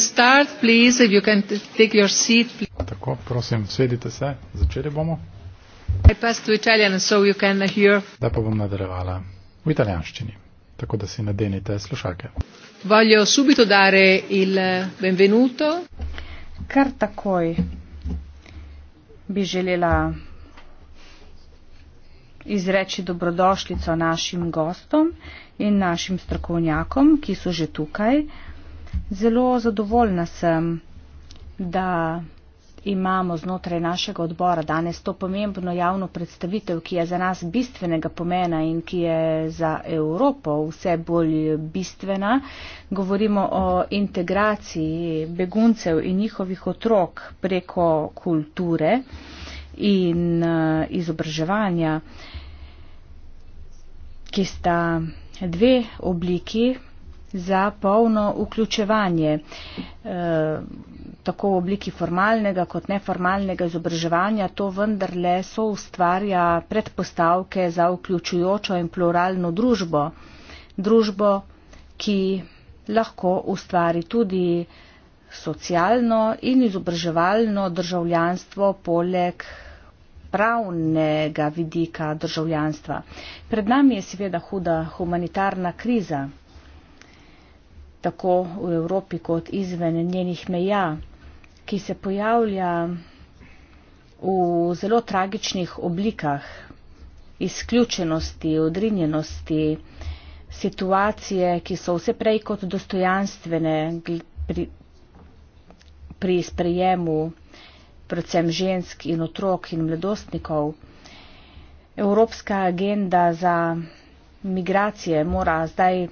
Start, please, tako, prosim, sedite se, začeli bomo. Italian, so da pa bom nadaljevala v italijanščini, tako da si nadenite slušalke. Voglio subito dare il benvenuto. Kar takoj bi želela izreči dobrodošlico našim gostom in našim strokovnjakom, ki so že tukaj. Zelo zadovoljna sem, da imamo znotraj našega odbora danes to pomembno javno predstavitev, ki je za nas bistvenega pomena in ki je za Evropo vse bolj bistvena. Govorimo o integraciji beguncev in njihovih otrok preko kulture in eh, izobraževanja, ki sta dve obliki za polno vključevanje, eh, tako v obliki formalnega kot neformalnega izobraževanja, to vendarle so ustvarja predpostavke za vključujočo in pluralno družbo. Družbo, ki lahko ustvari tudi socialno in izobraževalno državljanstvo poleg pravnega vidika državljanstva. Pred nami je seveda huda humanitarna kriza tako v Evropi kot izven njenih meja, ki se pojavlja v zelo tragičnih oblikah izključenosti, odrinjenosti, situacije, ki so vse prej kot dostojanstvene pri, pri sprejemu predvsem žensk in otrok in mladostnikov. Evropska agenda za migracije mora zdaj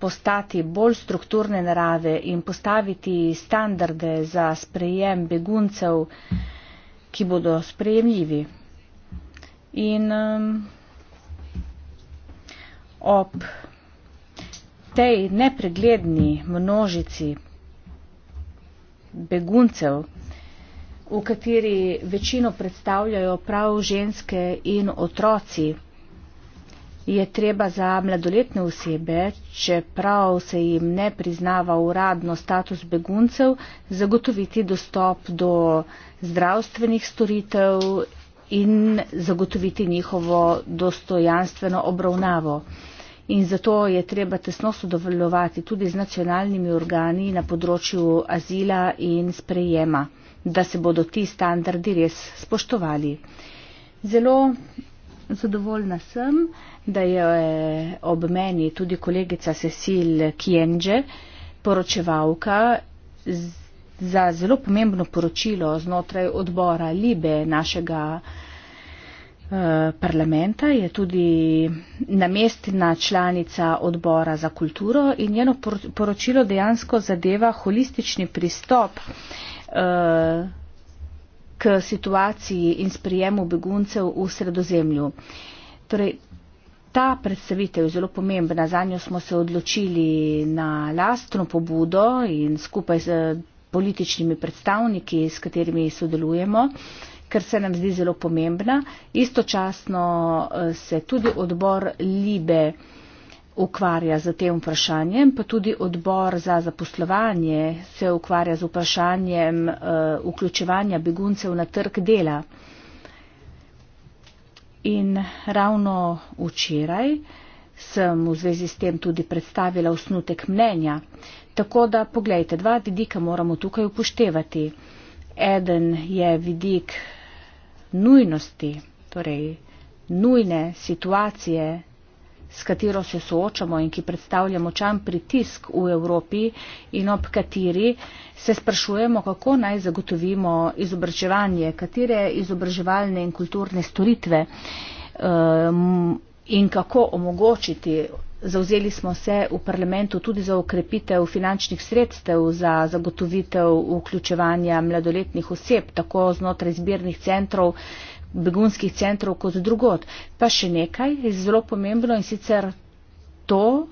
postati bolj strukturne narave in postaviti standarde za sprejem beguncev, ki bodo sprejemljivi. In um, ob tej nepregledni množici beguncev, v kateri večino predstavljajo prav ženske in otroci, je treba za mladoletne osebe, čeprav se jim ne priznava uradno status beguncev, zagotoviti dostop do zdravstvenih storitev in zagotoviti njihovo dostojanstveno obravnavo. In zato je treba tesno sodelovati tudi z nacionalnimi organi na področju azila in sprejema, da se bodo ti standardi res spoštovali. Zelo zadovoljna sem da je eh, ob meni tudi kolegica Cecil Kienže, poročevalka za zelo pomembno poročilo znotraj odbora Libe našega eh, parlamenta, je tudi namestna članica odbora za kulturo in njeno poročilo dejansko zadeva holistični pristop eh, k situaciji in sprijemu beguncev v sredozemlju. Torej, Ta predstavitev je zelo pomembna, za njo smo se odločili na lastno pobudo in skupaj z političnimi predstavniki, s katerimi sodelujemo, ker se nam zdi zelo pomembna. Istočasno eh, se tudi odbor Libe ukvarja z tem vprašanjem, pa tudi odbor za zaposlovanje se ukvarja z vprašanjem uh, vključevanja beguncev na trg dela in ravno včeraj sem v zvezi s tem tudi predstavila osnutek mnenja. Tako da, pogledajte, dva vidika moramo tukaj upoštevati. Eden je vidik nujnosti, torej nujne situacije, s katero se soočamo in ki predstavlja močan pritisk v Evropi in ob kateri se sprašujemo, kako naj zagotovimo izobraževanje, katere izobraževalne in kulturne storitve um, in kako omogočiti. Zauzeli smo se v parlamentu tudi za ukrepitev finančnih sredstev za zagotovitev vključevanja mladoletnih oseb, tako znotraj zbirnih centrov, begunskih centrov kot drugot. Pa še nekaj je zelo pomembno in sicer to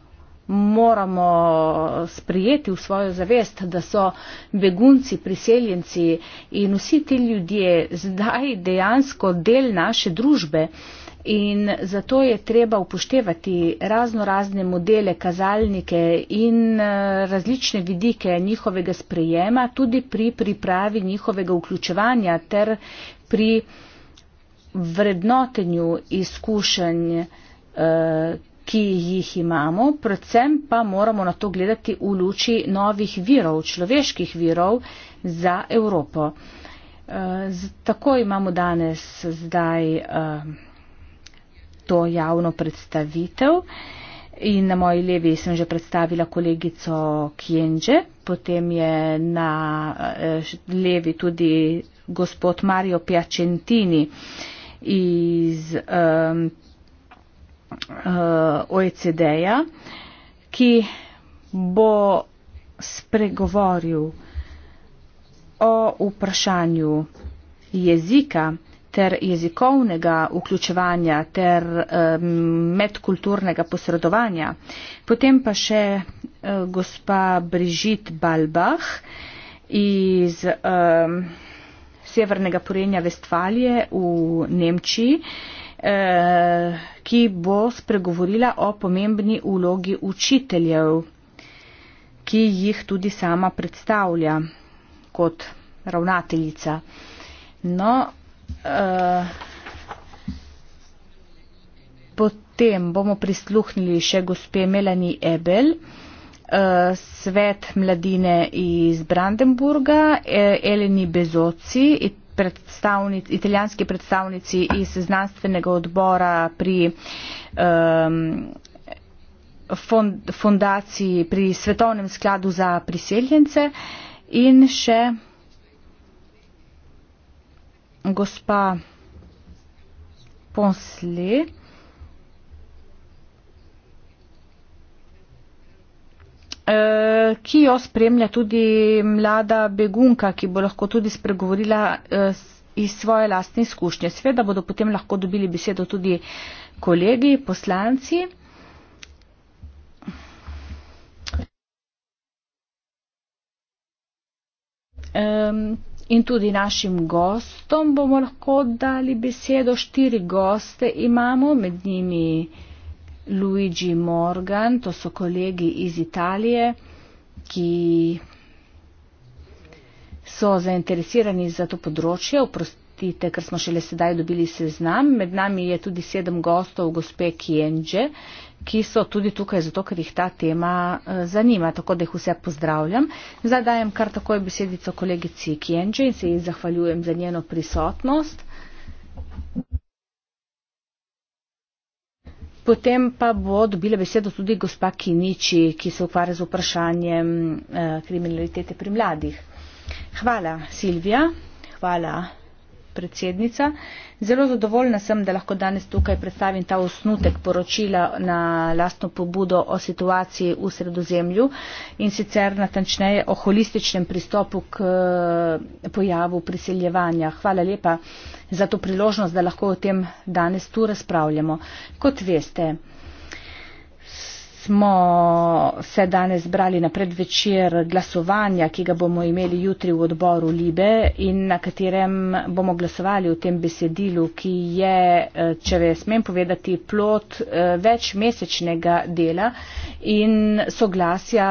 moramo sprijeti v svojo zavest, da so begunci, priseljenci in vsi ti ljudje zdaj dejansko del naše družbe. In zato je treba upoštevati razno razne modele, kazalnike in eh, različne vidike njihovega sprejema, tudi pri pripravi njihovega vključevanja ter pri vrednotenju izkušenj, eh, ki jih imamo, predvsem pa moramo na to gledati v luči novih virov, človeških virov za Evropo. Eh, Tako imamo danes zdaj eh, to javno predstavitev in na moji levi sem že predstavila kolegico Kjenže, potem je na levi tudi gospod Mario Piacentini iz um, uh, OECD-ja, ki bo spregovoril o vprašanju jezika ter jezikovnega vključevanja ter um, medkulturnega posredovanja. Potem pa še uh, gospa Brigitte Balbach iz um, severnega porenja Vestfalije v Nemčiji, eh, ki bo spregovorila o pomembni ulogi učiteljev, ki jih tudi sama predstavlja kot ravnateljica. No, eh, Potem bomo prisluhnili še gospe Melani Ebel. Eh, svet mladine iz Brandenburga, eh, Eleni Bezoci, predstavnic, italijanski predstavnici iz znanstvenega odbora pri um, ehm, fondaciji pri Svetovnem skladu za priseljence in še gospa Ponsli. Eh, ki jo spremlja tudi mlada begunka, ki bo lahko tudi spregovorila eh, iz svoje lastne izkušnje. Sveda bodo potem lahko dobili besedo tudi kolegi, poslanci. In tudi našim gostom bomo lahko dali besedo. Štiri goste imamo, med njimi. Luigi Morgan, to so kolegi iz Italije, ki so zainteresirani za to področje. Oprostite, ker smo šele sedaj dobili seznam. Med nami je tudi sedem gostov gospe Kienže, ki so tudi tukaj zato, ker jih ta tema eh, zanima. Tako da jih vse pozdravljam. Zdaj dajem kar takoj besedico kolegici Kienže in se ji zahvaljujem za njeno prisotnost. Thank you. Potem pa bo dobila besedo tudi gospa Kiniči, ki se ukvarja z vprašanjem eh, kriminalitete pri mladih. Hvala, Silvija. Hvala predsednica. Zelo zadovoljna sem, da lahko danes tukaj predstavim ta osnutek poročila na lastno pobudo o situaciji v sredozemlju in sicer natančneje o holističnem pristopu k eh, pojavu priseljevanja. Hvala lepa za to priložnost, da lahko o tem danes tu razpravljamo. Kot veste, smo se danes brali na predvečer glasovanja, ki ga bomo imeli jutri v odboru Libe in na katerem bomo glasovali v tem besedilu, ki je, eh, če ve, smem povedati, plot eh, večmesečnega dela in soglasja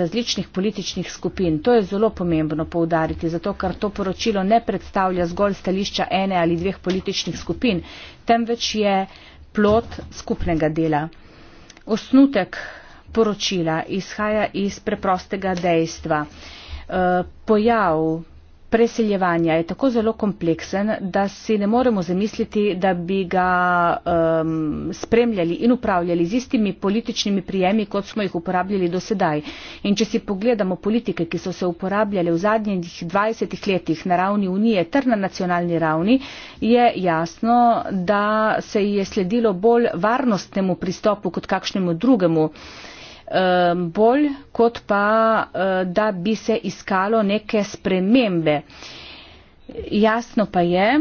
različnih političnih skupin. To je zelo pomembno poudariti, zato ker to poročilo ne predstavlja zgolj stališča ene ali dveh političnih skupin, temveč je plot skupnega dela osnutek poročila izhaja iz preprostega dejstva. Eh, pojav preseljevanja je tako zelo kompleksen, da si ne moremo zamisliti, da bi ga um, spremljali in upravljali z istimi političnimi prijemi, kot smo jih uporabljali do sedaj. In če si pogledamo politike, ki so se uporabljale v zadnjih 20 letih na ravni Unije ter na nacionalni ravni, je jasno, da se je sledilo bolj varnostnemu pristopu kot kakšnemu drugemu. Uh, Um, bolj kot pa, uh, da bi se iskalo neke spremembe. Jasno pa je,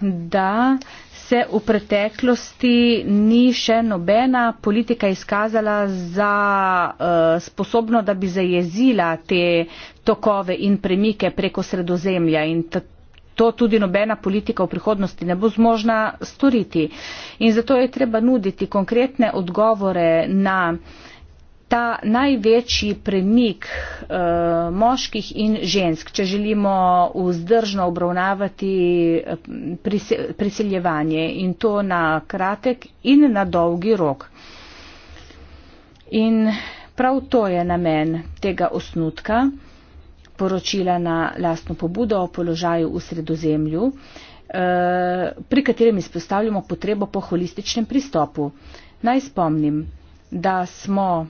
da se v preteklosti ni še nobena politika izkazala za uh, sposobno, da bi zajezila te tokove in premike preko sredozemlja in to tudi nobena politika v prihodnosti ne bo zmožna storiti. In zato je treba nuditi konkretne odgovore na uh, ta največji premik uh, moških in žensk, če želimo vzdržno obravnavati prise, eh, priseljevanje in to na kratek in na dolgi rok. In prav to je namen tega osnutka poročila na lastno pobudo o položaju v sredozemlju, eh, pri katerem izpostavljamo potrebo po holističnem pristopu. Naj spomnim, da smo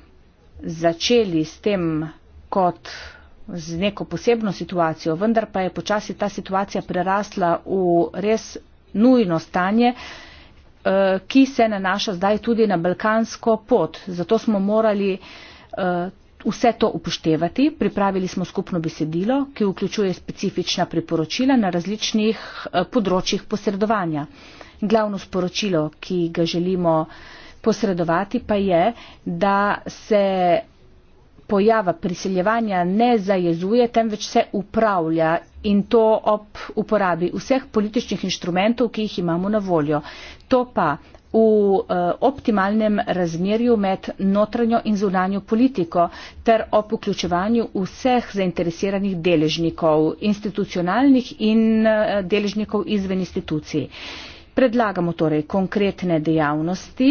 začeli s tem kot z neko posebno situacijo, vendar pa je počasi ta situacija prerasla v res nujno stanje, eh, ki se nanaša zdaj tudi na balkansko pot. Zato smo morali eh, vse to upoštevati. Pripravili smo skupno besedilo, ki vključuje specifična priporočila na različnih eh, področjih posredovanja. Glavno sporočilo, ki ga želimo posredovati pa je, da se pojava priseljevanja ne zajezuje, temveč se upravlja in to ob uporabi vseh političnih inštrumentov, ki jih imamo na voljo. To pa v eh, optimalnem razmerju med notranjo in zunanjo politiko ter ob vključevanju vseh zainteresiranih deležnikov, institucionalnih in eh, deležnikov izven institucij. Predlagamo torej konkretne dejavnosti,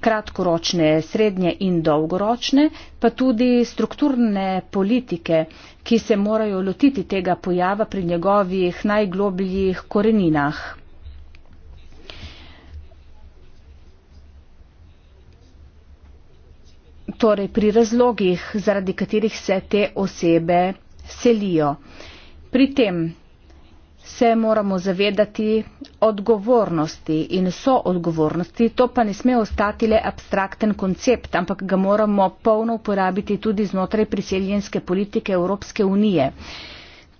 kratkoročne, srednje in dolgoročne, pa tudi strukturne politike, ki se morajo lotiti tega pojava pri njegovih najglobljih koreninah. Torej pri razlogih, zaradi katerih se te osebe selijo. Pri tem se moramo zavedati odgovornosti in so odgovornosti. To pa ne sme ostati le abstrakten koncept, ampak ga moramo polno uporabiti tudi znotraj priseljenske politike Evropske unije.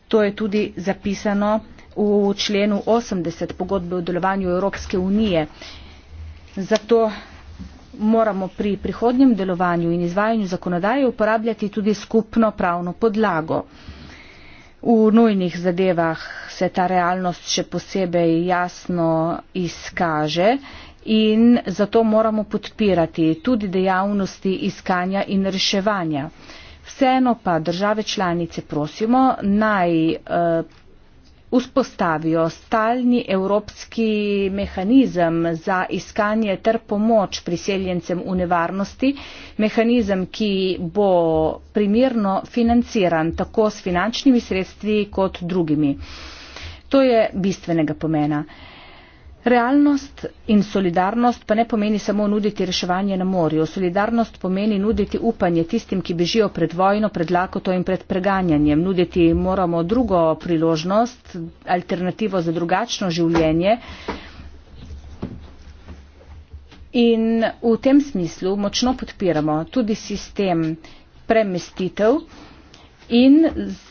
To je tudi zapisano v členu 80 pogodbe o delovanju Evropske unije. Zato moramo pri prihodnjem delovanju in izvajanju zakonodaje uporabljati tudi skupno pravno podlago. V nujnih zadevah se ta realnost še posebej jasno izkaže in zato moramo podpirati tudi dejavnosti iskanja in reševanja. Vseeno pa države članice prosimo naj. Uh, vzpostavijo stalni evropski mehanizem za iskanje ter pomoč priseljencem v nevarnosti, mehanizem, ki bo primirno financiran tako s finančnimi sredstvi kot drugimi. To je bistvenega pomena. Realnost in solidarnost pa ne pomeni samo nuditi reševanje na morju. Solidarnost pomeni nuditi upanje tistim, ki bežijo pred vojno, pred lakoto in pred preganjanjem. Nuditi moramo drugo priložnost, alternativo za drugačno življenje. In v tem smislu močno podpiramo tudi sistem premestitev in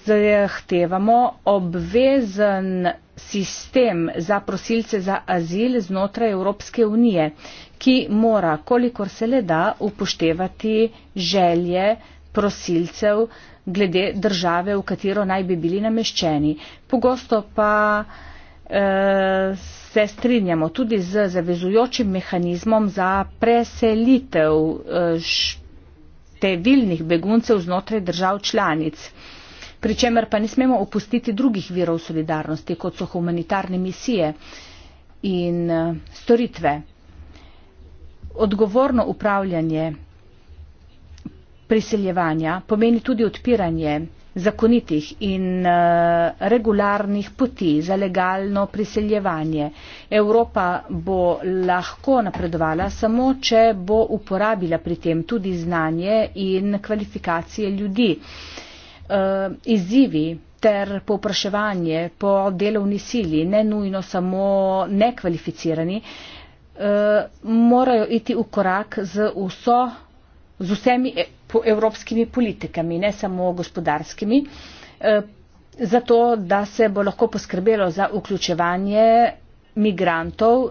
zahtevamo obvezen sistem za prosilce za azil znotraj Evropske unije, ki mora, kolikor se le da, upoštevati želje prosilcev glede države, v katero naj bi bili nameščeni. Pogosto pa eh, se strinjamo tudi z zavezujočim mehanizmom za preselitev eh, številnih beguncev znotraj držav članic. Pričemer pa ne smemo opustiti drugih virov solidarnosti, kot so humanitarne misije in eh, storitve. Odgovorno upravljanje priseljevanja pomeni tudi odpiranje zakonitih in eh, regularnih poti za legalno priseljevanje. Evropa bo lahko napredovala samo, če bo uporabila pri tem tudi znanje in kvalifikacije ljudi. Eh, izzivi ter povpraševanje po delovni sili, ne nujno samo nekvalificirani, eh, morajo iti v korak z, vso, z vsemi evropskimi politikami, ne samo gospodarskimi, eh, zato da se bo lahko poskrbelo za vključevanje migrantov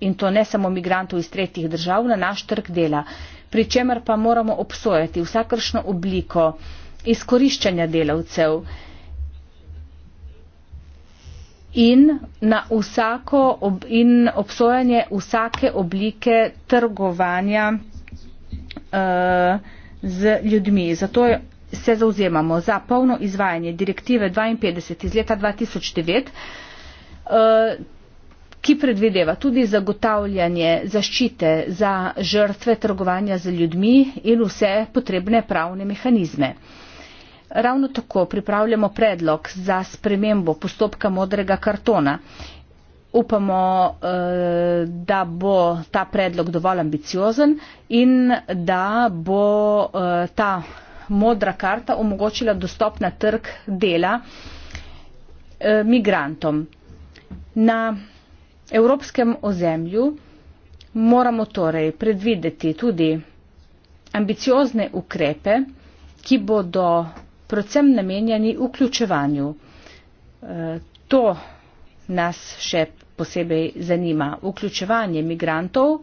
in to ne samo migrantov iz tretjih držav na naš trg dela. Pričemer pa moramo obsojati vsakršno obliko izkoriščanja delavcev in, na vsako ob, in obsojanje vsake oblike trgovanja uh, z ljudmi. Zato je se zauzemamo za polno izvajanje direktive 52 iz leta 2009, eh, ki predvideva tudi zagotavljanje zaščite za žrtve trgovanja z ljudmi in vse potrebne pravne mehanizme. Ravno tako pripravljamo predlog za spremembo postopka modrega kartona upamo, eh, da bo ta predlog dovolj ambiciozen in da bo eh, ta modra karta omogočila dostop na trg dela eh, migrantom. Na evropskem ozemlju moramo torej predvideti tudi ambiciozne ukrepe, ki bodo predvsem namenjeni vključevanju. To nas še posebej zanima. Vključevanje migrantov,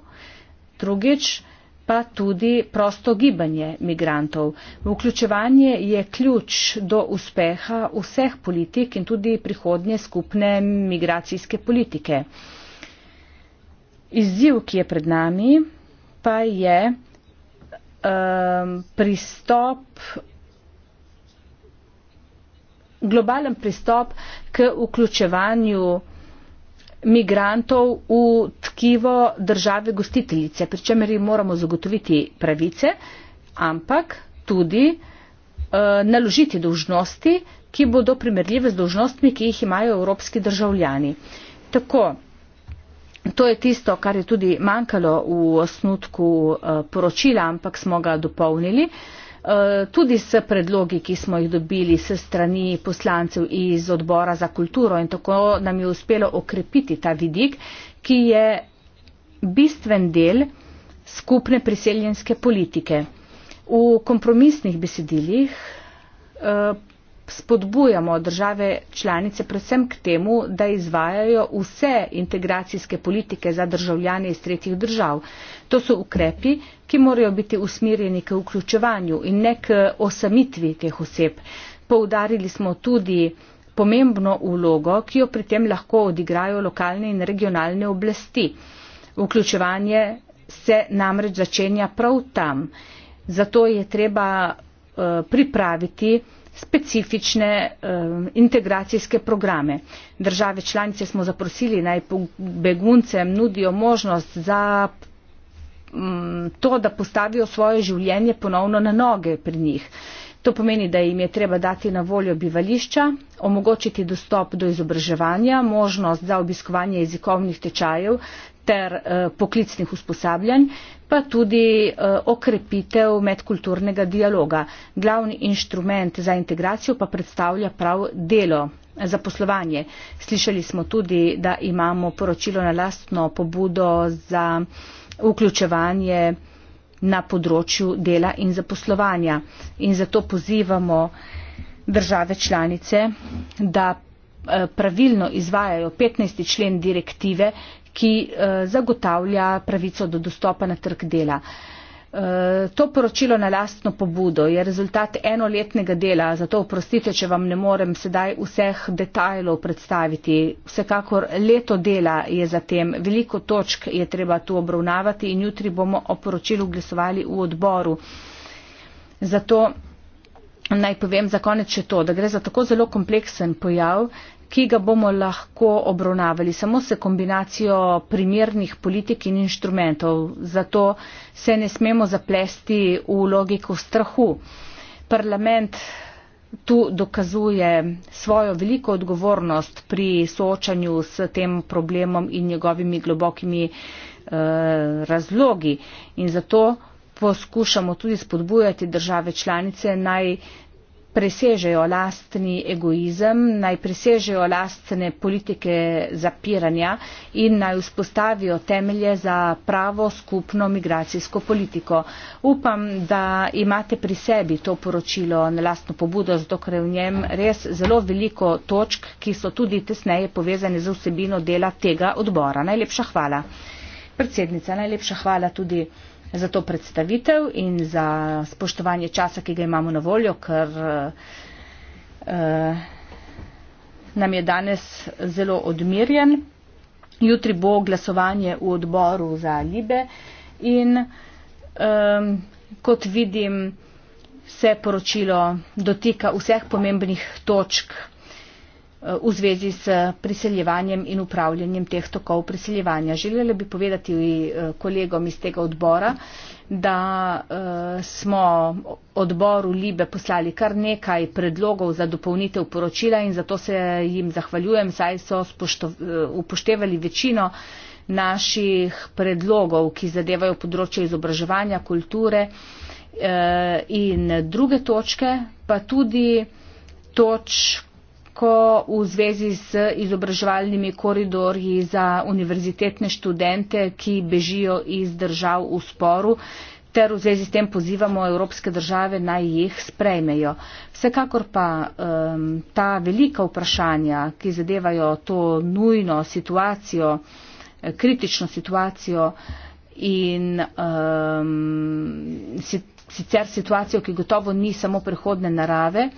drugič pa tudi prosto gibanje migrantov. Vključevanje je ključ do uspeha vseh politik in tudi prihodnje skupne migracijske politike. Izziv, ki je pred nami, pa je um, pristop, globalen pristop k vključevanju migrantov migrantov v tkivo države gostiteljice, pri čemer jim moramo zagotoviti pravice, ampak tudi uh, naložiti dožnosti, ki bodo primerljive z dožnostmi, ki jih imajo evropski državljani. Tako, to je tisto, kar je tudi manjkalo v osnutku uh, poročila, ampak smo ga dopolnili. Uh, Eh, tudi s predlogi, ki smo jih dobili s strani poslancev iz odbora za kulturo in tako nam je uspelo okrepiti ta vidik, ki je bistven del skupne priseljenske politike. V kompromisnih besedilih eh, spodbujamo države članice predvsem k temu, da izvajajo vse integracijske politike za državljane iz tretjih držav. To so ukrepi, ki morajo biti usmerjeni k vključevanju in ne k osamitvi teh oseb. Poudarili smo tudi pomembno vlogo, ki jo pri tem lahko odigrajo lokalne in regionalne oblasti. Vključevanje se namreč začenja prav tam. Zato je treba uh, pripraviti specifične um, integracijske programe. Države članice smo zaprosili naj beguncem nudijo možnost za um, to, da postavijo svoje življenje ponovno na noge pri njih. To pomeni, da jim je treba dati na voljo bivališča, omogočiti dostop do izobraževanja, možnost za obiskovanje jezikovnih tečajev ter eh, poklicnih usposabljanj, pa tudi eh, okrepitev medkulturnega dialoga. Glavni inštrument za integracijo pa predstavlja prav delo za poslovanje. Slišali smo tudi, da imamo poročilo na lastno pobudo za vključevanje na področju dela in zaposlovanja. In zato pozivamo države članice, da eh, pravilno izvajajo 15. člen direktive, ki eh, zagotavlja pravico do dostopa na trg dela. Eh, to poročilo na lastno pobudo je rezultat enoletnega dela, zato oprostite, če vam ne morem sedaj vseh detajlov predstaviti. Vsekakor leto dela je zatem, veliko točk je treba tu obravnavati in jutri bomo o poročilu glasovali v odboru. Zato naj povem za konec še to, da gre za tako zelo kompleksen pojav, ki ga bomo lahko obravnavali samo s kombinacijo primernih politik in inštrumentov. Zato se ne smemo zaplesti v logiko strahu. Parlament tu dokazuje svojo veliko odgovornost pri soočanju s tem problemom in njegovimi globokimi eh, razlogi. In zato poskušamo tudi spodbujati države članice naj presežejo lastni egoizem, naj presežejo lastne politike zapiranja in naj vzpostavijo temelje za pravo skupno migracijsko politiko. Upam, da imate pri sebi to poročilo na lastno pobudo, zato ker je v njem res zelo veliko točk, ki so tudi tesneje povezane z vsebino dela tega odbora. Najlepša hvala. Predsednica, najlepša hvala tudi za to predstavitev in za spoštovanje časa, ki ga imamo na voljo, ker eh, nam je danes zelo odmirjen. Jutri bo glasovanje v odboru za Libe in eh, kot vidim, se poročilo dotika vseh pomembnih točk v zvezi s priseljevanjem in upravljanjem teh tokov priseljevanja. Želela bi povedati eh, kolegom iz tega odbora, da eh, smo odboru Libe poslali kar nekaj predlogov za dopolnitev poročila in zato se jim zahvaljujem, saj so eh, upoštevali večino naših predlogov, ki zadevajo področje izobraževanja, kulture in druge točke, pa tudi točk kratko v zvezi s izobraževalnimi koridorji za univerzitetne študente, ki bežijo iz držav v sporu, ter v zvezi s tem pozivamo evropske države naj jih sprejmejo. Vsekakor pa um, ta velika vprašanja, ki zadevajo to nujno situacijo, eh, kritično situacijo in um, sicer situacijo, ki gotovo ni samo prihodne narave,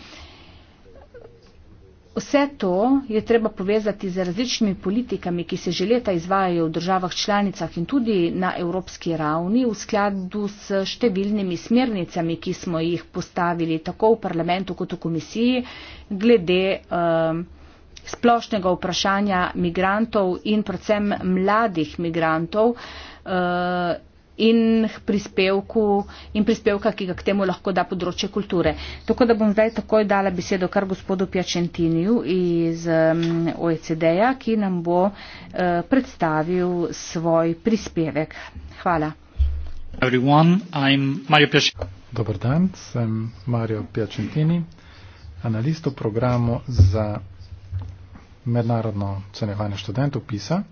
Vse to je treba povezati z različnimi politikami, ki se že leta izvajajo v državah članicah in tudi na evropski ravni v skladu s številnimi smernicami, ki smo jih postavili tako v parlamentu kot v komisiji glede eh, splošnega vprašanja migrantov in predvsem mladih migrantov. Eh, in, prispevku, in prispevka, ki ga k temu lahko da področje kulture. Tako da bom zdaj takoj dala besedo kar gospodu Piacentiniju iz OECD-ja, ki nam bo eh, predstavil svoj prispevek. Hvala. Dobar dan, sem Mario Piacentini, analist v programu za mednarodno ocenjevanje študentov PISA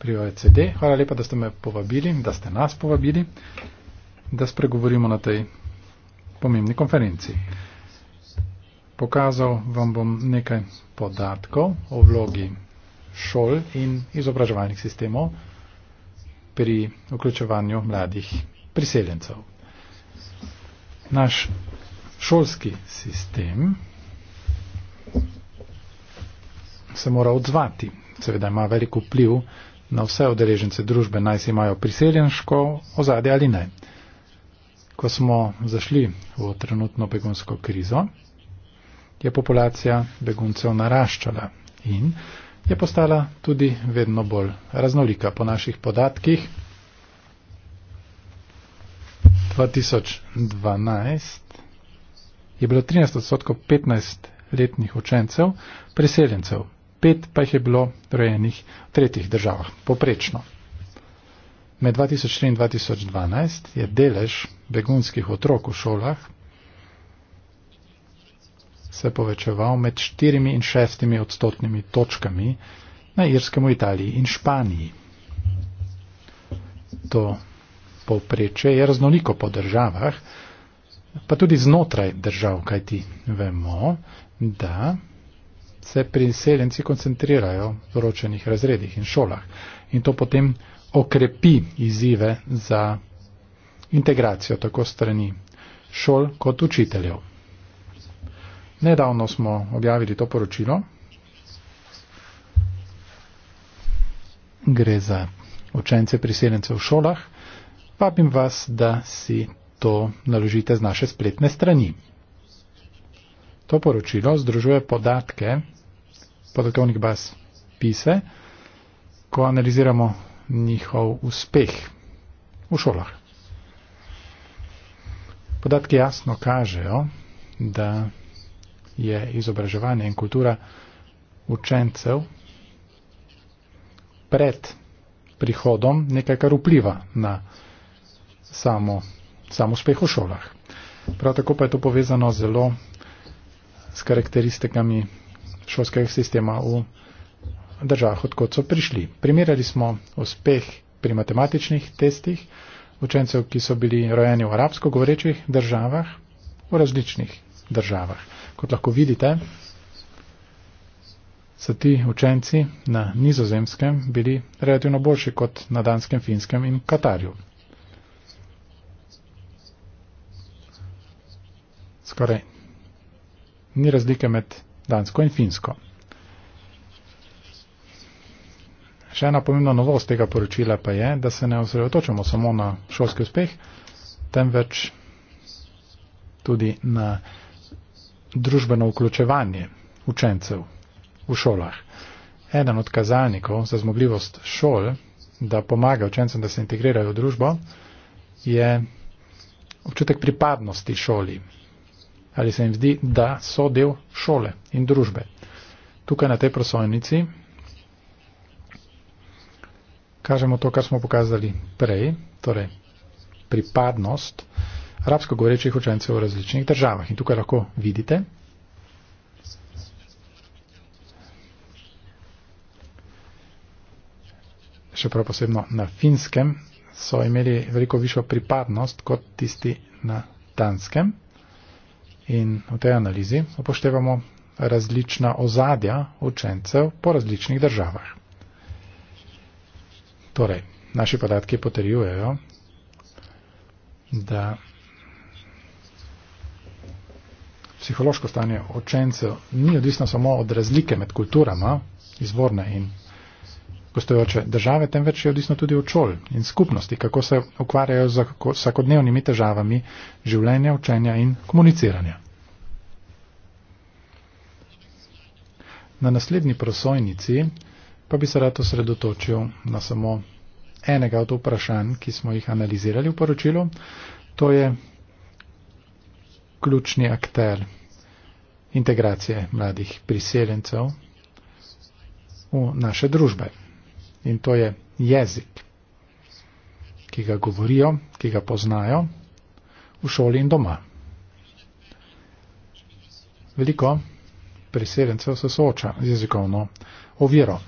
pri OECD. Hvala lepa, da ste me povabili, da ste nas povabili, da spregovorimo na tej pomembni konferenci. Pokazal vam bom nekaj podatkov o vlogi šol in izobraževalnih sistemov pri vključevanju mladih priseljencev. Naš šolski sistem se mora odzvati, seveda ima veliko vpliv na vse odeležence družbe, naj si imajo priseljenško ozadje ali ne. Ko smo zašli v trenutno begunsko krizo, je populacija beguncev naraščala in je postala tudi vedno bolj raznolika. Po naših podatkih 2012 je bilo 13 odstotkov 15 letnih učencev priseljencev pet pa jih je bilo rojenih v tretjih državah, poprečno. Med 2004 in 2012 je delež begunskih otrok v šolah se povečeval med 4 in 6 odstotnimi točkami na Irskem, Italiji in Španiji. To povpreče je raznoliko po državah, pa tudi znotraj držav, kajti vemo, da se priseljenci koncentrirajo v določenih razredih in šolah. In to potem okrepi izzive za integracijo tako strani šol kot učiteljev. Nedavno smo objavili to poročilo. Gre za učence priseljencev v šolah. Vabim vas, da si to naložite z naše spletne strani. To poročilo združuje podatke, podatkovnik baz pise, ko analiziramo njihov uspeh v šolah. Podatki jasno kažejo, da je izobraževanje in kultura učencev pred prihodom nekaj, kar vpliva na samo, samo uspeh v šolah. Prav tako pa je to povezano zelo s karakteristikami šolskega sistema v državah, odkot so prišli. Primerjali smo uspeh pri matematičnih testih učencev, ki so bili rojeni v arabsko govorečih državah, v različnih državah. Kot lahko vidite, so ti učenci na nizozemskem bili relativno boljši kot na danskem, finskem in Katarju. Skoraj ni razlike med Dansko in Finsko. Še ena pomembna novost tega poročila pa je, da se ne osredotočamo samo na šolski uspeh, temveč tudi na družbeno vključevanje učencev v šolah. Eden od kazalnikov za zmogljivost šol, da pomaga učencem, da se integrirajo v družbo, je občutek pripadnosti šoli ali se jim zdi, da so del šole in družbe. Tukaj na tej prosojnici kažemo to, kar smo pokazali prej, torej pripadnost arabsko govorečih učencev v različnih državah. In tukaj lahko vidite, še prav posebno na finskem, so imeli veliko višjo pripadnost kot tisti na danskem. In v tej analizi upoštevamo različna ozadja učencev po različnih državah. Torej, naši podatki potrjujejo, da psihološko stanje učencev ni odvisno samo od razlike med kulturama, izvorne in gostujoče države, temveč je odvisno tudi od šol in skupnosti, kako se ukvarjajo z vsakodnevnimi težavami življenja, učenja in komuniciranja. Na naslednji prosojnici pa bi se rad osredotočil na samo enega od vprašanj, ki smo jih analizirali v poročilu, to je ključni akter integracije mladih priseljencev v naše družbe in to je jezik, ki ga govorijo, ki ga poznajo v šoli in doma. Veliko priseljencev se sooča z jezikovno oviro.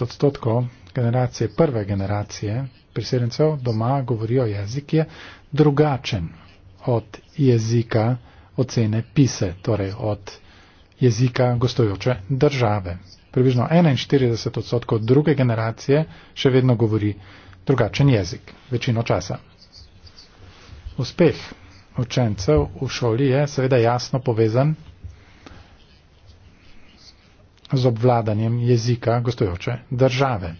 odstotkov generacije, prve generacije priseljencev doma govorijo jezik je drugačen od jezika ocene pise, torej od jezika jezika gostujoče države. Približno 41 odstotkov druge generacije še vedno govori drugačen jezik večino časa. Uspeh učencev v šoli je seveda jasno povezan z obvladanjem jezika gostujoče države.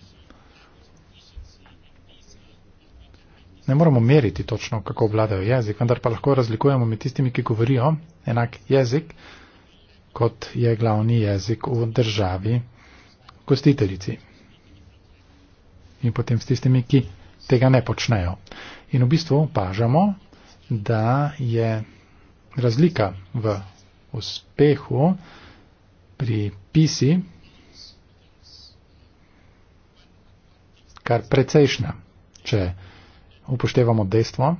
Ne moramo meriti točno, kako obladajo jezik, vendar pa lahko razlikujemo med tistimi, ki govorijo enak jezik, kot je glavni jezik v državi gostiteljici. In potem s tistimi, ki tega ne počnejo. In v bistvu opažamo, da je razlika v uspehu pri pisi kar precejšnja, če upoštevamo dejstvo,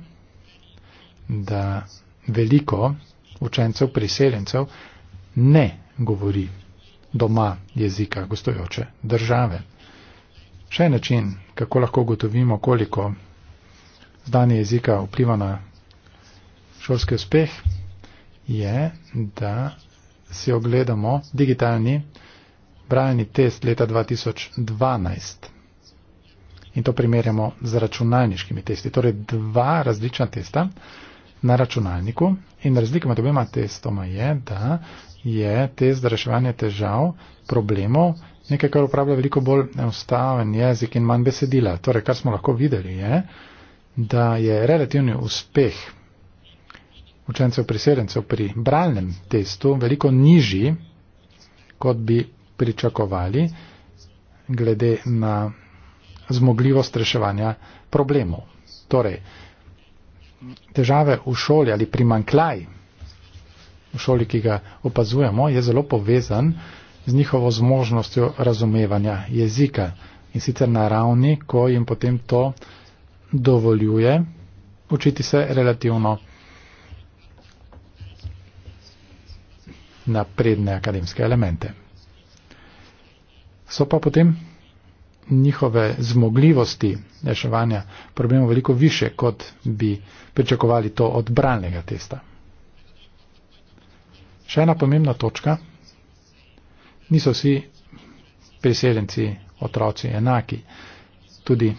da veliko učencev, priseljencev ne govori doma jezika gostojoče države. Še način, kako lahko gotovimo, koliko znanje jezika vpliva na šolski uspeh, je, da si ogledamo digitalni brajni test leta 2012 in to primerjamo z računalniškimi testi, torej dva različna testa, na računalniku in razlika med obema testoma je, da je test za reševanje težav, problemov, nekaj, kar uporablja veliko bolj enostaven jezik in manj besedila. Torej, kar smo lahko videli je, da je relativni uspeh učencev priseljencev pri bralnem testu veliko nižji, kot bi pričakovali glede na zmogljivost reševanja problemov. Torej, težave v šoli ali primankljaj v šoli, ki ga opazujemo, je zelo povezan z njihovo zmožnostjo razumevanja jezika in sicer na ravni, ko jim potem to dovoljuje učiti se relativno napredne akademske elemente. So pa potem njihove zmogljivosti reševanja problemov veliko više, kot bi pričakovali to od branega testa. Še ena pomembna točka. Niso vsi priseljenci, otroci enaki. Tudi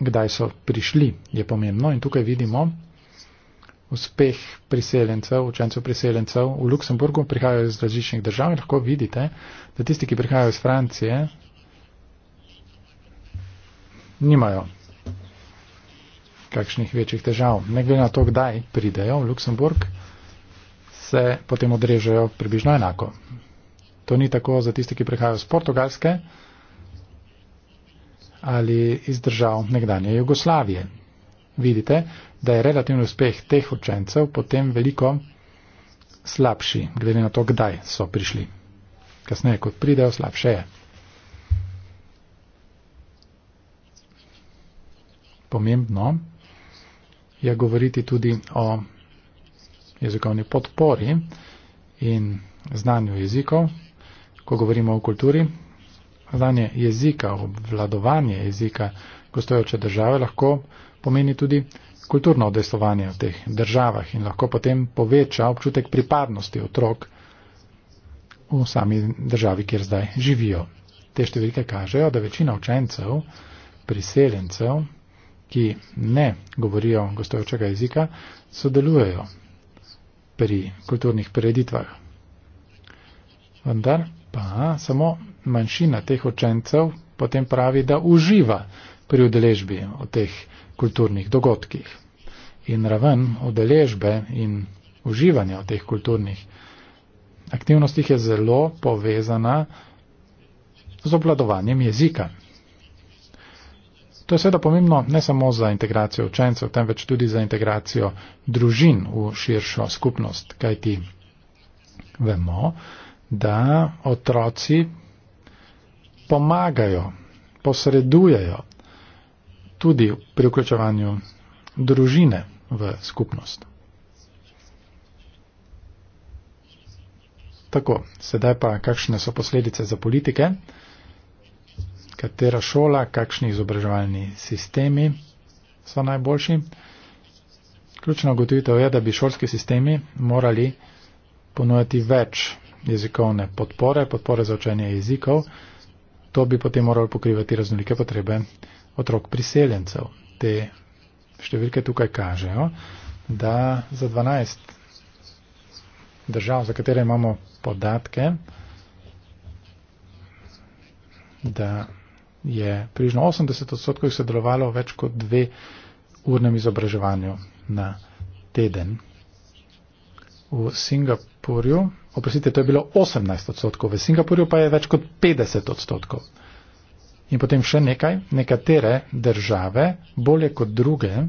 kdaj so prišli je pomembno in tukaj vidimo uspeh priseljencev, učencev priseljencev. V Luksemburgu prihajajo iz različnih držav in lahko vidite, da tisti, ki prihajajo iz Francije, nimajo kakšnih večjih težav. Ne glede na to, kdaj pridejo v Luksemburg, se potem odrežejo približno enako. To ni tako za tiste, ki prihajajo z Portugalske ali iz držav nekdanje Jugoslavije. Vidite, da je relativni uspeh teh učencev potem veliko slabši, glede na to, kdaj so prišli. Kasneje, kot pridejo, slabše je. pomembno je govoriti tudi o jezikovni podpori in znanju jezikov, ko govorimo o kulturi. Znanje jezika, obvladovanje jezika gostujoče države lahko pomeni tudi kulturno odeslovanje v teh državah in lahko potem poveča občutek pripadnosti otrok v sami državi, kjer zdaj živijo. Te številke kažejo, da večina učencev, priseljencev, ki ne govorijo gostujočega jezika, sodelujejo pri kulturnih preditvah. Vendar pa samo manjšina teh učencev potem pravi, da uživa pri udeležbi v teh kulturnih dogodkih. In raven udeležbe in uživanja v teh kulturnih aktivnostih je zelo povezana z obladovanjem jezika. To je seveda pomembno ne samo za integracijo učencev, temveč tudi za integracijo družin v širšo skupnost, kajti vemo, da otroci pomagajo, posredujejo tudi pri vključevanju družine v skupnost. Tako, sedaj pa, kakšne so posledice za politike? katera šola, kakšni izobraževalni sistemi so najboljši. Ključna ugotovitev je, da bi šolski sistemi morali ponujati več jezikovne podpore, podpore za učenje jezikov. To bi potem moralo pokrivati raznolike potrebe otrok priseljencev. Te številke tukaj kažejo, da za 12 držav, za katere imamo podatke, da je približno 80 odstotkov sodelovalo v več kot dve urnem izobraževanju na teden. V Singapurju, oprostite, to je bilo 18 odstotkov, v Singapurju pa je več kot 50 odstotkov. In potem še nekaj, nekatere države bolje kot druge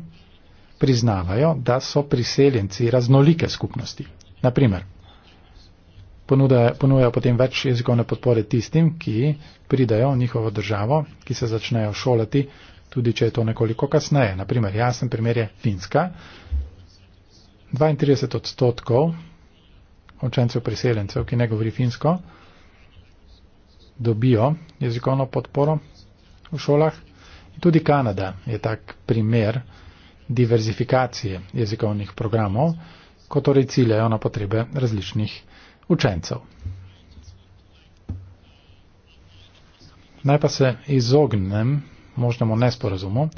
priznavajo, da so priseljenci raznolike skupnosti. Naprimer, ponuja potem več jezikovne podpore tistim, ki pridajo v njihovo državo, ki se začnejo šolati, tudi če je to nekoliko kasneje. Naprimer, jasen primer je Finska. 32 odstotkov učencev priseljencev, ki ne govori finsko, dobijo jezikovno podporo v šolah. Tudi Kanada je tak primer diverzifikacije jezikovnih programov, ko torej ciljajo na potrebe različnih učencev. Naj pa se izognem možnemu nesporazumu.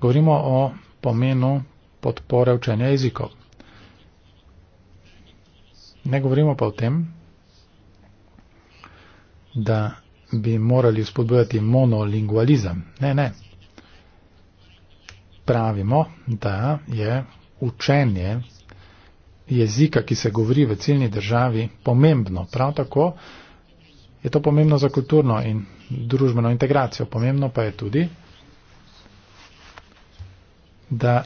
Govorimo o pomenu podpore učenja jezikov. Ne govorimo pa o tem, da bi morali spodbujati monolingualizem. Ne, ne. Pravimo, da je učenje jezika, ki se govori v ciljni državi, pomembno. Prav tako je to pomembno za kulturno in družbeno integracijo. Pomembno pa je tudi, da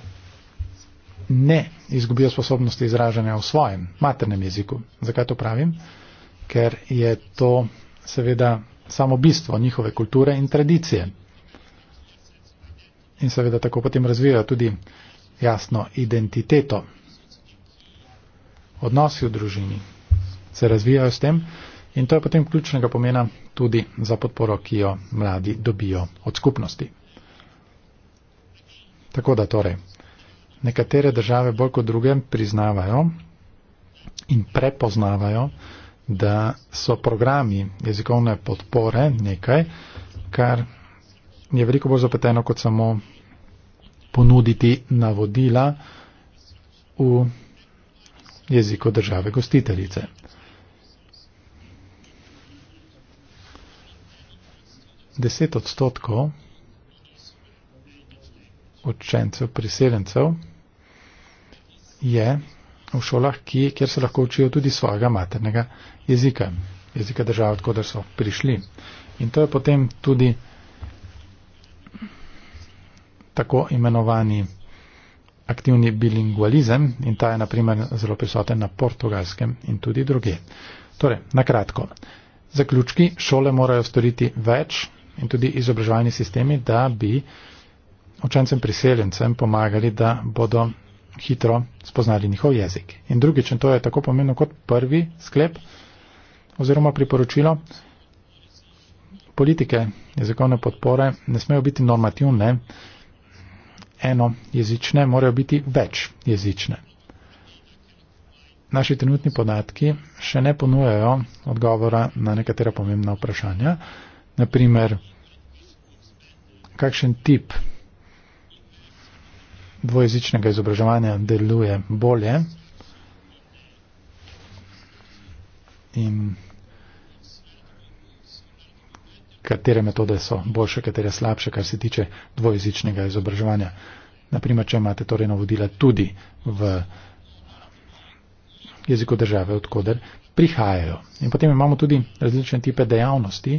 ne izgubijo sposobnosti izražanja v svojem maternem jeziku. Zakaj to pravim? Ker je to seveda samo bistvo njihove kulture in tradicije. In seveda tako potem razvijajo tudi jasno identiteto odnosi v družini se razvijajo s tem in to je potem ključnega pomena tudi za podporo, ki jo mladi dobijo od skupnosti. Tako da torej, nekatere države bolj kot druge priznavajo in prepoznavajo, da so programi jezikovne podpore nekaj, kar je veliko bolj zapeteno kot samo ponuditi navodila v jeziku države gostiteljice. Deset odstotkov učencev priseljencev je v šolah, ki, kjer se lahko učijo tudi svojega maternega jezika, jezika države, odkudar so prišli. In to je potem tudi tako imenovani aktivni bilingualizem in ta je naprimer zelo prisoten na portugalskem in tudi druge. Torej, nakratko, zaključki šole morajo storiti več in tudi izobraževalni sistemi, da bi učencem priseljencem pomagali, da bodo hitro spoznali njihov jezik. In drugič, in to je tako pomembno kot prvi sklep oziroma priporočilo, politike jezikovne podpore ne smejo biti normativne, enojezične, morajo biti večjezične. Naši trenutni podatki še ne ponujajo odgovora na nekatera pomembna vprašanja, naprimer, kakšen tip dvojezičnega izobraževanja deluje bolje in katere metode so boljše, katere slabše, kar se tiče dvojezičnega izobraževanja. Naprimer, če imate torej navodila tudi v jeziku države, odkuder prihajajo. In potem imamo tudi različne type dejavnosti,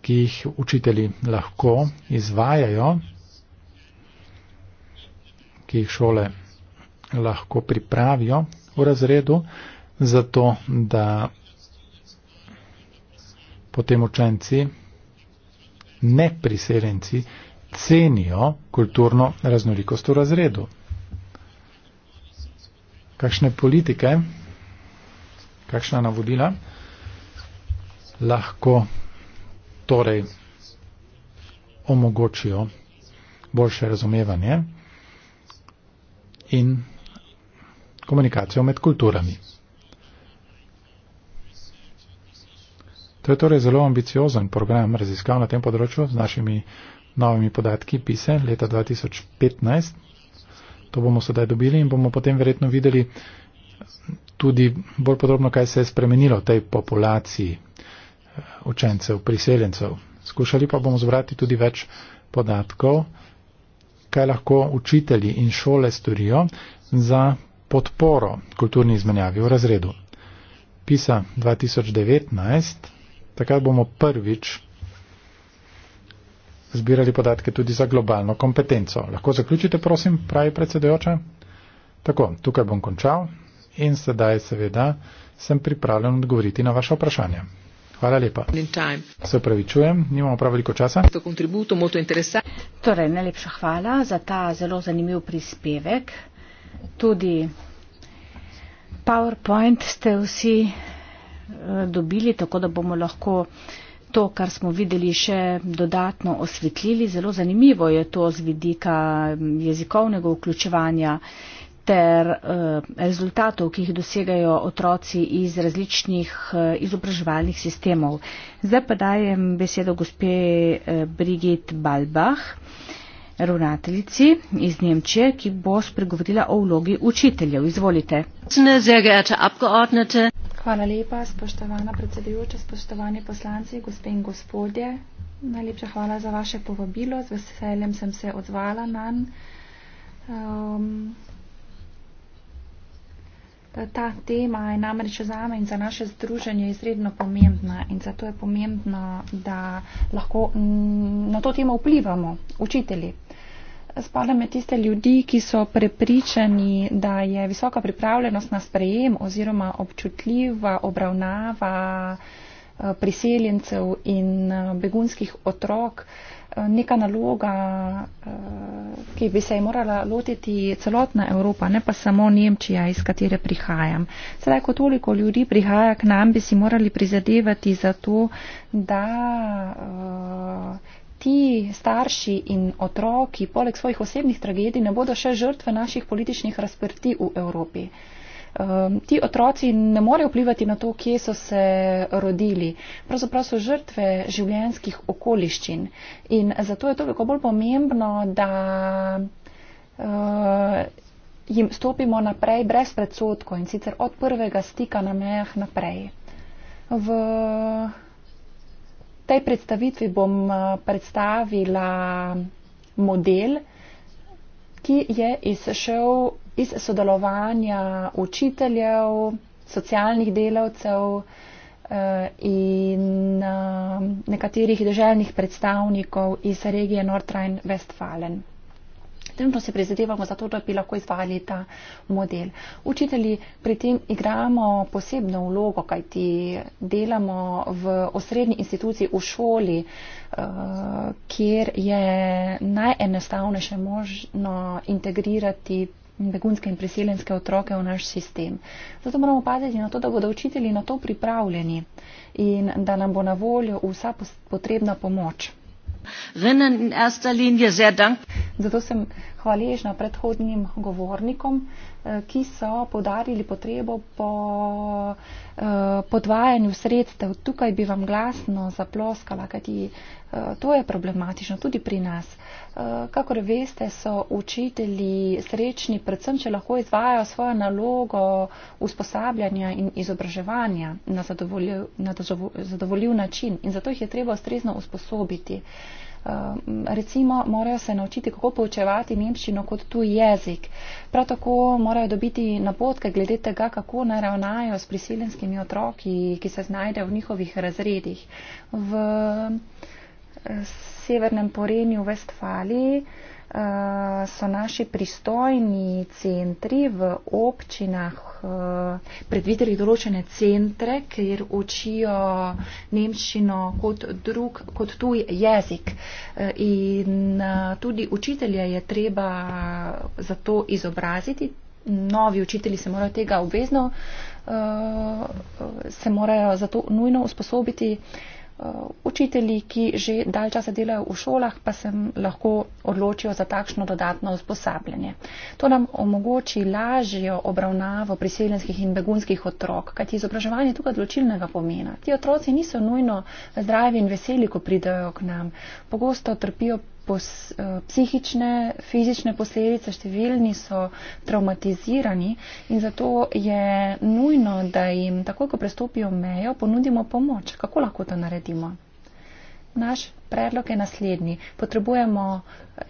ki jih učitelji lahko izvajajo, ki jih šole lahko pripravijo v razredu, zato da potem učenci, ne priseljenci, cenijo kulturno raznolikost v razredu. Kakšne politike, kakšna navodila lahko torej omogočijo boljše razumevanje in komunikacijo med kulturami. To je torej zelo ambiciozen program raziskav na tem področju z našimi novimi podatki PISE leta 2015. To bomo sedaj dobili in bomo potem verjetno videli tudi bolj podrobno, kaj se je spremenilo v tej populaciji eh, učencev, priseljencev. Skušali pa bomo zbrati tudi več podatkov, kaj lahko učitelji in šole storijo za podporo kulturni izmenjavi v razredu. PISA 2019. Takrat bomo prvič zbirali podatke tudi za globalno kompetenco. Lahko zaključite, prosim, pravi predsedojoča. Tako, tukaj bom končal in sedaj seveda sem pripravljen odgovoriti na vaše vprašanje. Hvala lepa. Se pravičujem, nimamo prav veliko časa. Torej, najlepša hvala za ta zelo zanimiv prispevek. Tudi PowerPoint ste vsi dobili, tako da bomo lahko to, kar smo videli, še dodatno osvetlili. Zelo zanimivo je to z vidika jezikovnega vključevanja ter eh, rezultatov, ki jih dosegajo otroci iz različnih eh, izobraževalnih sistemov. Zdaj pa dajem besedo gospe eh, Brigit Balbach ravnateljici iz Nemčije, ki bo spregovorila o vlogi učiteljev. Izvolite. Hvala lepa, spoštovana predsedujoča, spoštovani poslanci, gospe in gospodje. Najlepša hvala za vaše povabilo, z veseljem sem se odzvala na um, ta tema je namreč za me in za naše združenje izredno pomembna in zato je pomembno, da lahko mm, na to temo vplivamo, učitelji spada med tiste ljudi, ki so prepričani, da je visoka pripravljenost na sprejem oziroma občutljiva obravnava eh, priseljencev in eh, begunskih otrok eh, neka naloga, ki bi se je morala lotiti celotna Evropa, ne pa samo Nemčija, iz katere prihajam. Sedaj, ko toliko ljudi prihaja k nam, bi si morali prizadevati za to, da ti starši in otroki poleg svojih osebnih tragedij ne bodo še žrtve naših političnih razprti v Evropi. Um, ti otroci ne morejo vplivati na to, kje so se rodili. Pravzaprav so žrtve življenskih okoliščin in zato je toliko bolj pomembno, da uh, jim stopimo naprej brez predsotkov in sicer od prvega stika na mejah naprej. V tej predstavitvi bom eh, predstavila model, ki je izšel iz sodelovanja učiteljev, socialnih delavcev eh, in eh, nekaterih državnih predstavnikov iz regije Nordrhein-Westfalen trenutno si prizadevamo za to, da bi lahko izvali ta model. Učitelji pri tem igramo posebno vlogo, kajti delamo v osrednji instituciji v šoli, eh, kjer je najenostavnejše možno integrirati begunske in priseljenske otroke v naš sistem. Zato moramo paziti na to, da bodo učitelji na to pripravljeni in da nam bo na voljo vsa potrebna pomoč rinnen in erster Linie sehr dankbar. Zato sem hvaležna predhodnim govornikom, eh, ki so podarili potrebo po eh, podvajanju sredstev. Tukaj bi vam glasno zaploskala, kajti Eh, to je problematično tudi pri nas. Eh, kakor veste, so učitelji srečni, predvsem, če lahko izvajo svojo nalogo usposabljanja in izobraževanja na zadovoljiv, na zadovoljiv način in zato jih je treba ustrezno usposobiti. Eh, recimo, morajo se naučiti, kako poučevati nemščino kot tuj jezik. Prav tako morajo dobiti napotke glede tega, kako naravnajo s prisilenskimi otroki, ki se znajdejo v njihovih razredih. V severnem porenju v Vestfaliji eh, so naši pristojni centri v občinah eh, predvideli določene centre, kjer učijo nemščino kot, drug, kot tuj jezik. Eh, in tudi učitelje je treba za to izobraziti. Novi učitelji se morajo tega obvezno, se morajo za to nujno usposobiti. Eh, učitelji, ki že dal časa delajo v šolah, pa se lahko odločijo za takšno dodatno usposabljanje. To nam omogoči lažjo obravnavo priseljenskih in begunskih otrok, kajti izobraževanje je tukaj odločilnega pomena. Ti otroci niso nujno zdravi in veseli, ko pridajo k nam. Pogosto trpijo pos, eh, psihične, fizične posledice, številni so traumatizirani in zato je nujno, da jim takoj, ko prestopijo mejo, ponudimo pomoč. Kako lahko to naredimo? Naš predlog je naslednji. Potrebujemo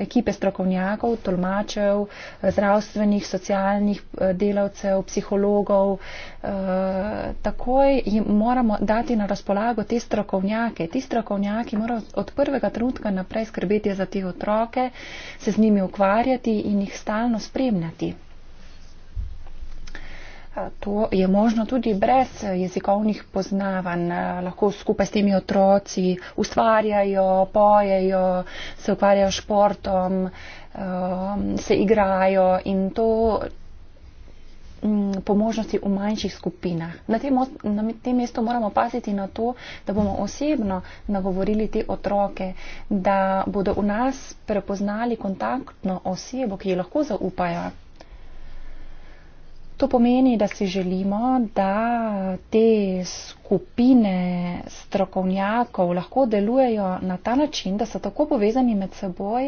ekipe strokovnjakov, tolmačev, zdravstvenih, socialnih eh, delavcev, psihologov. Eh, takoj jim moramo dati na razpolago te strokovnjake. Ti strokovnjaki morajo od prvega trenutka naprej skrbeti za te otroke, se z njimi ukvarjati in jih stalno spremljati. To je možno tudi brez jezikovnih poznavanj. Lahko skupaj s temi otroci ustvarjajo, pojejo, se ukvarjajo s športom, um, se igrajo in to mm, po možnosti v manjših skupinah. Na tem, na tem mestu moramo paziti na to, da bomo osebno nagovorili te otroke, da bodo v nas prepoznali kontaktno osebo, ki ji lahko zaupajo. To pomeni, da si želimo, da te skupine strokovnjakov lahko delujejo na ta način, da so tako povezani med seboj,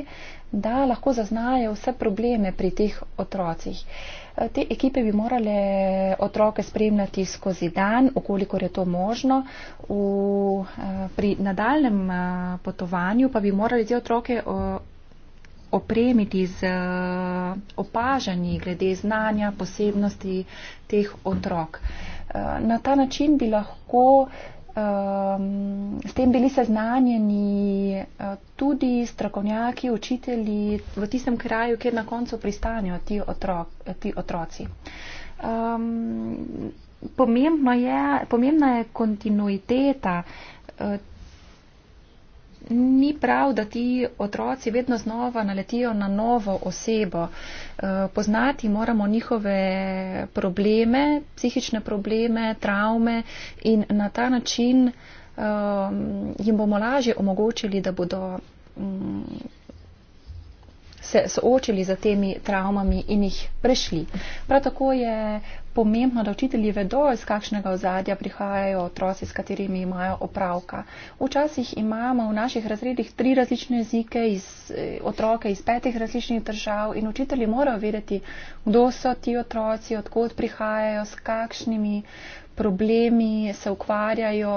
da lahko zaznajo vse probleme pri teh otrocih. Te ekipe bi morale otroke spremljati skozi dan, okolikor je to možno. V, eh, pri nadaljem eh, potovanju pa bi morali te otroke opremiti z eh, opažanji glede znanja, posebnosti teh otrok. Eh, na ta način bi lahko ehm, s tem bili seznanjeni eh, tudi strokovnjaki, učitelji v tistem kraju, kjer na koncu pristanijo ti, otrok, ti otroci. Ehm, pomembno je, pomembna je kontinuiteta ni prav, da ti otroci vedno znova naletijo na novo osebo. Eh, poznati moramo njihove probleme, psihične probleme, travme in na ta način ehm, jim bomo lažje omogočili, da bodo mm, se soočili z temi travmami in jih prešli. Prav tako je pomembno, da učitelji vedo, iz kakšnega ozadja prihajajo otroci, s katerimi imajo opravka. Včasih imamo v naših razredih tri različne jezike, iz, eh, otroke iz petih različnih držav in učitelji morajo vedeti, kdo so ti otroci, odkot prihajajo, s kakšnimi problemi se ukvarjajo,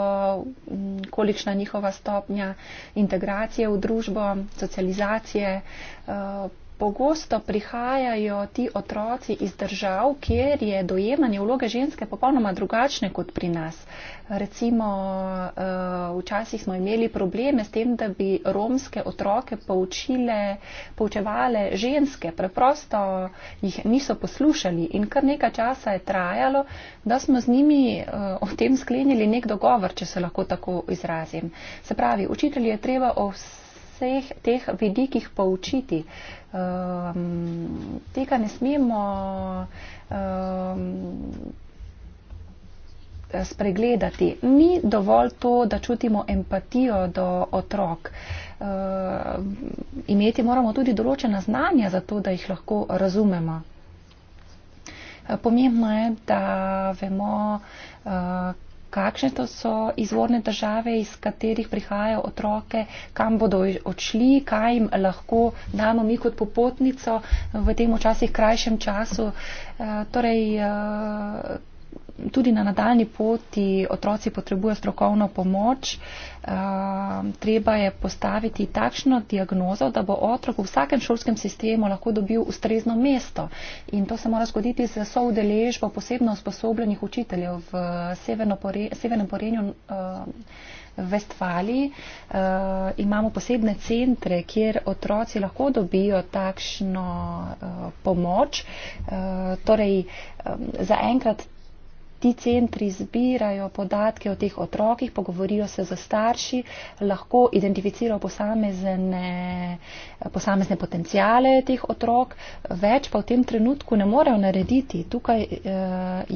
kolikšna njihova stopnja integracije v družbo, socializacije. Uh, Pogosto prihajajo ti otroci iz držav, kjer je dojemanje vloge ženske popolnoma drugačne kot pri nas. Recimo, eh, včasih smo imeli probleme s tem, da bi romske otroke poučile, poučevale ženske. Preprosto jih niso poslušali in kar nekaj časa je trajalo, da smo z njimi eh, o tem sklenili nek dogovor, če se lahko tako izrazim. Se pravi, učitelj je treba o vse vseh teh vidikih poučiti. Um, tega ne smemo um, spregledati. Ni dovolj to, da čutimo empatijo do otrok. Um, imeti moramo tudi določena znanja za to, da jih lahko razumemo. Pomembno je, da vemo, uh, kakšne to so izvorne države, iz katerih prihajajo otroke, kam bodo odšli, kaj jim lahko damo mi kot popotnico v tem včasih krajšem času. Eh, torej, eh, tudi na nadaljni poti otroci potrebujejo strokovno pomoč, eh, treba je postaviti takšno diagnozo, da bo otrok v vsakem šolskem sistemu lahko dobil ustrezno mesto. In to se mora zgoditi z soudeležbo posebno usposobljenih učiteljev v severnem porenju. V eh, Vestfaliji uh, imamo posebne centre, kjer otroci lahko dobijo takšno uh, pomoč. Uh, torej, um, zaenkrat ti centri zbirajo podatke o teh otrokih, pogovorijo se z starši, lahko identificirajo posamezne, posamezne potencijale teh otrok, več pa v tem trenutku ne morejo narediti. Tukaj eh,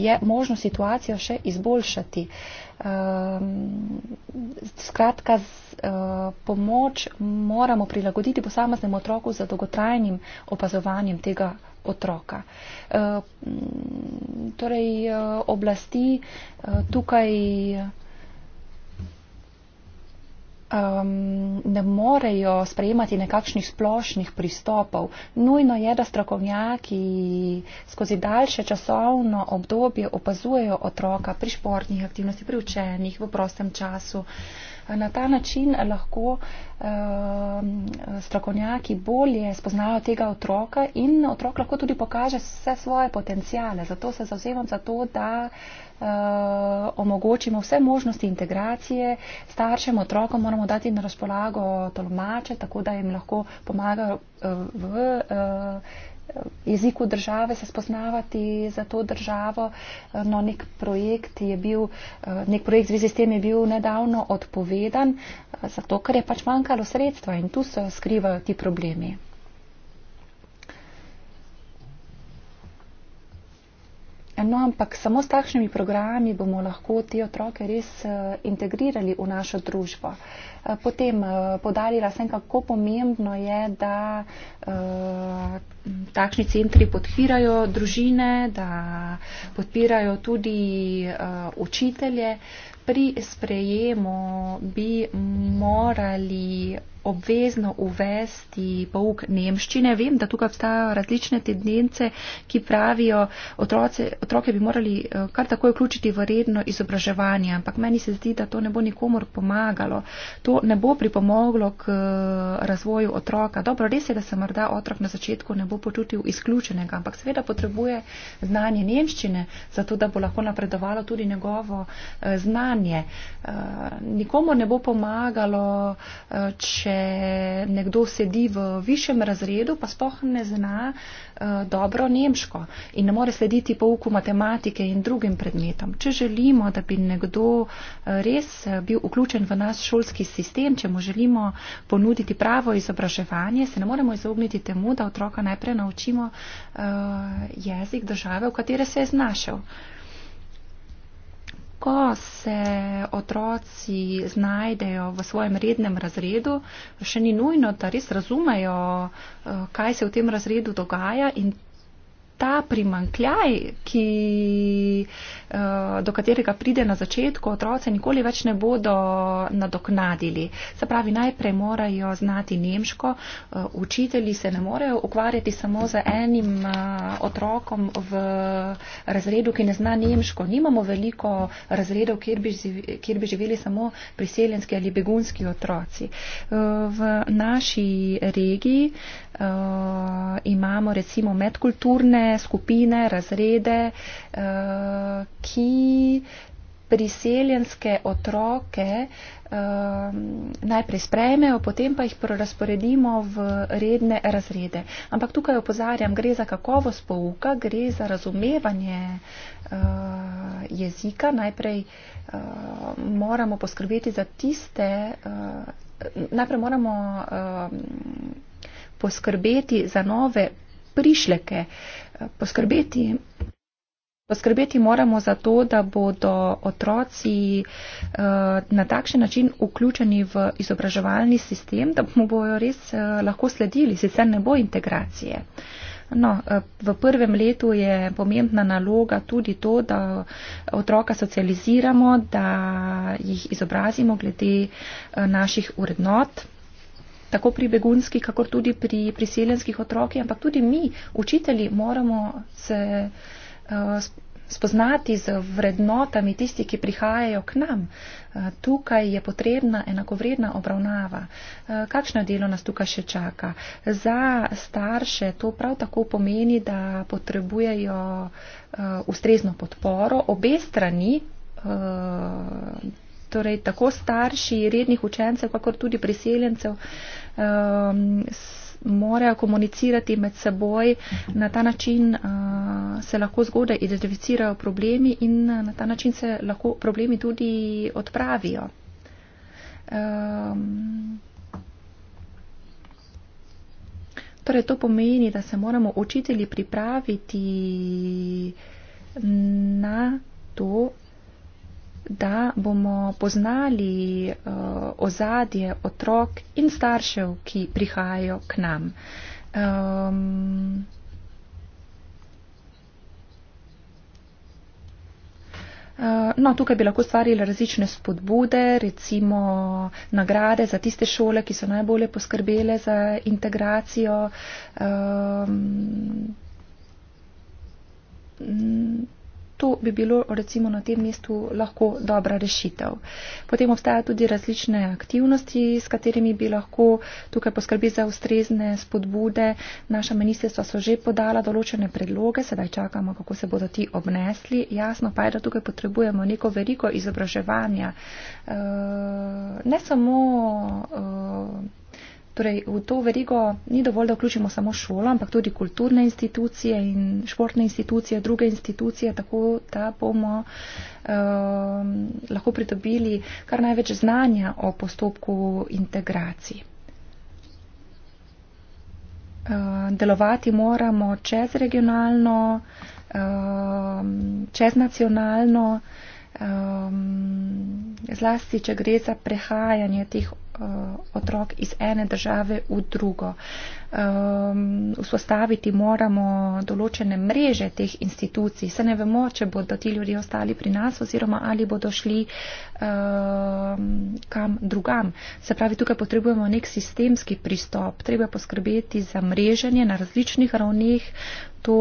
je možno situacijo še izboljšati. Ehm, skratka, eh, pomoč moramo prilagoditi posameznemu otroku za dolgotrajnim opazovanjem tega otroka otroka. Eh, torej, eh, oblasti eh, tukaj um, ne morejo sprejemati nekakšnih splošnih pristopov. Nujno je, da strokovnjaki skozi daljše časovno obdobje opazujejo otroka pri športnih aktivnostih, pri učenjih, v prostem času. Uh, Na ta način lahko ehm, strokovnjaki bolje spoznajo tega otroka in otrok lahko tudi pokaže vse svoje potencijale. Zato se zauzemam za to, da eh, omogočimo vse možnosti integracije. Staršem otrokom moramo dati na razpolago tolmače, tako da jim lahko pomagajo eh, v eh, jeziku države, se spoznavati za to državo. No, nek projekt je bil, nek projekt zvezi s tem je bil nedavno odpovedan, zato ker je pač manjkalo sredstva in tu se skrivajo ti problemi. No, ampak samo s takšnimi programi bomo lahko te otroke res eh, integrirali v našo družbo. Uh, Eh, potem eh, podarila sem, kako pomembno je, da eh, takšni centri podpirajo družine, da podpirajo tudi učitelje. Pri sprejemu bi morali obvezno uvesti pouk nemščine. Vem, da tukaj obstajajo različne tendence, ki pravijo, otroce, otroke bi morali kar takoj vključiti v redno izobraževanje, ampak meni se zdi, da to ne bo nikomor pomagalo. To to ne bo pripomoglo k eh, razvoju otroka. Dobro, res je, da se morda otrok na začetku ne bo počutil izključenega, ampak seveda potrebuje znanje nemščine, zato da bo lahko napredovalo tudi njegovo eh, znanje. Eh, nikomu ne bo pomagalo, če nekdo sedi v višjem razredu, pa spohne zna uh, dobro nemško in ne more slediti pouku matematike in drugim predmetom. Če želimo, da bi nekdo eh, res eh, bil vključen v naš šolski sistem, če mu želimo ponuditi pravo izobraževanje, se ne moremo izogniti temu, da otroka najprej naučimo uh, jezik države, v kateri se je znašel ko se otroci znajdejo v svojem rednem razredu, še ni nujno, da res razumejo, eh, kaj se v tem razredu dogaja in ta primankljaj, ki Eh, do katerega pride na začetku, otroci nikoli več ne bodo nadoknadili. Se pravi, najprej morajo znati nemško, eh, učitelji se ne morejo ukvarjati samo z enim eh, otrokom v razredu, ki ne zna nemško. Nimamo veliko razredov, kjer bi, kjer bi živeli samo priseljenski ali begunski otroci. V naši regiji imamo recimo medkulturne skupine, razrede, ki priseljenske otroke um, najprej sprejmejo, potem pa jih prerasporedimo v redne razrede. Ampak tukaj opozarjam, gre za kakovost pouka, gre za razumevanje uh, jezika. Najprej uh, moramo poskrbeti za tiste, uh, najprej moramo uh, poskrbeti za nove prišleke, uh, poskrbeti. Poskrbeti moramo za to, da bodo otroci eh, na takšen način vključeni v izobraževalni sistem, da mu bojo res eh, lahko sledili, sicer ne bo integracije. No, eh, v prvem letu je pomembna naloga tudi to, da otroka socializiramo, da jih izobrazimo glede naših urednot tako pri begunskih, kakor tudi pri priseljenskih otroki, ampak tudi mi, učitelji, moramo se uh, Eh, spoznati z vrednotami tisti, ki prihajajo k nam. Eh, tukaj je potrebna enakovredna obravnava. Eh, kakšno delo nas tukaj še čaka? Za starše to prav tako pomeni, da potrebujejo ustrezno podporo obe strani, torej tako starši rednih učencev, kakor tudi priseljencev morajo komunicirati med seboj, na ta način uh, se lahko zgodaj identificirajo problemi in uh, na ta način se lahko problemi tudi odpravijo. Um, torej, to pomeni, da se moramo učitelji pripraviti na to, da bomo poznali uh, ozadje otrok in staršev, ki prihajajo k nam. Um, No, tukaj bi lahko stvarili različne spodbude, recimo nagrade za tiste šole, ki so najbolje poskrbele za integracijo. Um, To bi bilo recimo na tem mestu lahko dobra rešitev. Potem obstajajo tudi različne aktivnosti, s katerimi bi lahko tukaj poskrbi za ustrezne spodbude. Naša ministrstva so že podala določene predloge, sedaj čakamo, kako se bodo ti obnesli. Jasno pa je, da tukaj potrebujemo neko veliko izobraževanja. Eh, ne samo eh, Torej, v to verigo ni dovolj, da vključimo samo šolo, ampak tudi kulturne institucije in športne institucije, druge institucije, tako da bomo um, lahko pridobili kar največ znanja o postopku integracij. Ehm, delovati moramo čez regionalno, ehm, čez nacionalno, um, zlasti, če gre za prehajanje teh uh, otrok iz ene države v drugo. Um, vzpostaviti moramo določene mreže teh institucij. Se ne vemo, če bodo ti ljudje ostali pri nas oziroma ali bodo šli um, kam drugam. Se pravi, tukaj potrebujemo nek sistemski pristop. Treba poskrbeti za mreženje na različnih ravneh. To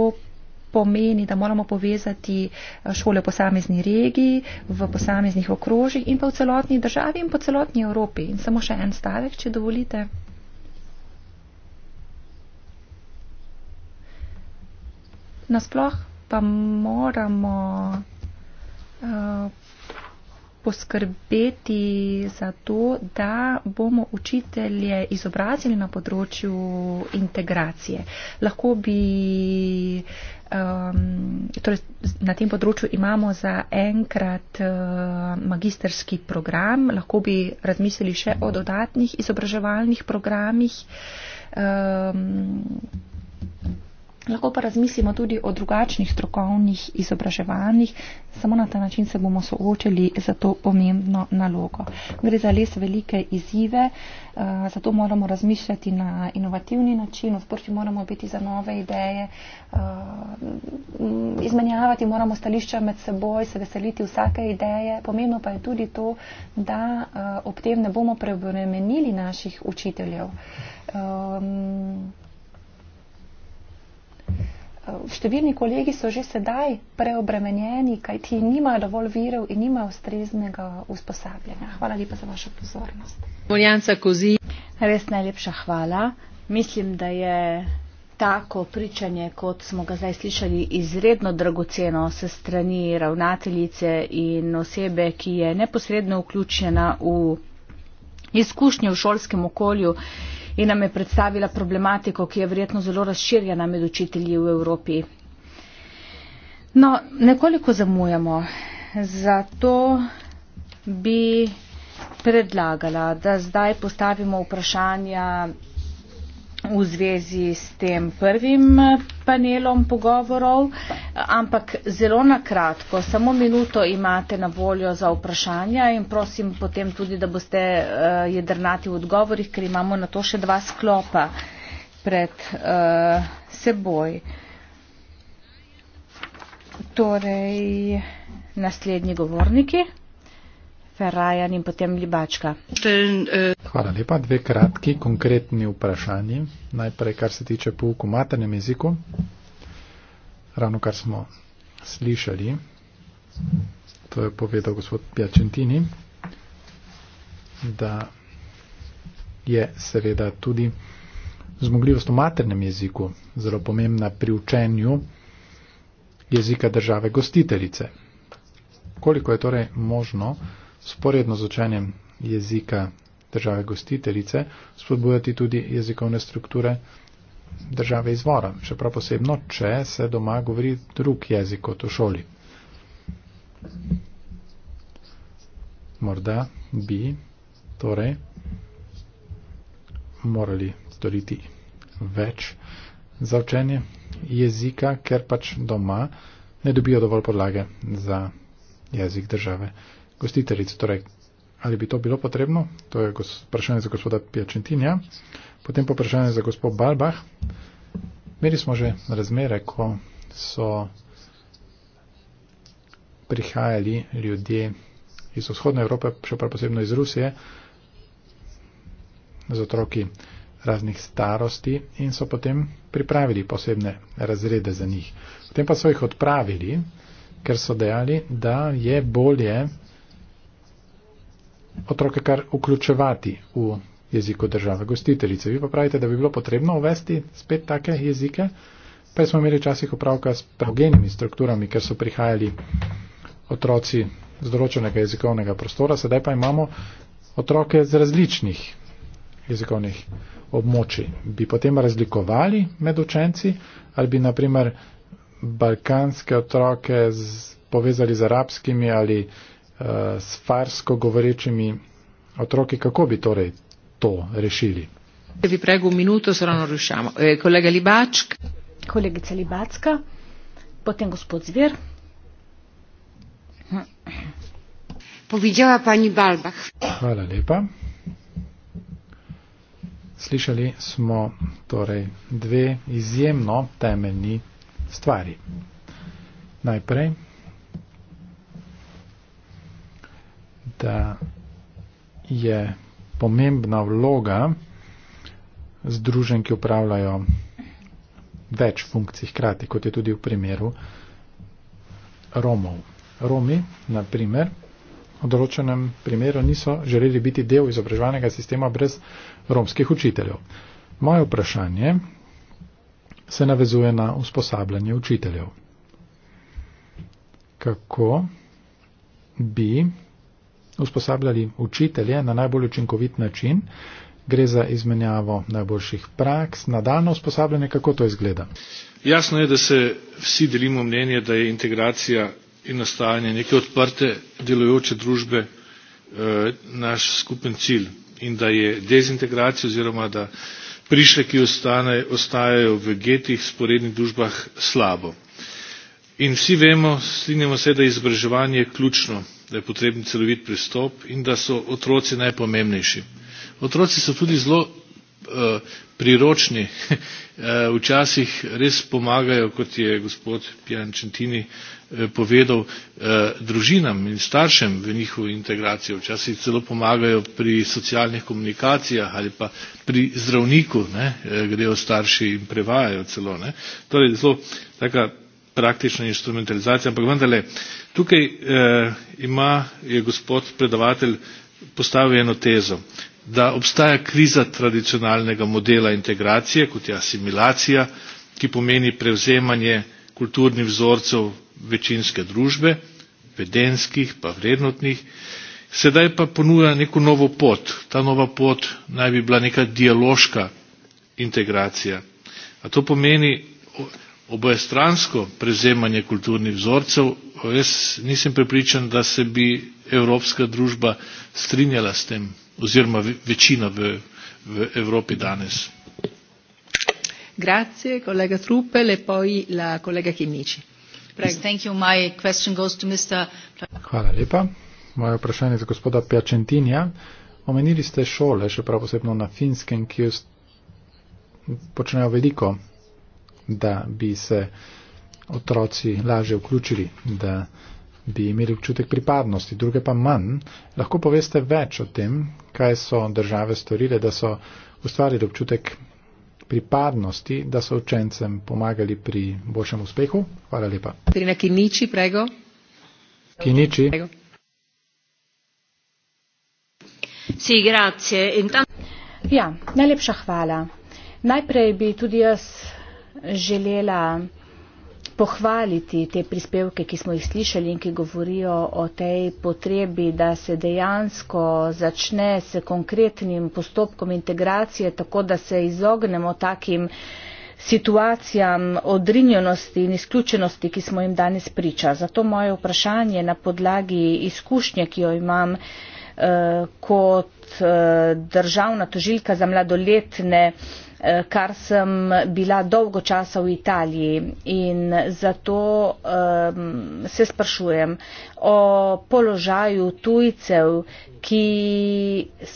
pomeni, da moramo povezati eh, šole v posamezni regiji, v posameznih okrožjih in pa v celotni državi in po celotni Evropi. In samo še en stavek, če dovolite. Nasploh pa moramo. Uh, poskrbeti za to, da bomo učitelje izobrazili na področju integracije. Lahko bi, um, torej na tem področju imamo za enkrat uh, magisterski program, lahko bi razmislili še o dodatnih izobraževalnih programih. Um, Lahko pa razmislimo tudi o drugačnih strokovnih izobraževanjih, samo na ta način se bomo soočili za to pomembno nalogo. Gre za les velike izzive, eh, zato moramo razmišljati na inovativni način, odprti moramo biti za nove ideje, eh, izmenjavati moramo stališča med seboj, se veseliti vsake ideje. Pomembno pa je tudi to, da eh, ob tem ne bomo preobremenili naših učiteljev. Ehm, Eh, številni kolegi so že sedaj preobremenjeni, kaj ti nimajo dovolj virov in nimajo ustreznega usposabljanja. Hvala lepa za vašo pozornost. Bojanca Kozi. Res najlepša hvala. Mislim, da je tako pričanje, kot smo ga zdaj slišali, izredno dragoceno se strani ravnateljice in osebe, ki je neposredno vključena v izkušnje v šolskem okolju in nam je predstavila problematiko, ki je verjetno zelo razširjena med učitelji v Evropi. No, nekoliko zamujamo, zato bi predlagala, da zdaj postavimo vprašanja v zvezi s tem prvim panelom pogovorov, ampak zelo na kratko, samo minuto imate na voljo za vprašanja in prosim potem tudi, da boste eh, jedrnati v odgovorih, ker imamo na to še dva sklopa pred uh, seboj. Torej, naslednji govorniki. Ferrajan in potem Libačka. Hvala lepa. Dve kratki, konkretni vprašanji. Najprej, kar se tiče pouku maternem jeziku. Ravno kar smo slišali, to je povedal gospod Piacentini, da je seveda tudi zmogljivost v maternem jeziku zelo pomembna pri učenju jezika države gostiteljice. Koliko je torej možno, sporedno z učenjem jezika države gostiteljice spodbujati tudi jezikovne strukture države izvora, še prav posebno, če se doma govori drug jezik kot v šoli. Morda bi torej morali storiti več za učenje jezika, ker pač doma ne dobijo dovolj podlage za jezik države gostiteljico. Torej, ali bi to bilo potrebno? To je vprašanje za gospoda Piačentinja. Potem pa vprašanje za gospod Balbah. Meri smo že razmere, ko so prihajali ljudje iz vzhodne Evrope, še prav posebno iz Rusije, z otroki raznih starosti in so potem pripravili posebne razrede za njih. Potem pa so jih odpravili, ker so dejali, da je bolje otroke kar vključevati v jeziko države gostiteljice. Vi pa pravite, da bi bilo potrebno uvesti spet take jezike, pa smo imeli včasih opravka s pravogenimi strukturami, ker so prihajali otroci z določenega jezikovnega prostora, sedaj pa imamo otroke z različnih jezikovnih območij. Bi potem razlikovali med učenci ali bi naprimer balkanske otroke z, povezali z arabskimi ali Eh, s farsko govorečimi otroki, kako bi torej to rešili. Če bi pregu minuto, se ravno rušamo. E, eh, kolega Libačk. Kolegica Libacka, potem gospod Zver. Povidela pani Balbah. Hvala lepa. Slišali smo torej dve izjemno temeljni stvari. Najprej. da je pomembna vloga združen, ki upravljajo več funkcij hkrati, kot je tudi v primeru Romov. Romi, na primer, v določenem primeru niso želeli biti del izobraževalnega sistema brez romskih učiteljev. Moje vprašanje se navezuje na usposabljanje učiteljev. Kako bi usposabljali učitelje na najbolj učinkovit način. Gre za izmenjavo najboljših praks, nadaljno usposabljanje, kako to izgleda. Jasno je, da se vsi delimo mnenje, da je integracija in nastajanje neke odprte delujoče družbe eh, naš skupen cilj in da je dezintegracija oziroma da prišle, ki ostane, ostajajo v getih, sporednih družbah slabo. In vsi vemo, strinjamo se, da je izobraževanje ključno da je potreben celovit pristop in da so otroci najpomembnejši. Otroci so tudi zelo eh, priročni, eh, včasih res pomagajo, kot je gospod Piančentini eh, povedal, družinam in staršem v njihovo integracijo, včasih celo pomagajo pri socialnih komunikacijah ali pa pri zdravniku, ne, grejo starši in prevajajo celo. Ne. Torej, zelo taka praktična instrumentalizacija ampak vendarle tukaj eh, ima je gospod predavatelj postavil eno tezo da obstaja kriza tradicionalnega modela integracije kot je asimilacija ki pomeni prevzemanje kulturnih vzorcev večinske družbe vedenskih pa vrednotnih sedaj pa ponuja neko novo pot ta nova pot naj bi bila neka dialoška integracija a to pomeni obojestransko prevzemanje kulturnih vzorcev jaz nisem prepričan da se bi evropska družba strinjala s tem oziroma večina v, v Evropi danes. Grazie, kolega Truppel e poi la collega Chimici. Prego. Thank you, my question goes to Mr. Hvala lepa. Moje vprašanje je za gospoda Piacentinija. Omenili ste šole, še prav posebno na Finskem, ki počnejo veliko da bi se otroci laže vključili, da bi imeli občutek pripadnosti, druge pa manj. Lahko poveste več o tem, kaj so države storile, da so ustvarili občutek pripadnosti, da so učencem pomagali pri boljšem uspehu. Hvala lepa. Na kiniči prego. Kiniči. Si, grazie. Ja, najlepša hvala. Najprej bi tudi jaz želela pohvaliti te prispevke, ki smo jih slišali in ki govorijo o tej potrebi, da se dejansko začne s konkretnim postopkom integracije, tako da se izognemo takim situacijam odrinjenosti in izključenosti, ki smo jim danes priča. Zato moje vprašanje na podlagi izkušnje, ki jo imam, Eh, kot eh, državna tožilka za mladoletne, eh, kar sem bila dolgo časa v Italiji in zato um, se sprašujem o položaju tujcev, ki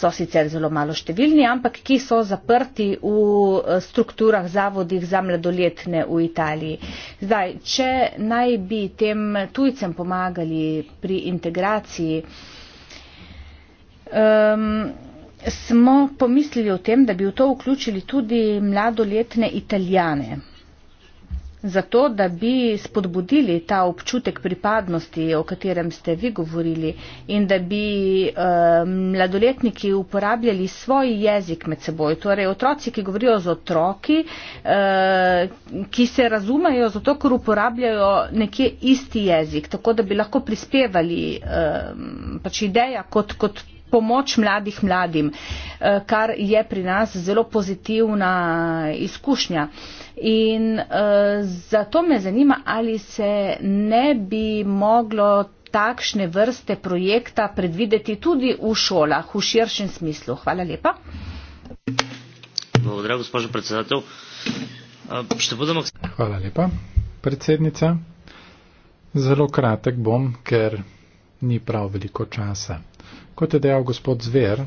so sicer zelo malo številni, ampak ki so zaprti v strukturah zavodih za mladoletne v Italiji. Zdaj, če naj bi tem tujcem pomagali pri integraciji, um, smo pomislili o tem, da bi v to vključili tudi mladoletne Italijane. Zato, da bi spodbudili ta občutek pripadnosti, o katerem ste vi govorili, in da bi um, mladoletniki uporabljali svoj jezik med seboj. Torej, otroci, ki govorijo z otroki, uh, ki se razumejo zato, ker uporabljajo nekje isti jezik, tako da bi lahko prispevali um, pač ideja kot. kot pomoč mladih mladim, eh, kar je pri nas zelo pozitivna izkušnja. In eh, zato me zanima, ali se ne bi moglo takšne vrste projekta predvideti tudi v šolah v širšem smislu. Hvala lepa. Благодаря, госпожо председател. Ще бъдам... Хвала лепа, председница. Зело кратък бом, кер ни прав велико часа. Kot je dejal gospod Zver,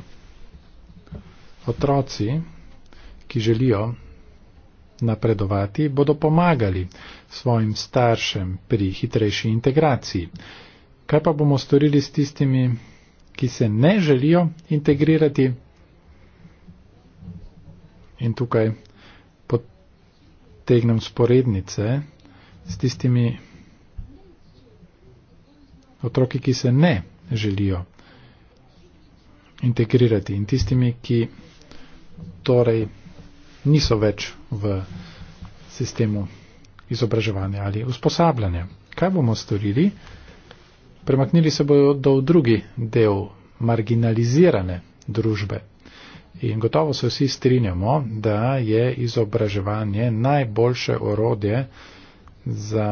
otroci, ki želijo napredovati, bodo pomagali svojim staršem pri hitrejši integraciji. Kaj pa bomo storili s tistimi, ki se ne želijo integrirati? In tukaj potegnem sporednice s tistimi otroki, ki se ne želijo integrirati in tistimi, ki torej niso več v sistemu izobraževanja ali usposabljanja. Kaj bomo storili? Premaknili se bodo do drugi del marginalizirane družbe. In gotovo se vsi strinjamo, da je izobraževanje najboljše orodje za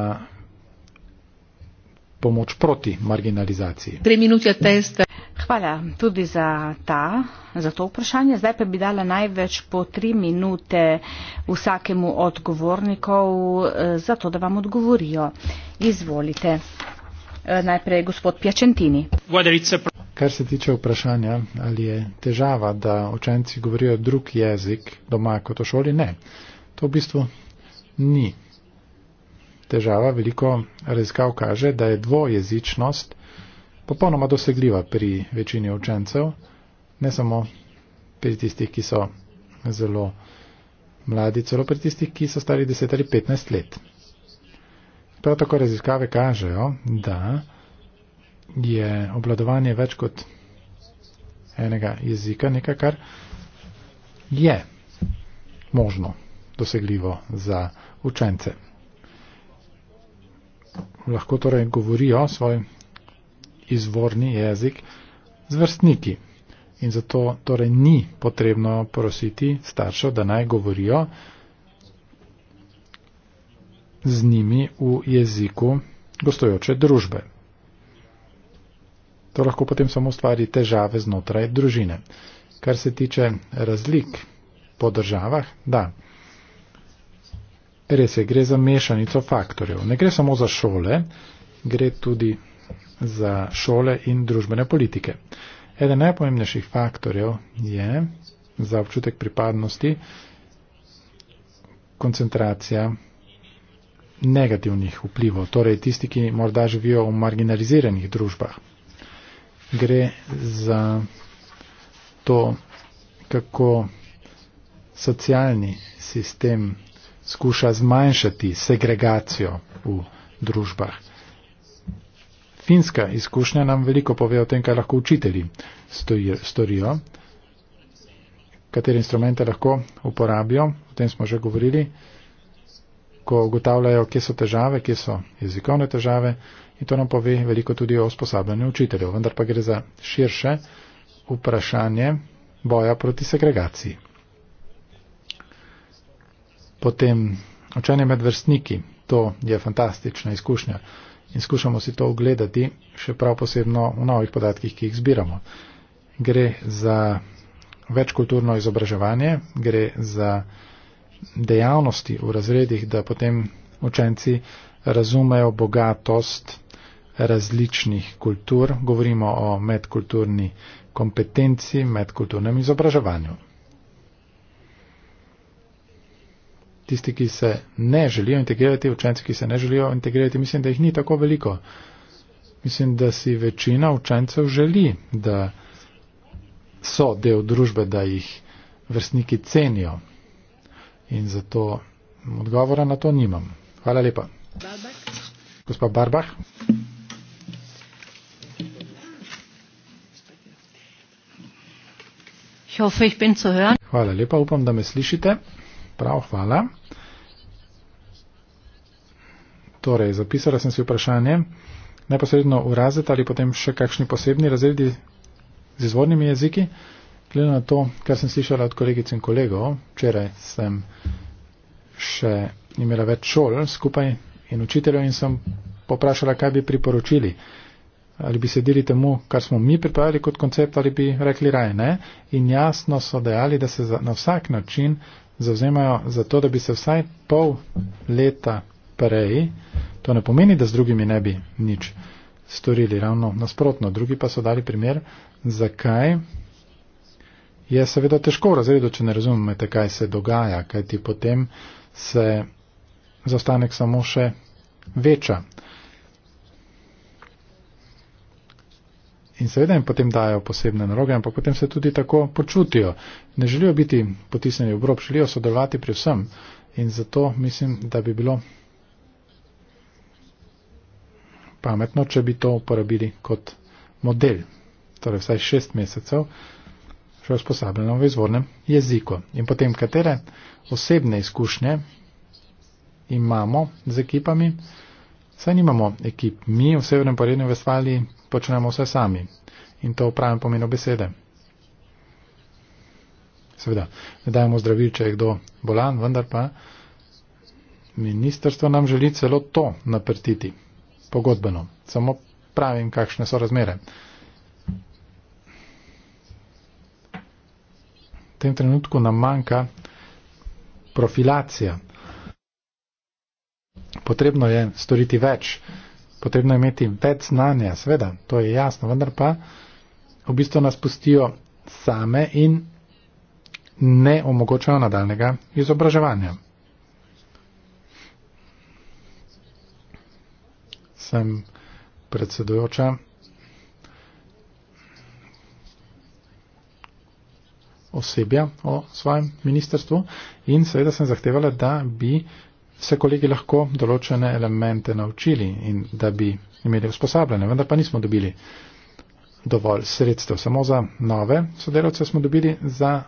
pomoč proti marginalizaciji. Tri minute testa. Hvala tudi za, ta, za to vprašanje. Zdaj pa bi dala največ po tri minute vsakemu odgovornikov, eh, zato da vam odgovorijo. Izvolite. Eh, najprej gospod Piacentini. Kar se tiče vprašanja, ali je težava, da učenci govorijo drug jezik doma kot v šoli, ne. To v bistvu ni težava. Veliko raziskav kaže, da je dvojezičnost popolnoma dosegljiva pri večini učencev, ne samo pri tistih, ki so zelo mladi, celo pri tistih, ki so stari 10 ali 15 let. Prav tako raziskave kažejo, da je obladovanje več kot enega jezika nekaj, kar je možno dosegljivo za učence. Lahko torej govorijo svoj izvorni jezik z vrstniki. In zato torej ni potrebno prositi staršev, da naj govorijo z njimi v jeziku gostojoče družbe. To lahko potem samo ustvari težave znotraj družine. Kar se tiče razlik po državah, da. Res je, gre za mešanico faktorjev. Ne gre samo za šole, gre tudi za šole in družbene politike. Eden najpomembnejših faktorjev je za občutek pripadnosti koncentracija negativnih vplivov, torej tisti, ki morda živijo v marginaliziranih družbah. Gre za to, kako socialni sistem skuša zmanjšati segregacijo v družbah. Finska izkušnja nam veliko pove o tem, kaj lahko učitelji storijo, katere instrumente lahko uporabijo, o tem smo že govorili, ko ugotavljajo, kje so težave, kje so jezikovne težave in to nam pove veliko tudi o usposabljanju učiteljev, vendar pa gre za širše vprašanje boja proti segregaciji. Potem učenje med vrstniki, to je fantastična izkušnja in skušamo si to ogledati, še prav posebno v novih podatkih, ki jih zbiramo. Gre za večkulturno izobraževanje, gre za dejavnosti v razredih, da potem učenci razumejo bogatost različnih kultur, govorimo o medkulturni kompetenci, medkulturnem izobraževanju. tisti, ki se ne želijo integrirati, učenci, ki se ne želijo integrirati, mislim, da jih ni tako veliko. Mislim, da si večina učencev želi, da so del družbe, da jih vrstniki cenijo. In zato odgovora na to nimam. Hvala lepa. Barbak. Gospod Barbah. Hvala lepa, upam, da me slišite. Prav, hvala. Torej, zapisala sem si vprašanje. Neposredno v razred ali potem še kakšni posebni razredi z izvornimi jeziki. Glede na to, kar sem slišala od kolegic in kolegov, včeraj sem še imela več šol skupaj in učiteljev in sem poprašala, kaj bi priporočili. Ali bi sedeli temu, kar smo mi pripravili kot koncept, ali bi rekli raje ne. In jasno so dejali, da se na vsak način zauzemajo za to, da bi se vsaj pol leta prej, to ne pomeni, da z drugimi ne bi nič storili, ravno nasprotno. Drugi pa so dali primer, zakaj je seveda težko v razredu, če ne razumete, kaj se dogaja, kajti potem se zastanek samo še veča. in seveda jim potem dajo posebne naloge, ampak potem se tudi tako počutijo. Ne želijo biti potisnjeni v obrob, želijo sodelovati pri vsem in zato mislim, da bi bilo pametno, če bi to uporabili kot model, torej vsaj šest mesecev, še usposabljeno v izvornem jeziku. In potem, katere osebne izkušnje imamo z ekipami, saj nimamo ekip. Mi v Severnem Porednju Vestvali počnemo vse sami. In to v pravem pomenu besede. Seveda, ne dajemo zdravil, če je kdo bolan, vendar pa ministrstvo nam želi celo to naprtiti. Pogodbeno. Samo pravim, kakšne so razmere. V tem trenutku nam manjka profilacija. Potrebno je storiti več potrebno je imeti več znanja, sveda, to je jasno, vendar pa v bistvu nas pustijo same in ne omogočajo nadaljnega izobraževanja. Sem predsedujoča. osebja o svojem ministrstvu in seveda sem zahtevala, da bi se kolegi lahko določene elemente naučili in da bi imeli usposabljanje, vendar pa nismo dobili dovolj sredstev. Samo za nove sodelavce smo dobili, za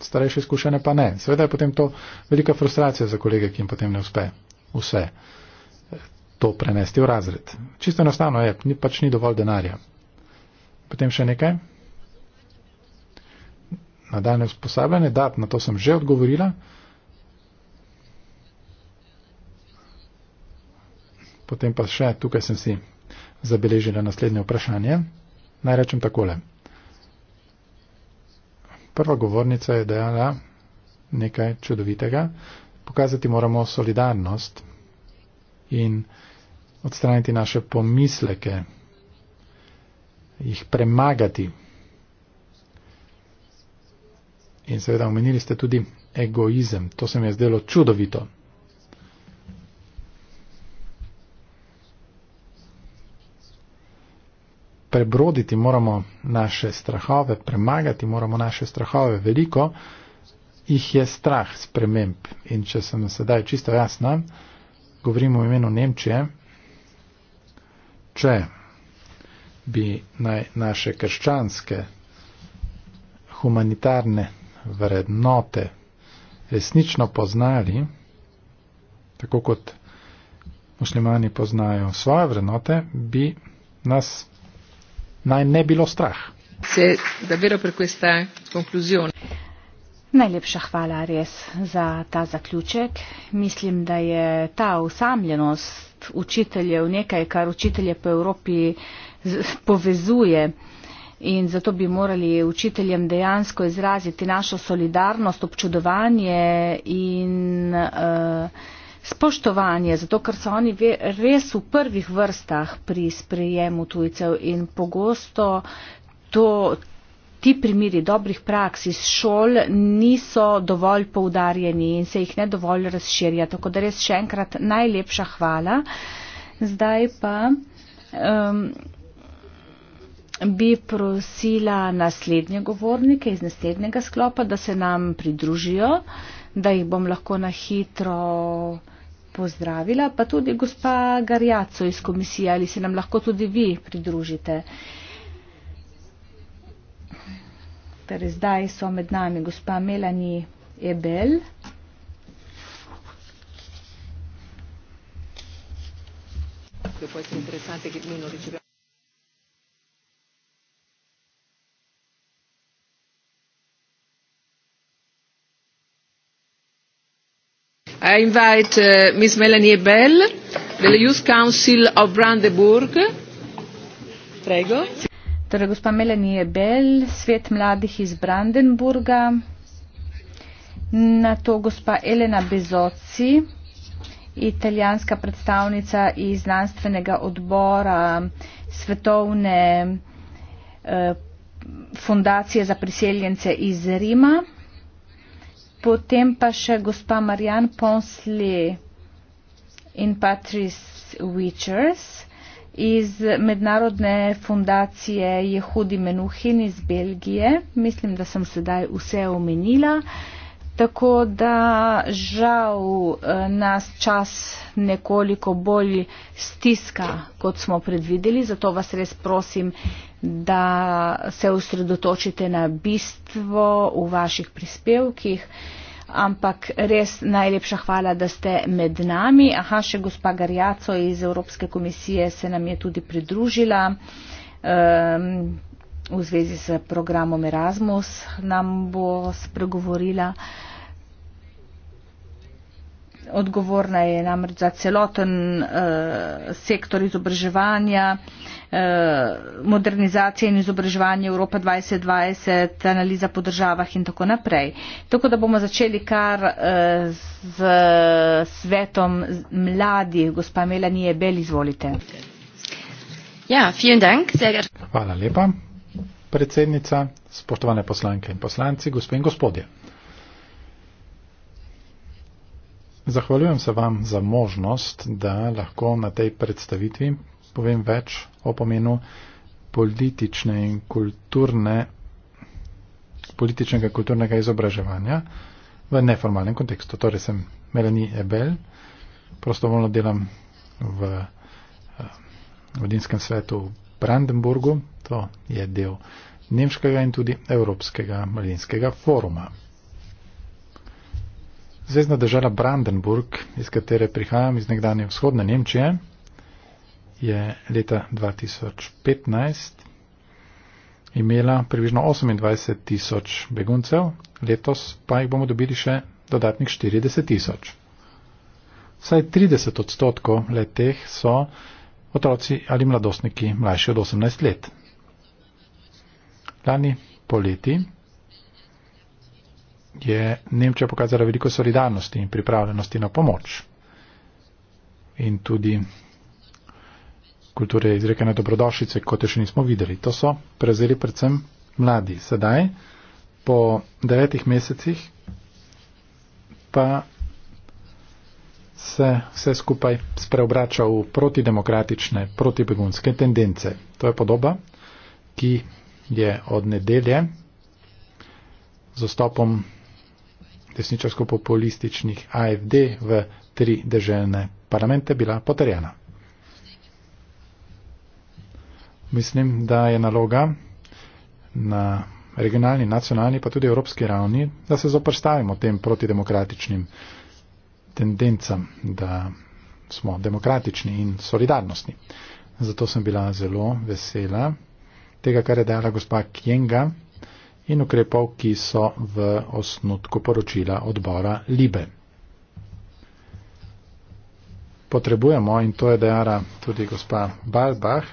starejše izkušene pa ne. Seveda je potem to velika frustracija za kolege, ki jim potem ne uspe vse eh, to prenesti v razred. Čisto enostavno je, ni pač ni dovolj denarja. Potem še nekaj. Nadaljne usposabljanje, da, na to sem že odgovorila. Potem pa še, tukaj sem si zabeležila naslednje vprašanje. Naj rečem takole. Prva govornica je dejala nekaj čudovitega. Pokazati moramo solidarnost in odstraniti naše pomisleke, jih premagati. In seveda omenili ste tudi egoizem. To se mi je zdelo čudovito. prebroditi, moramo naše strahove premagati, moramo naše strahove veliko, jih je strah sprememb. In če sem sedaj čisto jasna, govorim o imenu Nemčije, če bi naj naše krščanske humanitarne vrednote resnično poznali, tako kot muslimani poznajo svoje vrednote, bi nas naj ne bilo strah. Najlepša hvala res za ta zaključek. Mislim, da je ta osamljenost učiteljev nekaj, kar učitelje po Evropi povezuje. In zato bi morali učiteljem dejansko izraziti našo solidarnost, občudovanje in uh, spoštovanje, zato ker so oni res v prvih vrstah pri sprejemu tujcev in pogosto to, ti primiri dobrih praks iz šol niso dovolj poudarjeni in se jih ne dovolj razširja. Tako da res še enkrat najlepša hvala. Zdaj pa. Um, bi prosila naslednje govornike iz naslednjega sklopa, da se nam pridružijo, da jih bom lahko na hitro pozdravila, pa tudi gospa Garjaco iz komisije, ali se nam lahko tudi vi pridružite. Torej, zdaj so med nami gospa Melani Ebel. Dopo essere interessante che noi non riceviamo. i invite uh, ms melanie bell the youth council of brandenburg prego torej gospa melanie bell svet mladih iz brandenburga na to gospa elena bezoci italijanska predstavnica iz znanstvenega odbora svetovne eh, fundacije za priseljence iz Rima. Potem pa še gospa Marjan Ponsli in Patrice Witchers iz Mednarodne fundacije Jehudi Menuhin iz Belgije. Mislim, da sem sedaj vse omenila. Tako da žal eh, nas čas nekoliko bolj stiska, kot smo predvideli. Zato vas res prosim, da se osredotočite na bistvo v vaših prispevkih. Ampak res najlepša hvala, da ste med nami. Aha, še gospa Garjaco iz Evropske komisije se nam je tudi pridružila um, v zvezi s programom Erasmus. Nam bo spregovorila. Uh, odgovorna je namreč za celoten uh, sektor izobraževanja, uh, modernizacije in izobraževanje Evropa 2020, analiza po državah in tako naprej. Tako da bomo začeli kar uh, z svetom mladih. Gospa Melanie Bel, izvolite. Ja, dank, Hvala lepa, predsednica, spoštovane poslanke in poslanci, gospe in gospodje. Zahvaljujem se vam za možnost, da lahko na tej predstavitvi povem več o pomenu politične in kulturne, političnega kulturnega izobraževanja v neformalnem kontekstu. Torej sem Melanie Ebel, prostovoljno delam v eh, vodinskem svetu v Brandenburgu, to je del nemškega in tudi evropskega mladinskega foruma. Zvezdna država Brandenburg, iz katere prihajam iz nekdanje vzhodne Nemčije, je leta 2015 imela približno 28 tisoč beguncev, letos pa jih bomo dobili še dodatnih 40 tisoč. Vsaj 30 odstotkov let teh so otroci ali mladostniki mlajši od 18 let. Lani poleti je Nemčija pokazala veliko solidarnosti in pripravljenosti na pomoč. In tudi kulture izrekene dobrodošlice, kot je še nismo videli. To so prevzeli predvsem mladi. Sedaj, po devetih mesecih, pa se vse skupaj spreobrača v protidemokratične, protibegunske tendence. To je podoba, ki je od nedelje z vstopom desničarsko-populističnih AFD v tri državne parlamente bila potrjena. Mislim, da je naloga na regionalni, nacionalni pa tudi evropski ravni, da se zoprstavimo tem protidemokratičnim tendencam, da smo demokratični in solidarnostni. Zato sem bila zelo vesela tega, kar je dejala gospa Kjenga in ukrepov, ki so v osnutku poročila odbora Libe. Potrebujemo, in to je dejala tudi gospa Balbach,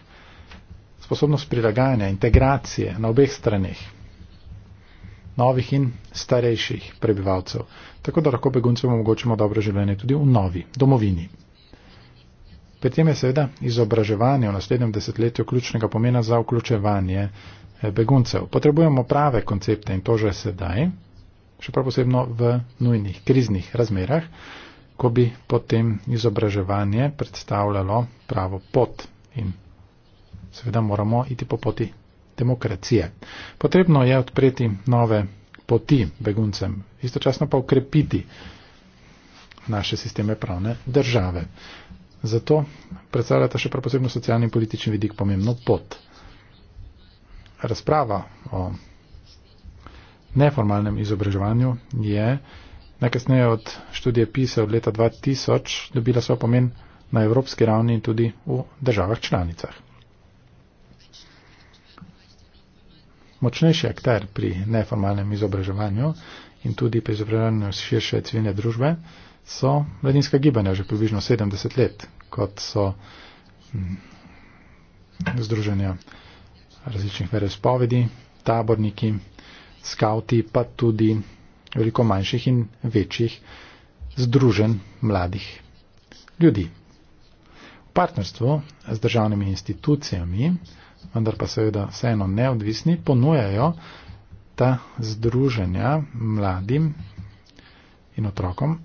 sposobnost prilagajanja, integracije na obeh straneh novih in starejših prebivalcev, tako da lahko beguncem omogočimo dobro življenje tudi v novi domovini. Pri tem je seveda izobraževanje v naslednjem desetletju ključnega pomena za vključevanje Eh, beguncev. Potrebujemo prave koncepte in to že sedaj, še prav posebno v nujnih kriznih razmerah, ko bi potem izobraževanje predstavljalo pravo pot in seveda moramo iti po poti demokracije. Potrebno je odpreti nove poti beguncem, istočasno pa ukrepiti naše sisteme pravne države. Zato predstavljata še prav posebno socialni in politični vidik pomembno pot razprava o neformalnem izobraževanju je najkasneje od študije PISA od leta 2000 dobila svoj pomen na evropski ravni in tudi v državah članicah. Močnejši akter pri neformalnem izobraževanju in tudi pri izobraževanju širše civilne družbe so mladinska gibanja že približno 70 let, kot so mm, združenja različnih verespovedi, taborniki, skauti, pa tudi veliko manjših in večjih združen mladih ljudi. V partnerstvu z državnimi institucijami, vendar pa seveda vseeno neodvisni, ponujajo ta združenja mladim in otrokom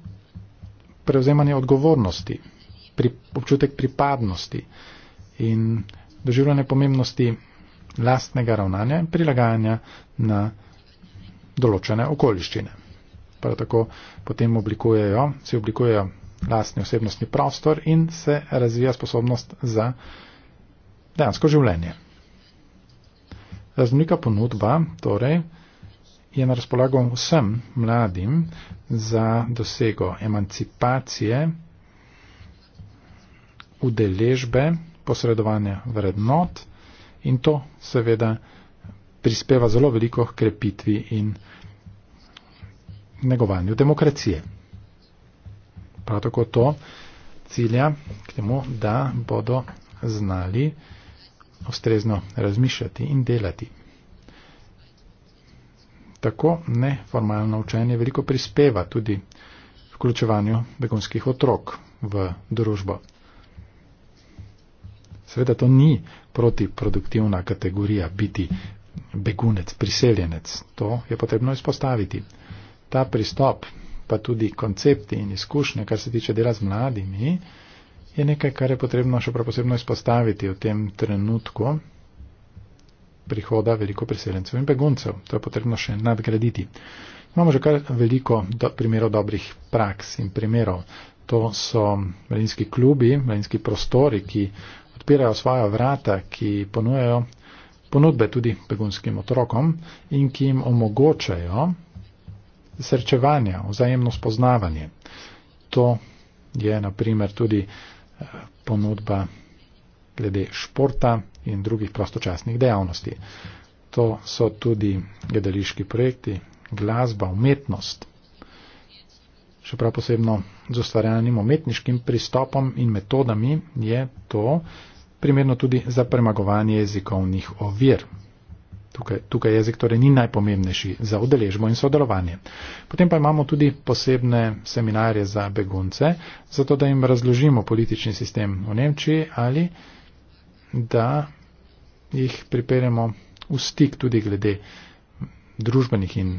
prevzemanje odgovornosti, pri, občutek pripadnosti in doživljanje pomembnosti lastnega ravnanja in prilagajanja na določene okoliščine. Prav tako potem oblikujejo, si oblikujejo lastni osebnostni prostor in se razvija sposobnost za dejansko življenje. Raznolika ponudba torej, je na razpolago vsem mladim za dosego emancipacije, udeležbe, posredovanja vrednot in to seveda prispeva zelo veliko k krepitvi in negovanju demokracije. Prav tako to cilja k temu, da bodo znali ustrezno razmišljati in delati. Tako neformalno učenje veliko prispeva tudi vključevanju begonskih otrok v družbo. Seveda to ni protiproduktivna kategorija biti begunec, priseljenec. To je potrebno izpostaviti. Ta pristop, pa tudi koncepti in izkušnje, kar se tiče dela z mladimi, je nekaj, kar je potrebno še prav posebno izpostaviti v tem trenutku prihoda veliko priseljencev in beguncev. To je potrebno še nadgraditi. Imamo že kar veliko do, primerov dobrih praks in primerov. To so mladinski klubi, mladinski prostori, ki odpirajo svoja vrata, ki ponujejo ponudbe tudi begunskim otrokom in ki jim omogočajo srečevanje, vzajemno spoznavanje. To je naprimer tudi eh, ponudba glede športa in drugih prostočasnih dejavnosti. To so tudi gledališki projekti, glasba, umetnost še prav posebno z ustvarjanjem umetniškim pristopom in metodami, je to primerno tudi za premagovanje jezikovnih ovir. Tukaj, tukaj jezik torej ni najpomembnejši za udeležbo in sodelovanje. Potem pa imamo tudi posebne seminarje za begunce, zato da jim razložimo politični sistem v Nemčiji ali da jih pripeljemo v stik tudi glede družbenih in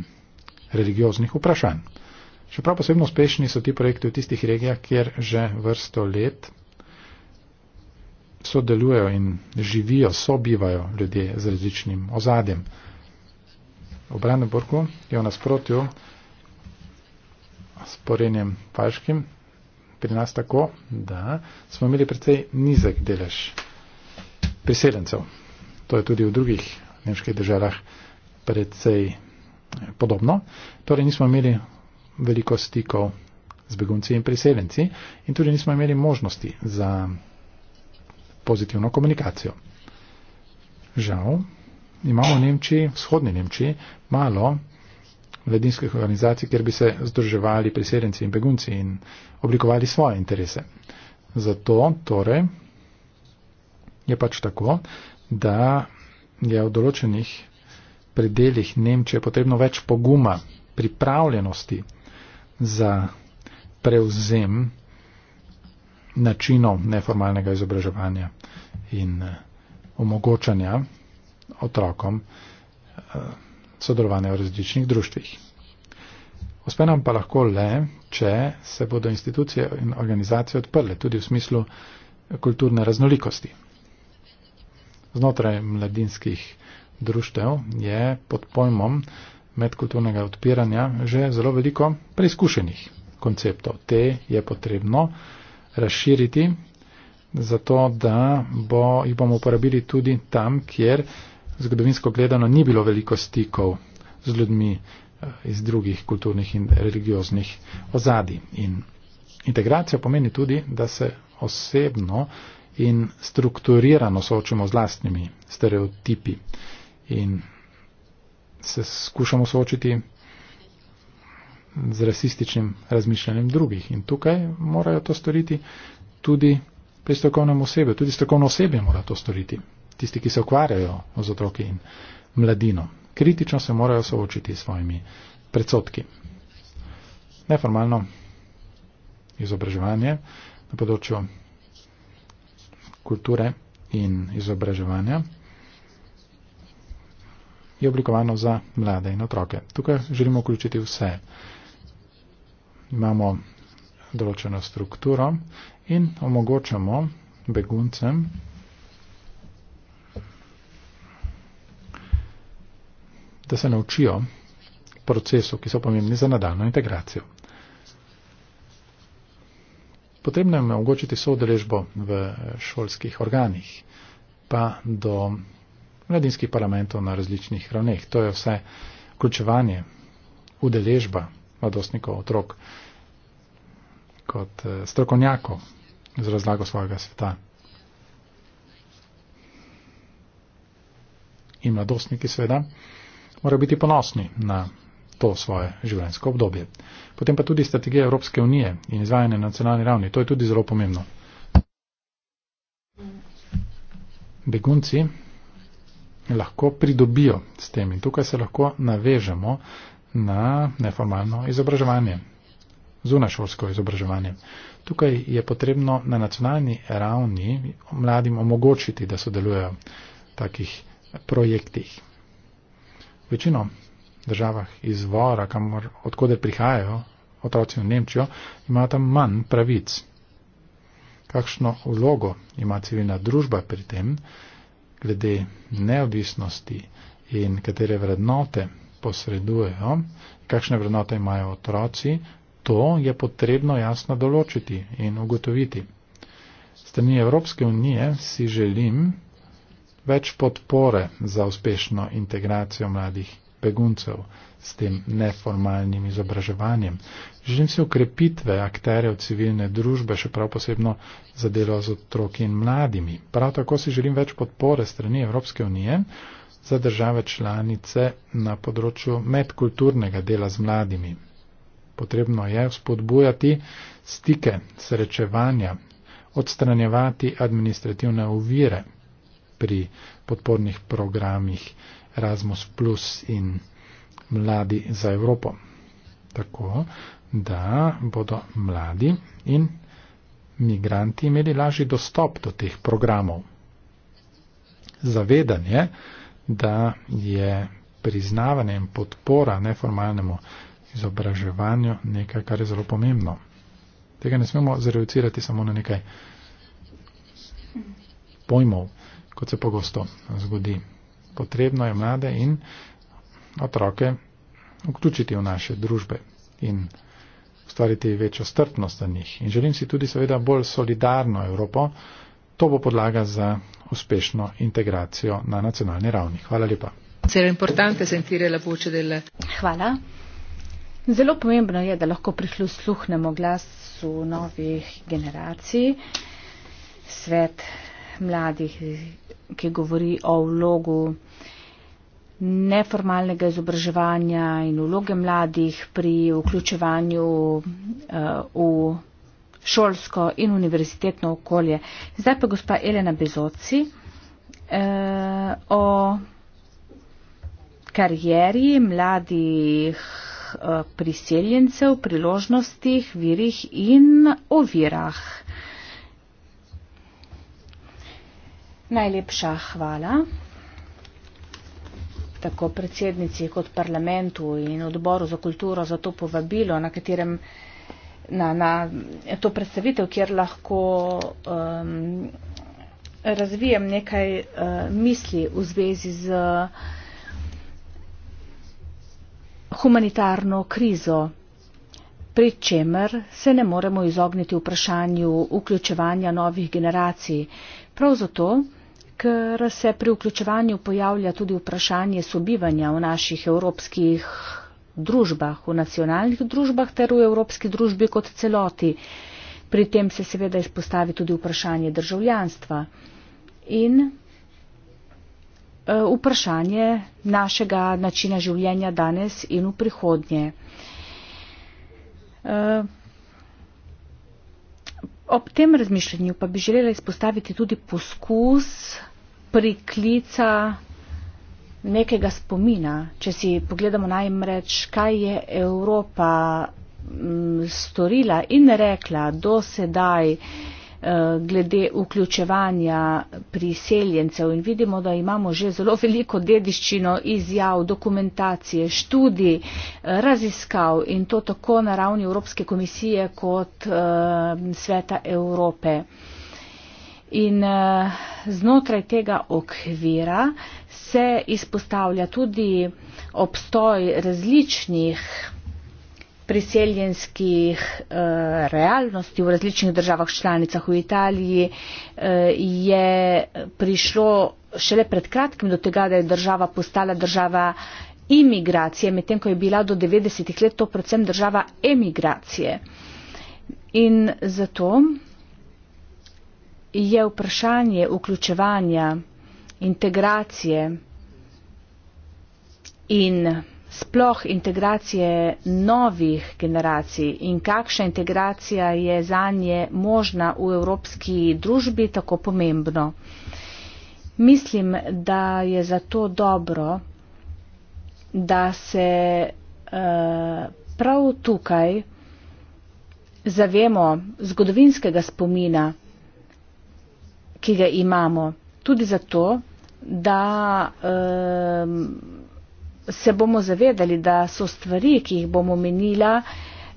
religioznih vprašanj. Čeprav posebno uspešni so ti projekti v tistih regijah, kjer že vrsto let sodelujo in živijo, sobivajo ljudje z različnim ozadjem. V Brandenburgu je v nasprotju s porenjem Paškim pri nas tako, da smo imeli precej nizek delež priseljencev. To je tudi v drugih nemških državah precej podobno. Torej nismo imeli veliko stikov z begunci in priseljenci in tudi nismo imeli možnosti za pozitivno komunikacijo. Žal imamo v Nemčiji, vzhodni Nemčiji, malo mladinskih organizacij, kjer bi se združevali priseljenci in begunci in oblikovali svoje interese. Zato torej je pač tako, da je v določenih predeljih Nemčije potrebno več poguma, pripravljenosti za prevzem načinov neformalnega izobraževanja in eh, omogočanja otrokom eh, sodelovanja v različnih društvih. Uspenem pa lahko le, če se bodo institucije in organizacije odprle, tudi v smislu kulturne raznolikosti. Znotraj mladinskih društev je pod pojmom medkulturnega odpiranja že zelo veliko preizkušenih konceptov. Te je potrebno razširiti, zato da bo, jih bomo uporabili tudi tam, kjer zgodovinsko gledano ni bilo veliko stikov z ljudmi eh, iz drugih kulturnih in religioznih ozadij. In integracija pomeni tudi, da se osebno in strukturirano soočimo z lastnimi stereotipi in se skušamo soočiti z rasističnim razmišljanjem drugih. In tukaj morajo to storiti tudi pri strokovnem osebju. Tudi strokovno osebje mora to storiti. Tisti, ki se ukvarjajo z otroki in mladino. Kritično se morajo soočiti s svojimi predsotki. Neformalno izobraževanje na področju kulture in izobraževanja je oblikovano za mlade in otroke. Tukaj želimo vključiti vse. Imamo določeno strukturo in omogočamo beguncem, da se naučijo procesov, ki so pomembni za nadaljno integracijo. Potrebno je omogočiti soodeležbo v šolskih organih, pa do mladinskih parlamentov na različnih ravneh. To je vse vključevanje, udeležba mladostnikov, otrok kot eh, strokovnjakov z razlago svojega sveta. In mladostniki sveda morajo biti ponosni na to svoje življenjsko obdobje. Potem pa tudi strategija Evropske unije in izvajanje na nacionalni ravni. To je tudi zelo pomembno. Begunci lahko pridobijo s tem. In tukaj se lahko navežemo na neformalno izobraževanje, zunašolsko izobraževanje. Tukaj je potrebno na nacionalni ravni mladim omogočiti, da sodelujejo v takih projektih. Večino državah izvora, kamor odkode prihajajo otroci v Nemčijo, ima tam manj pravic. Kakšno vlogo ima civilna družba pri tem, glede neodvisnosti in katere vrednote posredujejo, kakšne vrednote imajo otroci, to je potrebno jasno določiti in ugotoviti. Strani Evropske unije si želim več podpore za uspešno integracijo mladih beguncev s tem neformalnim izobraževanjem. Želim si ukrepitve akterjev civilne družbe, še prav posebno za delo z otroki in mladimi. Prav tako si želim več podpore strani Evropske unije za države članice na področju medkulturnega dela z mladimi. Potrebno je spodbujati stike, srečevanja, odstranjevati administrativne uvire pri podpornih programih Erasmus in mladi za Evropo. Tako, da bodo mladi in migranti imeli lažji dostop do teh programov. Zavedanje, da je priznavanje in podpora neformalnemu izobraževanju nekaj, kar je zelo pomembno. Tega ne smemo zreducirati samo na nekaj pojmov, kot se pogosto zgodi. Potrebno je mlade in otroke vključiti v naše družbe in ustvariti večjo strpnost za njih. In želim si tudi seveda bolj solidarno Evropo. To bo podlaga za uspešno integracijo na nacionalni ravni. Hvala lepa. Hvala. Zelo pomembno je, da lahko prisluhnemo glasu novih generacij. Svet mladih, ki govori o vlogu neformalnega izobraževanja in vloge mladih pri vključevanju eh, v šolsko in univerzitetno okolje. Zdaj pa gospa Elena Bezoci eh, o karieri mladih eh, priseljencev, priložnostih, virih in ovirah. Najlepša hvala tako predsednici kot parlamentu in odboru za kulturo za to povabilo, na katerem na, na to predstavitev, kjer lahko um, razvijem nekaj uh, misli v zvezi z humanitarno krizo, pri čemer se ne moremo izogniti vprašanju vključevanja novih generacij. Prav zato ker se pri vključevanju pojavlja tudi vprašanje sobivanja v naših evropskih družbah, v nacionalnih družbah ter v evropski družbi kot celoti. Pri tem se seveda izpostavi tudi vprašanje državljanstva in eh, vprašanje našega načina življenja danes in v prihodnje. Eh, ob tem razmišljanju pa bi želela izpostaviti tudi poskus priklica nekega spomina. Če si pogledamo najmreč, kaj je Evropa mm, storila in rekla do sedaj eh, glede vključevanja priseljencev in vidimo, da imamo že zelo veliko dediščino izjav, dokumentacije, študij, eh, raziskav in to tako na ravni Evropske komisije kot eh, Sveta Evrope. In uh, znotraj tega okvira se izpostavlja tudi obstoj različnih priseljenskih uh, realnosti v različnih državah članicah. V Italiji uh, je prišlo šele pred kratkim do tega, da je država postala država imigracije, medtem ko je bila do 90-ih let to predvsem država emigracije. In zato je vprašanje vključevanja, integracije in sploh integracije novih generacij in kakšna integracija je za nje možna v evropski družbi tako pomembno. Mislim, da je zato dobro, da se uh, prav tukaj zavemo zgodovinskega spomina, ki ga imamo. Tudi zato, da um, se bomo zavedali, da so stvari, ki jih bomo menila,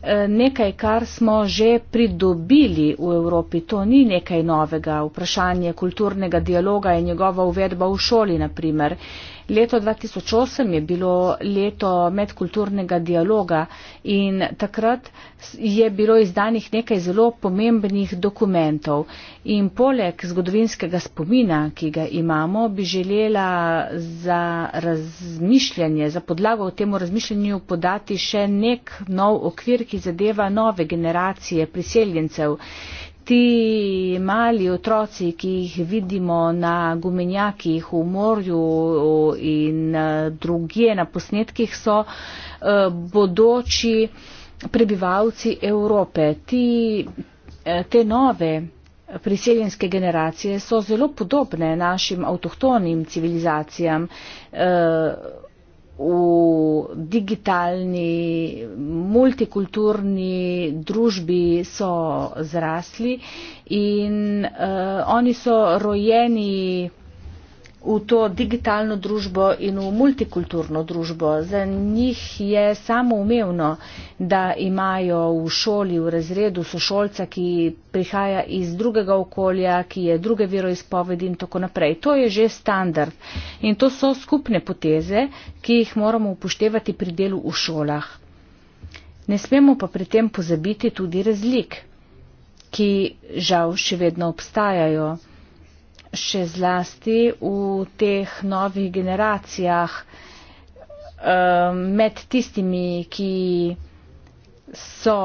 eh, nekaj, kar smo že pridobili v Evropi. To ni nekaj novega. Vprašanje kulturnega dialoga je njegova uvedba v šoli, naprimer. Uh, Leto 2008 je bilo leto medkulturnega dialoga in takrat je bilo izdanih nekaj zelo pomembnih dokumentov. In poleg zgodovinskega spomina, ki ga imamo, bi želela za razmišljanje, za podlago v tem razmišljanju podati še nek nov okvir, ki zadeva nove generacije priseljencev, Ti mali otroci, ki jih vidimo na gumenjakih v morju in e, drugje na posnetkih, so e, bodoči prebivalci Evrope. Ti, e, te nove priseljenske generacije so zelo podobne našim avtohtonim civilizacijam v digitalni, multikulturni družbi so zrasli in uh, oni so rojeni v to digitalno družbo in v multikulturno družbo. Za njih je samo umevno, da imajo v šoli, v razredu sošolca, ki prihaja iz drugega okolja, ki je druge veroizpovedi in tako naprej. To je že standard in to so skupne poteze, ki jih moramo upoštevati pri delu v šolah. Ne smemo pa pri tem pozabiti tudi razlik, ki žal še vedno obstajajo še zlasti v teh novih generacijah eh, med tistimi, ki so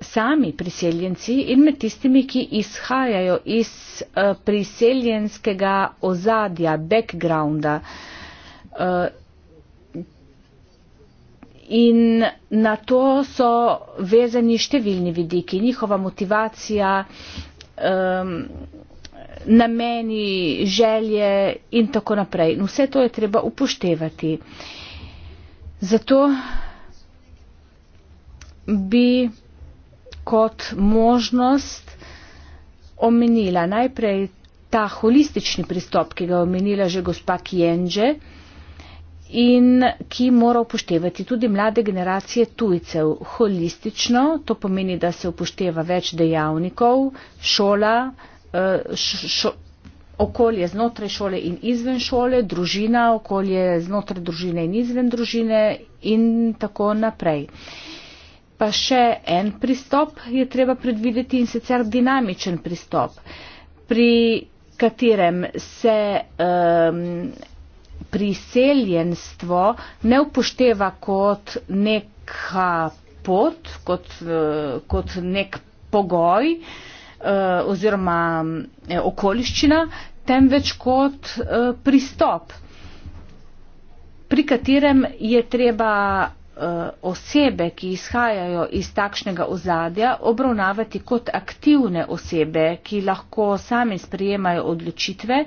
sami priseljenci in med tistimi, ki izhajajo iz eh, priseljenskega ozadja, backgrounda. Eh, in na to so vezani številni vidiki, njihova motivacija. Um, nameni, želje in tako naprej. In vse to je treba upoštevati. Zato bi kot možnost omenila najprej ta holistični pristop, ki ga je omenila že gospa Kienže in ki mora upoštevati tudi mlade generacije tujcev. Holistično, to pomeni, da se upošteva več dejavnikov, šola, Eh, okolje znotraj šole in izven šole, družina, okolje znotraj družine in izven družine in tako naprej. Pa še en pristop je treba predvideti in sicer dinamičen pristop, pri katerem se um, priseljenstvo ne upošteva kot neka pot, kot, uh, kot nek pogoj, uh, Eh, oziroma eh, okoliščina, temveč kot eh, pristop, pri katerem je treba osebe, ki izhajajo iz takšnega ozadja, obravnavati kot aktivne osebe, ki lahko sami sprejemajo odločitve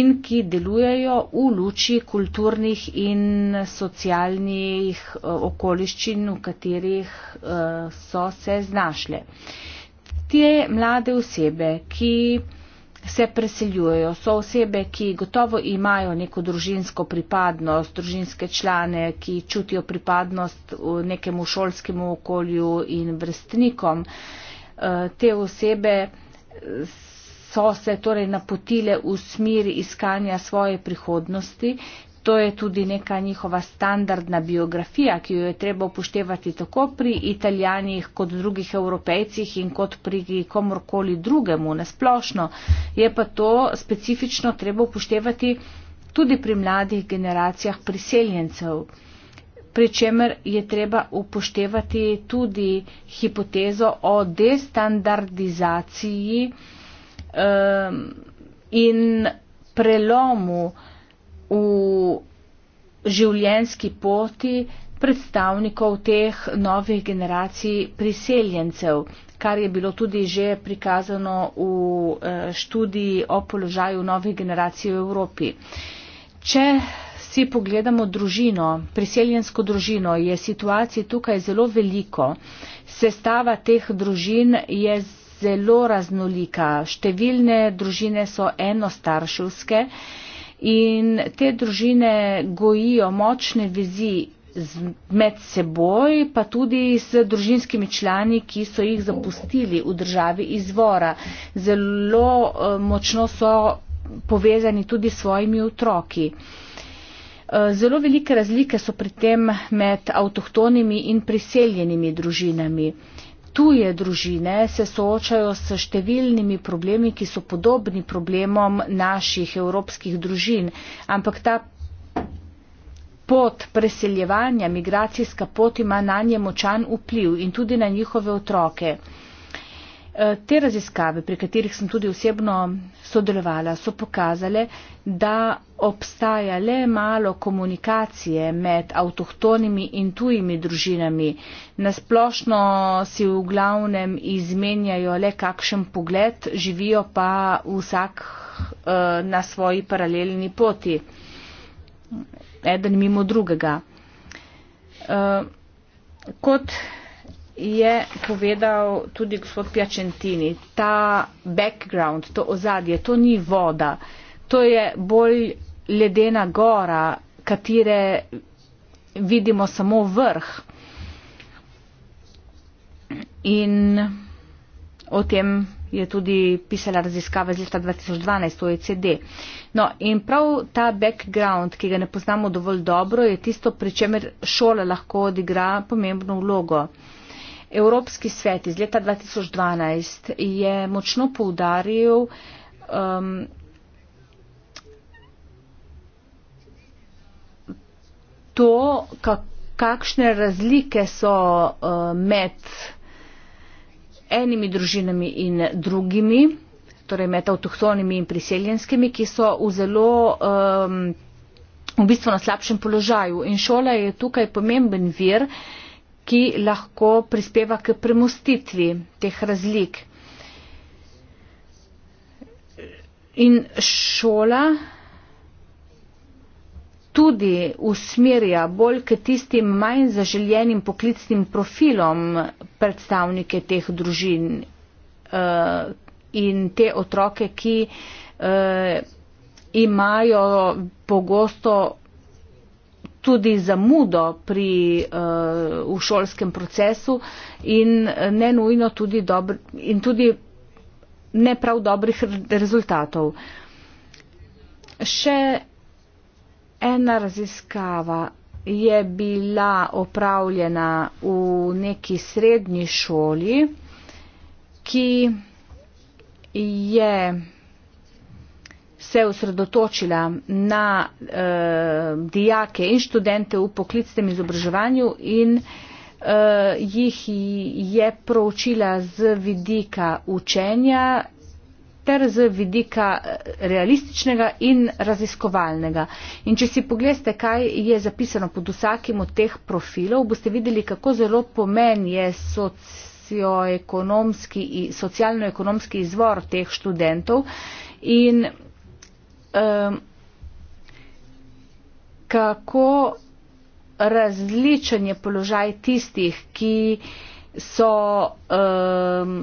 in ki delujejo v luči kulturnih in socialnih okoliščin, v katerih so se znašle te mlade osebe, ki se preseljujejo, so osebe, ki gotovo imajo neko družinsko pripadnost, družinske člane, ki čutijo pripadnost nekemu šolskemu okolju in vrstnikom. E, te osebe so se torej napotile v smer iskanja svoje prihodnosti To je tudi neka njihova standardna biografija, ki jo je treba upoštevati tako pri italijanih kot drugih evropejcih in kot pri komorkoli drugemu nasplošno. Je pa to specifično treba upoštevati tudi pri mladih generacijah priseljencev. Pričemer je treba upoštevati tudi hipotezo o destandardizaciji um, in prelomu v življenski poti predstavnikov teh novih generacij priseljencev, kar je bilo tudi že prikazano v eh, študiji o položaju novih generacij v Evropi. Če si pogledamo družino, priseljensko družino, je situacije tukaj zelo veliko. Sestava teh družin je zelo raznolika. Številne družine so enostarševske in te družine gojijo močne vizi med seboj, pa tudi s družinskimi člani, ki so jih zapustili v državi izvora. Zelo eh, močno so povezani tudi s svojimi otroki. Eh, zelo velike razlike so pri tem med avtohtonimi in priseljenimi družinami tuje družine se soočajo s številnimi problemi, ki so podobni problemom naših evropskih družin, ampak ta pot preseljevanja, migracijska pot ima na nje močan vpliv in tudi na njihove otroke. Eh, te raziskave, pri katerih sem tudi osebno sodelovala, so pokazale, da obstaja le malo komunikacije med avtohtonimi in tujimi družinami. Nasplošno si v glavnem izmenjajo le kakšen pogled, živijo pa vsak eh, na svoji paralelni poti, eden mimo drugega. Eh, kot je povedal tudi gospod Piacentini, ta background, to ozadje, to ni voda, to je bolj ledena gora, katere vidimo samo vrh. In o tem je tudi pisala raziskava iz leta 2012 OECD. No, in prav ta background, ki ga ne poznamo dovolj dobro, je tisto, pri čemer šola lahko odigra pomembno vlogo. Evropski svet iz leta 2012 je močno poudaril um, to, kakšne razlike so uh, med enimi družinami in drugimi, torej med avtohtonimi in priseljenskimi, ki so v zelo. Um, v bistvu na slabšem položaju. In šola je tukaj pomemben vir, uh, ki lahko prispeva k premustitvi teh razlik. In šola tudi usmerja bolj k tistim manj zaželjenim poklicnim profilom predstavnike teh družin uh, in te otroke, ki uh, imajo pogosto tudi zamudo pri, uh, v šolskem procesu in eh, ne nujno tudi, dobr, in tudi ne prav dobrih rezultatov. Še ena raziskava je bila opravljena v neki srednji šoli, ki je se osredotočila na e, dijake in študente v poklicnem izobraževanju in e, jih je proučila z vidika učenja ter z vidika eh, realističnega in raziskovalnega. In če si pogledate, kaj je zapisano pod vsakim od teh profilov, boste videli, kako zelo pomen je socioekonomski, socialno-ekonomski izvor teh študentov in um, kako različen je položaj tistih, ki so um,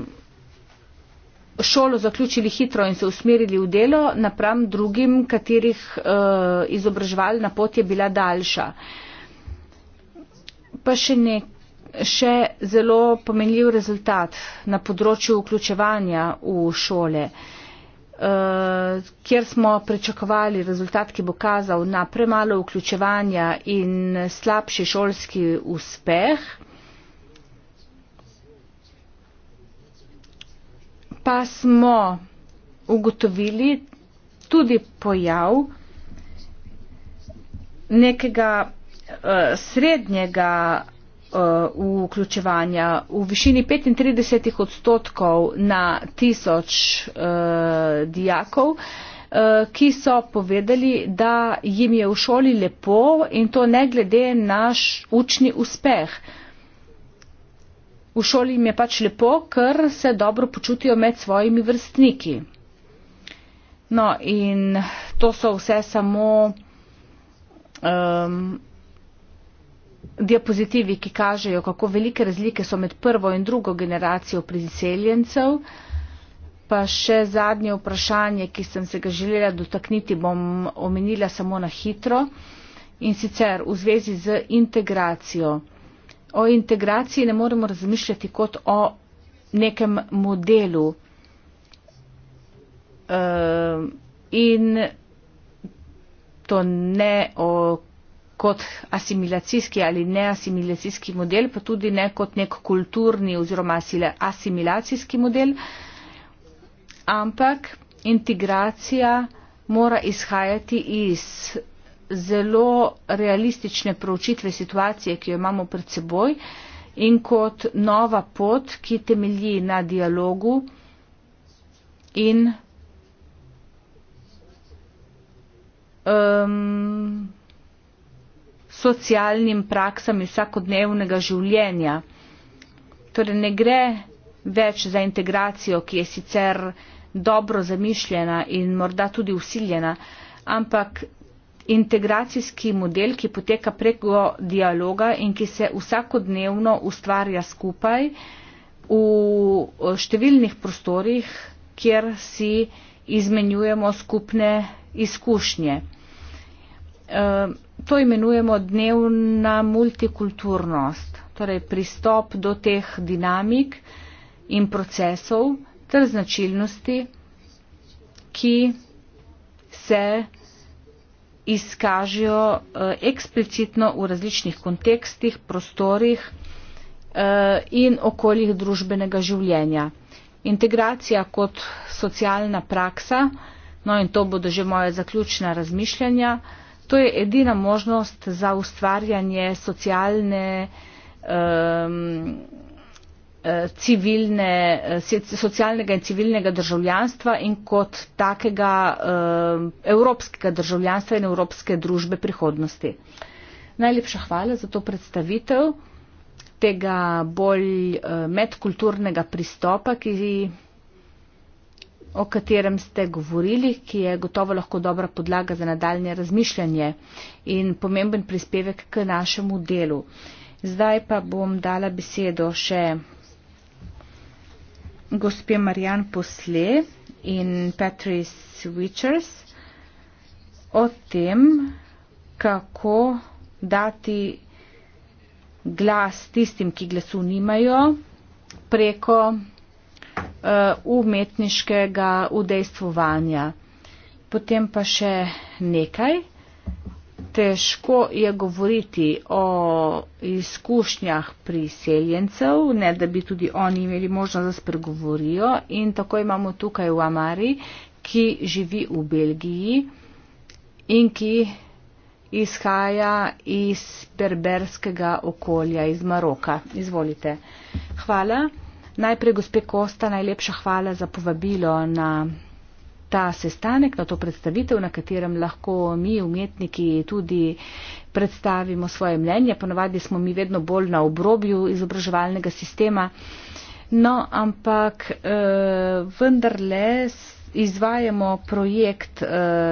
šolo zaključili hitro in se usmerili v delo, napram drugim, katerih uh, e, izobraževalna pot je bila daljša. Pa še, ne, še zelo pomenljiv rezultat na področju vključevanja v šole. Uh, Eh, kjer smo pričakovali rezultat, ki bo kazal na premalo vključevanja in slabši šolski uspeh, pa smo ugotovili tudi pojav nekega uh, srednjega Eh, vključevanja v višini 35 odstotkov na tisoč eh, dijakov, eh, ki so povedali, da jim je v šoli lepo in to ne glede naš učni uspeh. V šoli jim je pač lepo, ker se dobro počutijo med svojimi vrstniki. No in to so vse samo um, diapozitivi, ki kažejo, kako velike razlike so med prvo in drugo generacijo priseljencev. Pa še zadnje vprašanje, ki sem se ga želela dotakniti, bom omenila samo na hitro. In sicer v zvezi z integracijo. O integraciji ne moremo razmišljati kot o nekem modelu. Uh, in to ne o kot asimilacijski ali neasimilacijski model, pa tudi ne kot nek kulturni oziroma asimilacijski model, ampak integracija mora izhajati iz zelo realistične proučitve situacije, ki jo imamo pred seboj in kot nova pot, ki temelji na dialogu in um, socialnim praksam iz vsakodnevnega življenja. Torej ne gre več za integracijo, ki je sicer dobro zamišljena in morda tudi usiljena, ampak integracijski model, ki poteka preko dialoga in ki se vsakodnevno ustvarja skupaj v eh, številnih prostorih, kjer si izmenjujemo skupne izkušnje. Eh, to imenujemo dnevna multikulturnost, torej pristop do teh dinamik in procesov ter značilnosti, ki se izkažejo eh, eksplicitno v različnih kontekstih, prostorih eh, in okoljih družbenega življenja. Integracija kot socialna praksa, no in to bodo že moje zaključne razmišljanja, To je edina možnost za ustvarjanje socialne, um, civilne, eh, socialnega in civilnega državljanstva in kot takega um, evropskega državljanstva in evropske družbe prihodnosti. Najlepša hvala za to predstavitev tega bolj eh, medkulturnega pristopa, ki o katerem ste govorili, ki je gotovo lahko dobra podlaga za nadaljne razmišljanje in pomemben prispevek k našemu delu. Zdaj pa bom dala besedo še gospe Marjan Posle in Patrice Richards o tem, kako dati glas tistim, ki glasu nimajo, preko Uh, umetniškega udejstvovanja. Potem pa še nekaj. Težko je govoriti o izkušnjah priseljencev, ne da bi tudi oni imeli možnost, da spregovorijo. In tako imamo tukaj v Amari, ki živi v Belgiji in ki izhaja iz berberskega okolja, iz Maroka. Izvolite. Hvala. Najprej, gospe Kosta, najlepša hvala za povabilo na ta sestanek, na to predstavitev, na katerem lahko mi, umetniki, tudi predstavimo svoje mnenje. Ponovadi smo mi vedno bolj na obrobju izobraževalnega sistema. No, ampak eh, vendarle izvajamo projekt uh,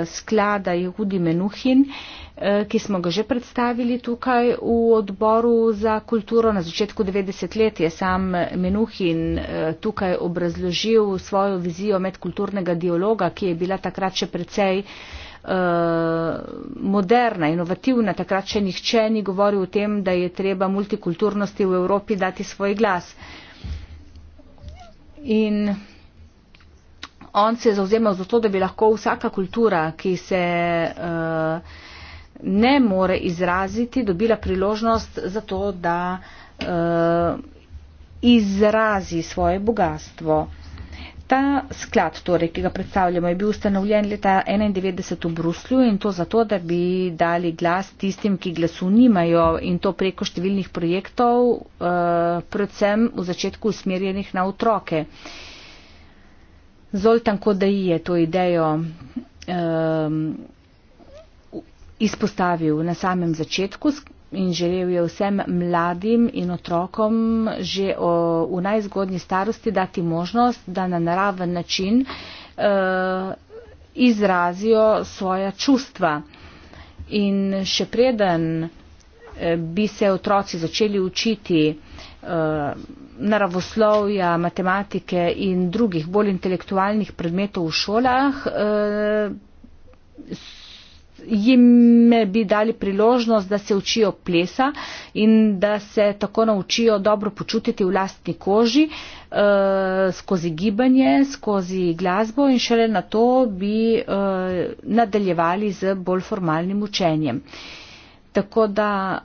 sklada Jehudi Menuhin, uh, ki smo ga že predstavili tukaj v odboru za kulturo. Na začetku 90 let je sam Menuhin uh, tukaj obrazložil svojo vizijo medkulturnega dialoga, ki je bila takrat še precej moderna, inovativna, takrat še nihče ni govoril o tem, da je treba multikulturnosti v Evropi dati svoj glas. In on se je zauzemal za to, da bi lahko vsaka kultura, ki se uh, ne more izraziti, dobila priložnost za to, da uh, izrazi svoje bogatstvo. Ta sklad, torej, ki ga predstavljamo, je bil ustanovljen leta 1991 v Bruslju in to zato, da bi dali glas tistim, ki glasu nimajo in to preko številnih projektov, eh, predvsem v začetku usmerjenih na otroke. Zoltan Kodaj je to idejo um, izpostavil na samem začetku in želel je vsem mladim in otrokom že o, v najzgodnji starosti dati možnost, da na naraven način uh, izrazijo svoja čustva. In še preden uh, bi se otroci začeli učiti uh, naravoslovja, matematike in drugih bolj intelektualnih predmetov v šolah, eh, jim bi dali priložnost, da se učijo plesa in da se tako naučijo dobro počutiti v lastni koži eh, skozi gibanje, skozi glasbo in šele na to bi eh, nadaljevali z bolj formalnim učenjem. Tako da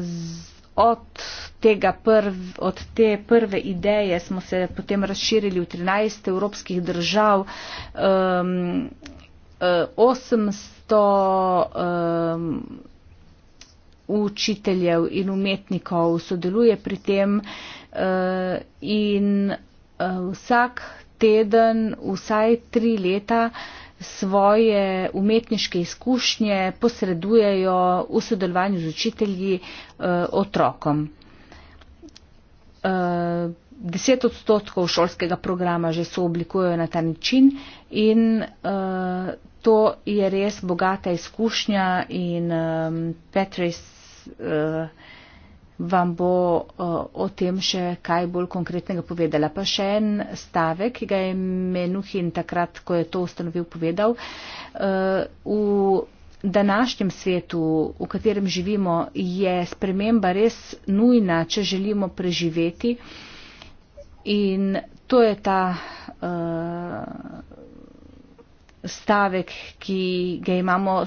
z od, prv, od te prve ideje smo se potem razširili v 13 evropskih držav. Um, 800 um, učiteljev in umetnikov sodeluje pri tem uh, in uh, vsak teden, vsaj tri leta uh, svoje umetniške izkušnje posredujejo v sodelovanju z učitelji eh, otrokom. Eh, deset odstotkov šolskega programa že so oblikujejo na ta način in eh, to je res bogata izkušnja in Petris vam bo o tem še kaj bolj konkretnega povedala. Pa še en stavek, ki ga je Menuhin takrat, ko je to ustanovil, povedal. E, v današnjem svetu, v katerem živimo, je sprememba res nujna, če želimo preživeti. In to je ta e, stavek, ki ga imamo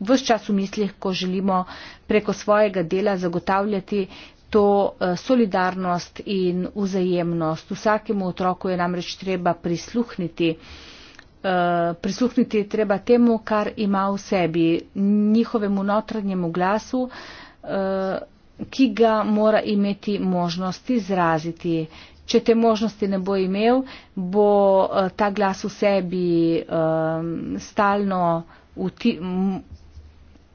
vse čas v mislih, ko želimo preko svojega dela zagotavljati to eh, solidarnost in vzajemnost. Vsakemu otroku je namreč treba prisluhniti. Eh, prisluhniti je treba temu, kar ima v sebi, njihovemu notranjemu glasu, eh, ki ga mora imeti možnost izraziti. Če te možnosti ne bo imel, bo ta glas v sebi stalno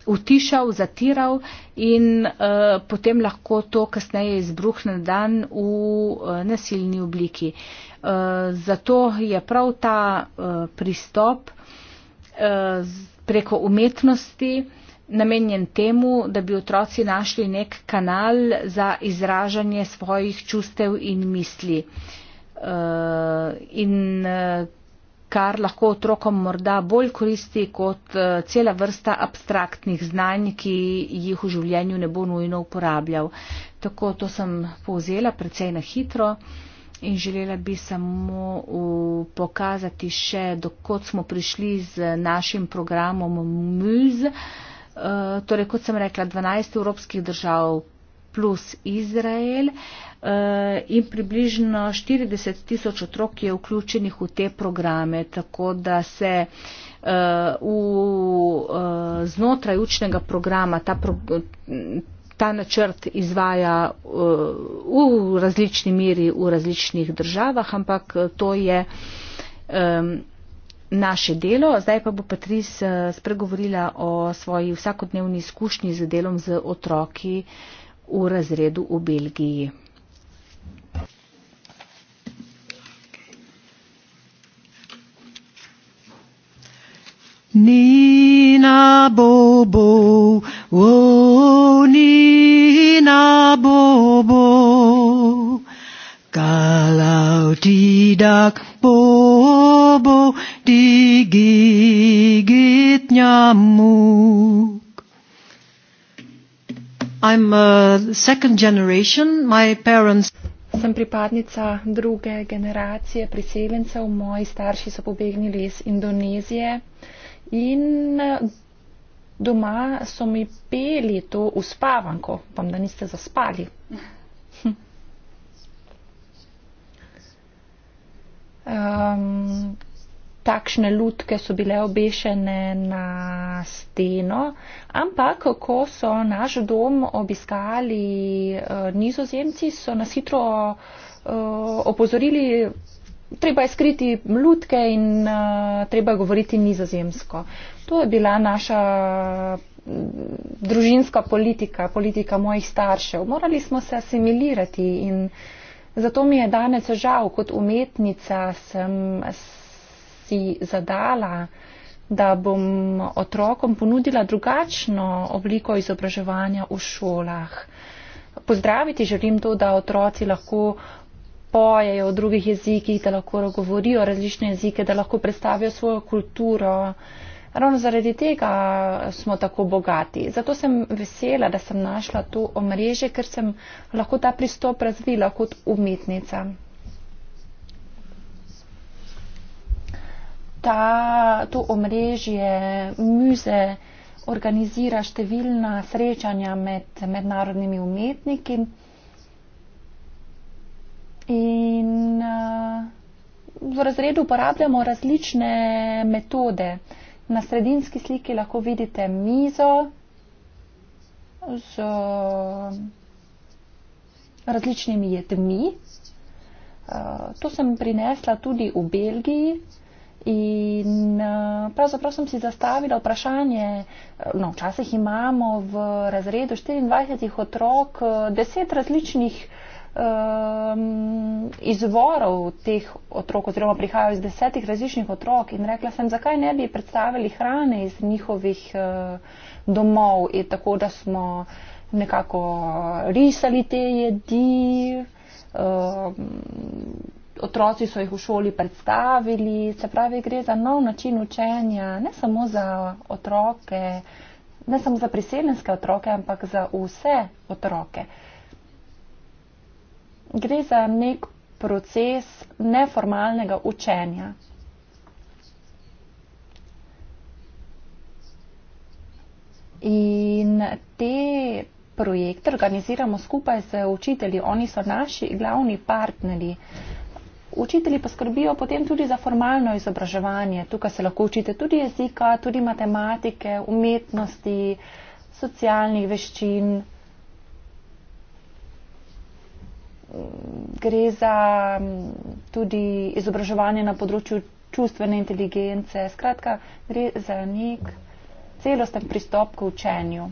utišal, zatiral in uh, potem lahko to kasneje izbruhne dan v uh, nasilni obliki. Uh, zato je prav ta uh, pristop uh, preko umetnosti namenjen temu, da bi otroci našli nek kanal za izražanje svojih čustev in misli. Uh, in, uh, kar lahko otrokom morda bolj koristi kot eh, cela vrsta abstraktnih znanj, ki jih v življenju ne bo nujno uporabljal. Tako to sem povzela precej na hitro in želela bi samo pokazati še, dokot smo prišli z našim programom MUZ. Eh, torej, kot sem rekla, 12 evropskih držav plus Izrael. Uh, Eh, in približno 40 tisoč otrok je vključenih v te programe, tako da se eh, v, eh, znotraj učnega programa ta, pro, ta načrt izvaja v različni miri v različnih državah, ampak to je naše delo. Zdaj pa bo Patris spregovorila o svoji vsakodnevni izkušnji z delom z otroki v razredu v Belgiji. Ni na bobo, o oh, ni na bobo, kalau tidak bobo digigit nyamuk. I'm a second generation, my parents Sem pripadnica druge generacije priseljencev, moji starši so pobegnili iz Indonezije. In eh, doma so mi peli to uspavanko, pa da niste zaspali. Um, takšne lutke so bile obešene na steno, ampak ko so naš dom obiskali uh, nizozemci, so nas hitro uh, opozorili, treba je skriti lutke in uh, treba govoriti nizozemsko. To je bila naša mm, družinska politika, politika mojih staršev. Morali smo se asimilirati in zato mi je danes žal, kot umetnica sem si zadala, da bom otrokom ponudila drugačno obliko izobraževanja v šolah. Pozdraviti želim to, da otroci lahko uh, pojejo v drugih jezikih, da lahko govorijo različne jezike, da lahko predstavijo svojo kulturo. Ravno zaradi tega smo tako bogati. Zato sem vesela, da sem našla to omrežje, ker sem lahko ta pristop razvila kot umetnica. Ta, to omrežje muze organizira številna srečanja med mednarodnimi umetniki. In uh, v razredu uporabljamo različne metode. Na sredinski sliki lahko vidite mizo z različnimi jedmi. Eh, to sem prinesla tudi v Belgiji in eh, pravzaprav sem si zastavila vprašanje, no, včasih imamo v razredu 24 otrok 10 različnih uh, um, izvorov teh otrok, oziroma prihajajo iz desetih različnih otrok in rekla sem, zakaj ne bi predstavili hrane iz njihovih uh, domov in tako, da smo nekako risali te jedi. Um, Otroci so jih v šoli predstavili, se pravi, gre za nov način učenja, ne samo za otroke, ne samo za priseljenske otroke, ampak za vse otroke. Uh, gre za nek proces neformalnega učenja. In te projekte organiziramo skupaj z učitelji. Oni so naši glavni partnerji. Učitelji poskrbijo potem tudi za formalno izobraževanje. Tukaj se lahko učite tudi jezika, tudi matematike, umetnosti, socialnih veščin. gre za mm, tudi izobraževanje na področju čustvene inteligence. Skratka, gre za nek celosten pristop k učenju.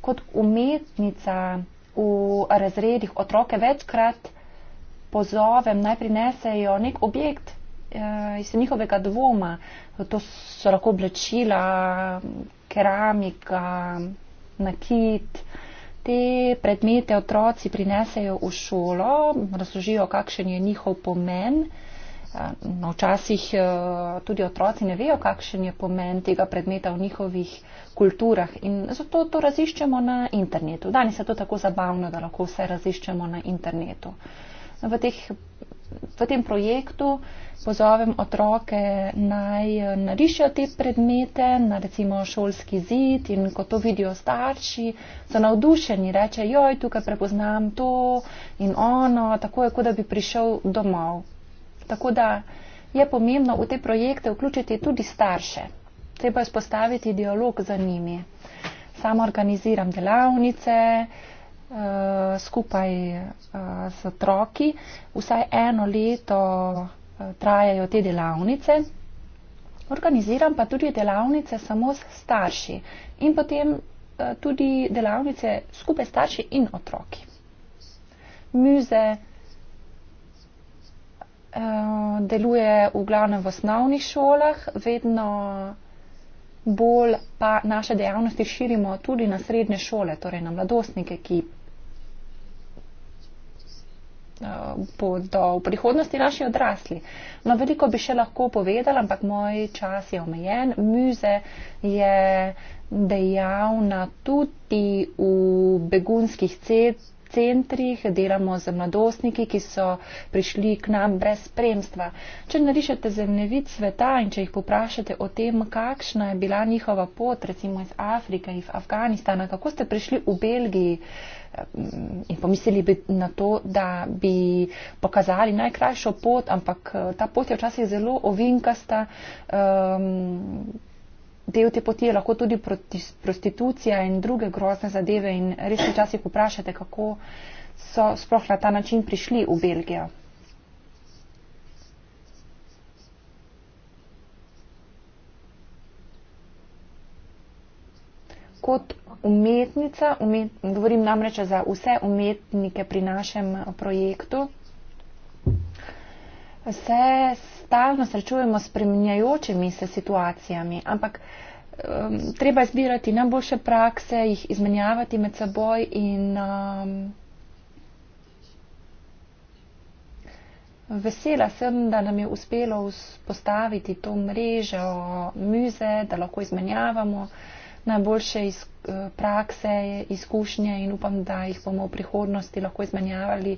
Kot umetnica v razredih otroke večkrat pozovem, naj prinesejo nek objekt eh, iz njihovega dvoma. To so lahko oblačila, keramika, nakit. Te predmete otroci prinesejo v šolo, razložijo, kakšen je njihov pomen. No, včasih e, tudi otroci ne vejo, kakšen je pomen tega predmeta v njihovih kulturah in zato to raziščemo na internetu. Danes je to tako zabavno, da lahko vse raziščemo na internetu. V teh v tem projektu pozovem otroke naj eh, narišajo te predmete, na recimo šolski zid in ko to vidijo starši, so navdušeni, reče, joj, tukaj prepoznam to in ono, tako je, kot da bi prišel domov. Tako da je pomembno v te projekte vključiti tudi starše. Treba je spostaviti dialog za njimi. Samo organiziram delavnice, Eh, skupaj eh, z otroki. Vsaj eno leto eh, trajajo te delavnice. Organiziram pa tudi delavnice samo s starši in potem tudi delavnice skupaj starši in otroki. Muze deluje v glavnem v osnovnih šolah, vedno bolj pa naše dejavnosti širimo tudi na srednje šole, torej na mladostnike, ki Eh, bodo v prihodnosti naši odrasli. No, veliko bi še lahko povedala, ampak moj čas je omejen. Muze je dejavna tudi v begunskih cestah centrih, delamo z mladostniki, ki so prišli k nam brez spremstva. Če narišete zemljevid sveta in če jih poprašate o tem, kakšna je bila njihova pot, recimo iz Afrike, iz Afganistana, kako ste prišli v Belgiji eh, in pomislili bi na to, da bi pokazali najkrajšo pot, ampak eh, ta pot je včasih zelo ovinkasta. Um, del te poti je lahko tudi prostitucija in druge grozne zadeve in res včasih vprašate, kako so sploh na ta način prišli v Belgijo. Kot umetnica, umet, govorim namreč za vse umetnike pri našem projektu, se stalno srečujemo s spremenjajočimi se situacijami, ampak um, treba izbirati najboljše prakse, jih izmenjavati med seboj in um, vesela sem, da nam je uspelo vzpostaviti to mrežo muze, da lahko izmenjavamo najboljše iz, eh, prakse, izkušnje in upam, da jih bomo v prihodnosti lahko izmenjavali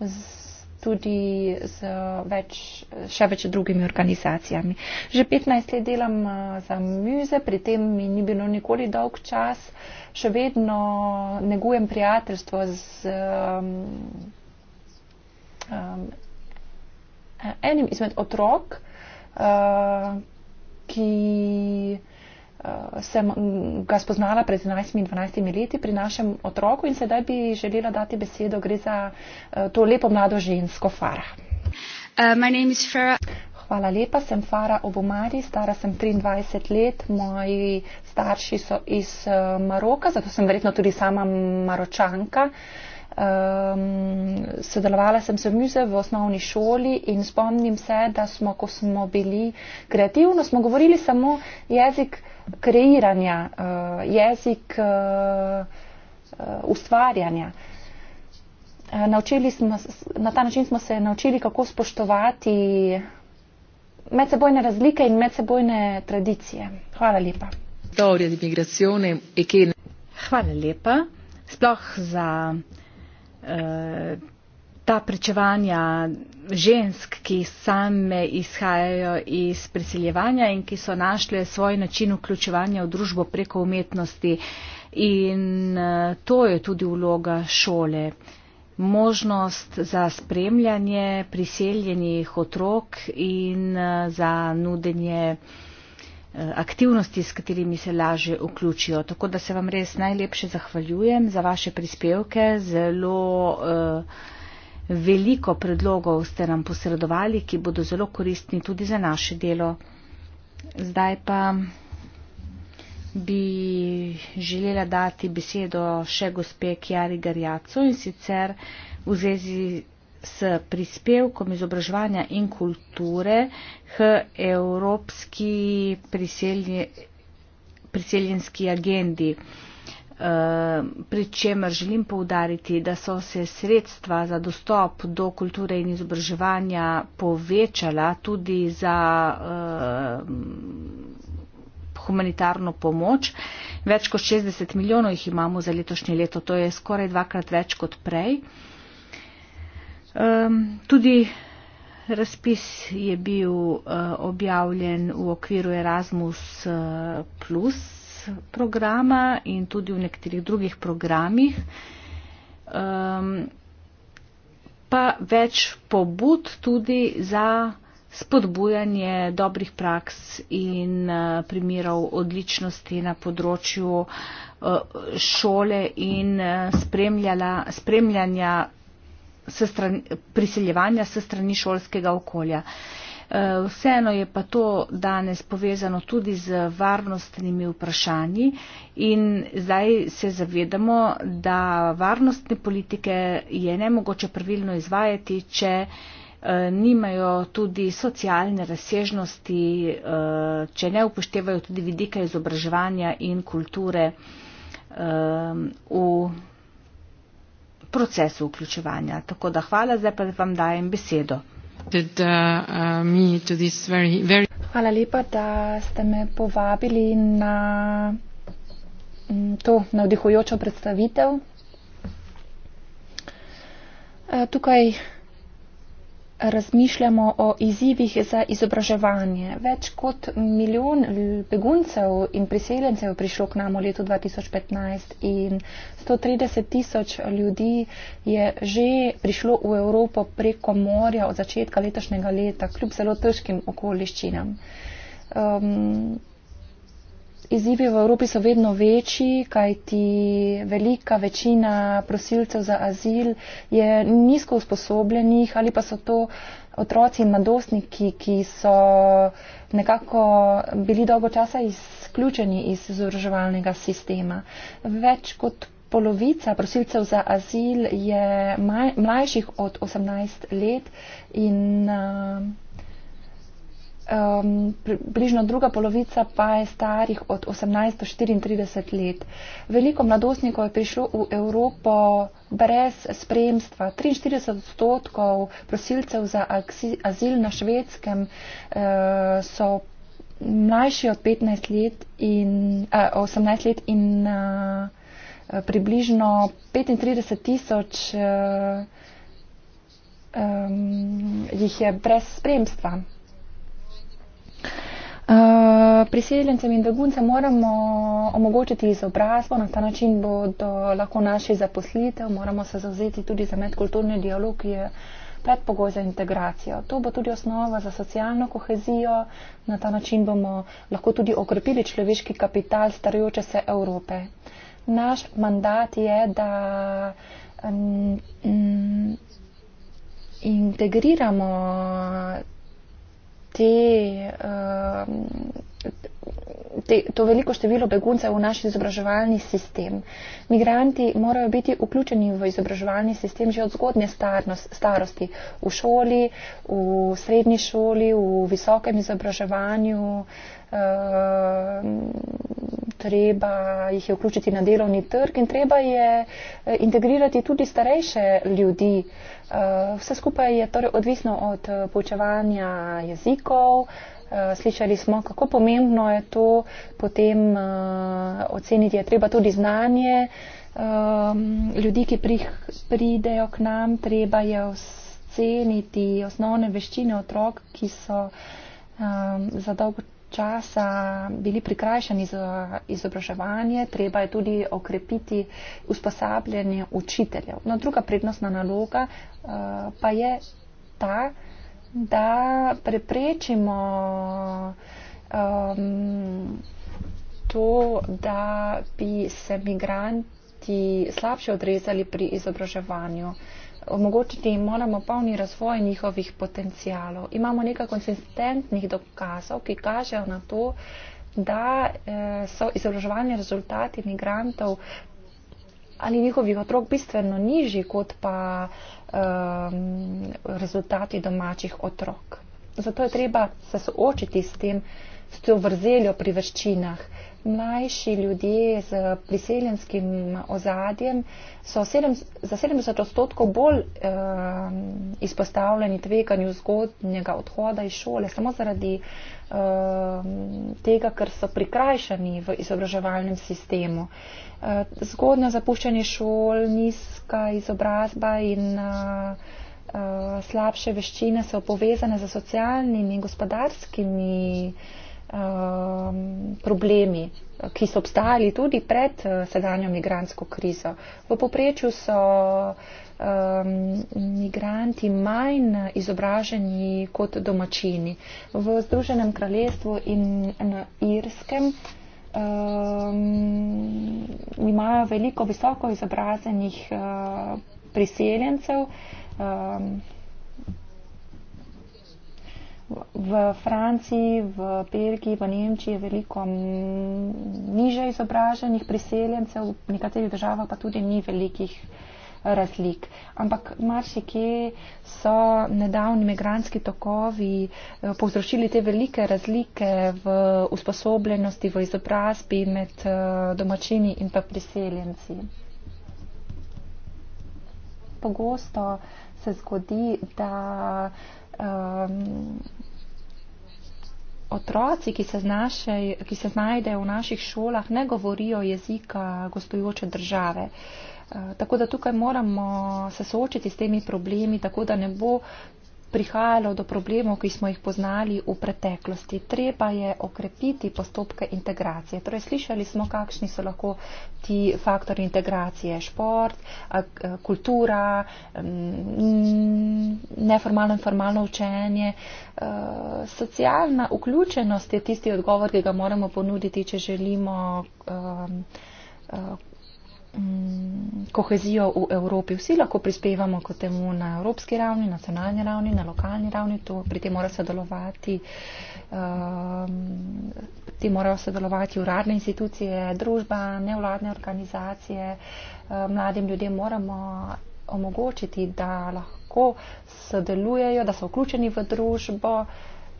z tudi z več, še več drugimi organizacijami. Že 15 let delam eh, za muze, pri tem mi ni bilo nikoli dolg čas. Še vedno negujem prijateljstvo z um, um, enim izmed otrok, uh, ki. Eh, sem ga spoznala pred 11 in 12 leti pri našem otroku in sedaj bi želela dati besedo, gre za eh, to lepo mlado žensko Fara. Uh, eh, Hvala lepa, sem Fara Obomari, stara sem 23 let, moji starši so iz Maroka, zato sem verjetno tudi sama maročanka. Um, sodelovala sem se v muze v osnovni šoli in spomnim se, da smo, ko smo bili kreativni, smo govorili samo jezik kreiranja, eh, jezik eh, eh, ustvarjanja. Naučili smo, na ta način smo se naučili, kako spoštovati medsebojne razlike in medsebojne tradicije. Hvala lepa. E Hvala lepa sploh za uh, ta pričevanja žensk, ki same izhajajo iz priseljevanja in ki so našle svoj način vključevanja v družbo preko umetnosti. In eh, to je tudi vloga šole. Možnost za spremljanje priseljenih otrok in eh, za nudenje eh, aktivnosti, s katerimi se laže vključijo. Tako da se vam res najlepše zahvaljujem za vaše prispevke. Zelo, uh, Veliko predlogov ste nam posredovali, ki bodo zelo koristni tudi za naše delo. Zdaj pa bi želela dati besedo še gospe Kjari Garjaco in sicer v zvezi s prispevkom izobraževanja in kulture k evropski priseljenski agendi. Eh, pri čemer želim povdariti, da so se sredstva za dostop do kulture in izobraževanja povečala tudi za eh, humanitarno pomoč. Več kot 60 milijonov jih imamo za letošnje leto, to je skoraj dvakrat več kot prej. Eh, tudi razpis je bil objavljen v okviru Erasmus programa in tudi v nekaterih drugih programih. Um, pa več pobud tudi za spodbujanje dobrih praks in eh, primerov odličnosti na področju eh, šole in eh, spremljanja se strani, priseljevanja se strani šolskega okolja. Eh, vseeno je pa to danes povezano tudi z varnostnimi vprašanji in zdaj se zavedamo, da varnostne politike je nemogoče pravilno izvajati, če eh, nimajo tudi socialne razsežnosti, eh, če ne upoštevajo tudi vidika izobraževanja in kulture ehm, v procesu vključevanja. Tako da hvala, zdaj pa vam dajem besedo. Uh, uh, Hvala lepa, da ste me povabili na mm, to navdihujočo predstavitev. E, tukaj razmišljamo o izzivih za izobraževanje. Več kot milijon beguncev in priseljencev je prišlo k nam v letu 2015 in 130 tisoč ljudi je že prišlo v Evropo preko morja od začetka letošnjega leta, kljub zelo težkim okoliščinam. Um, Izzivi v Evropi so vedno večji, kajti velika večina prosilcev za azil je nizko usposobljenih ali pa so to otroci in mladostniki, ki so nekako bili dolgo časa izključeni iz izobraževalnega sistema. Več kot polovica prosilcev za azil je mlajših od 18 let in. Uh, um, približno druga polovica pa je starih od 18 do 34 let. Veliko mladostnikov je prišlo v Evropo brez spremstva. 43 odstotkov prosilcev za azil na švedskem uh, so mlajši od 15 let in uh, eh, 18 let in uh, približno 35 tisoč. Uh, Um, jih je brez spremstva. Uh, priseljencem in beguncem moramo omogočiti izobrazbo, na ta način bodo lahko naši zaposlitev, moramo se zavzeti tudi za medkulturni dialog, ki je predpogoj za integracijo. To bo tudi osnova za socialno kohezijo, na ta način bomo lahko tudi okrepili človeški kapital starajoče se Evrope. Naš mandat je, da um, um, integriramo te, um, te, to veliko število beguncev v naš izobraževalni sistem. Migranti morajo biti vključeni v izobraževalni sistem že od zgodnje starosti, v šoli, v srednji šoli, v visokem izobraževanju. Um, treba jih je vključiti na delovni trg in treba je eh, integrirati tudi starejše ljudi. Eh, vse skupaj je torej odvisno od eh, poučevanja jezikov. Eh, slišali smo, kako pomembno je to potem uh, oceniti. Je treba tudi znanje um, ljudi, ki prih, pridejo k nam, treba je oceniti osnovne veščine otrok, ki so um, za dolgo časa časa bili prikrajšani za izobraževanje, treba je tudi okrepiti usposabljanje učiteljev. No, druga prednostna naloga eh, pa je ta, da preprečimo um, to, da bi se migranti slabše odrezali pri izobraževanju. Uh, omogočiti jim moramo polni razvoj njihovih potencijalov. Imamo nekaj konsistentnih dokazov, ki kažejo na to, da eh, so izobraževalni rezultati migrantov ali njihovih otrok bistveno nižji kot pa um, rezultati domačih otrok. Zato je treba se soočiti s tem, s to vrzeljo pri veščinah mlajši ljudje z priseljenskim ozadjem so sedem, za 70 odstotkov bolj um, izpostavljeni tveganju zgodnjega odhoda iz šole, samo zaradi um, tega, ker so prikrajšani v izobraževalnem sistemu. Eh, zgodnja zapuščanje šol, nizka izobrazba in uh, Slabše veščine so povezane z socialnimi in gospodarskimi uh, um, problemi, ki so obstajali tudi pred uh, sedanjo migransko krizo. V poprečju so um, migranti manj izobraženi kot domačini. V Združenem kraljestvu in na Irskem um, imajo veliko visoko izobrazenih uh, priseljencev. Um, V Franciji, v Belgiji, v Nemčiji je veliko niže izobraženih priseljencev, v nekaterih državah pa tudi ni velikih razlik. Ampak marsikje so nedavni migranski tokovi eh, povzročili te velike razlike v usposobljenosti, v izobrazbi med eh, domačini in pa priseljenci. Pogosto se zgodi, da Um, otroci, ki se, znašaj, ki se znajdejo v naših šolah, ne govorijo jezika gostujoče države. Uh, tako da tukaj moramo se soočiti s temi problemi, tako da ne bo prihajalo do problemov, ki smo jih poznali v preteklosti. Treba je okrepiti postopke integracije. Torej, slišali smo, kakšni so lahko ti faktori integracije. Šport, kultura, neformalno in formalno učenje. E, socialna vključenost je tisti odgovor, ki ga moramo ponuditi, če želimo e, e, Mm, kohezijo v Evropi. Vsi lahko prispevamo k temu na evropski ravni, nacionalni ravni, na lokalni ravni. To, pri tem mora sodelovati, um, te morajo sodelovati uradne institucije, družba, nevladne organizacije. Um, mladim ljudem moramo omogočiti, da lahko sodelujejo, da so vključeni v družbo.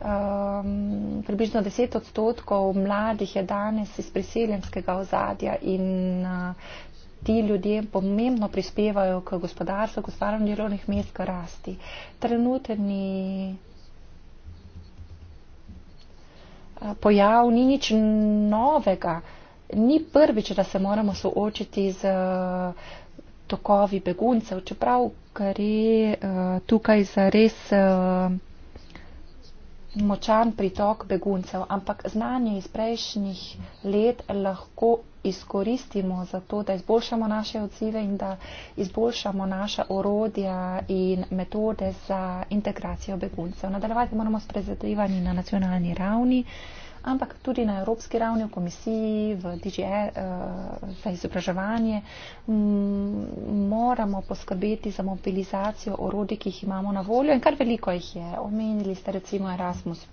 Um, približno 10 odstotkov mladih je danes iz priseljenskega ozadja in uh, ti ljudje pomembno prispevajo k gospodarstvu, k ustvarjanju delovnih mest, k rasti. Trenutni pojav ni nič novega, ni prvič, da se moramo soočiti z tokovi beguncev, čeprav gre uh, tukaj za res. Uh, močan pritok beguncev, ampak znanje iz prejšnjih let lahko izkoristimo za to, da izboljšamo naše odzive in da izboljšamo naša orodja in metode za integracijo beguncev. Nadaljevati moramo s prezadevanji na nacionalni ravni. Uh, ampak tudi na evropski ravni v komisiji, v DGR, e, eh, za izobraževanje, moramo poskrbeti za mobilizacijo orodij, ki jih imamo na voljo in kar veliko jih je. Omenili ste recimo Erasmus.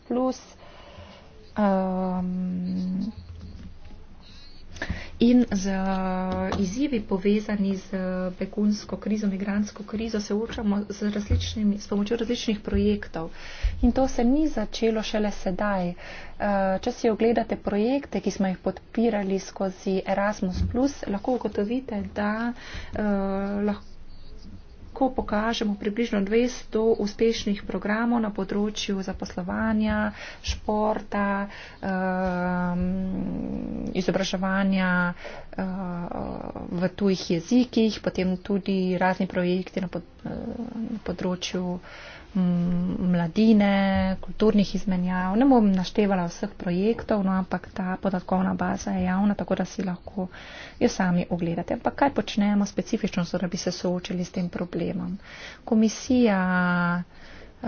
Um, In z eh, izzivi povezani z eh, begunsko krizo, migransko krizo se učamo z različnimi, s pomočjo različnih projektov. In to se ni začelo šele sedaj. Eh, če si ogledate projekte, ki smo jih podpirali skozi Erasmus, lahko ugotovite, da lahko lahko pokažemo približno 200 uspešnih programov na področju zaposlovanja, športa, ehm, izobraževanja eh, v tujih jezikih, potem tudi razni projekti na eh, področju Mm, mladine, kulturnih izmenjav. Ne bom naštevala vseh projektov, no, ampak ta podatkovna baza je javna, tako da si lahko jo sami ogledate. Ampak kaj počnemo specifično, so, da bi se soočili s tem problemom? Komisija uh,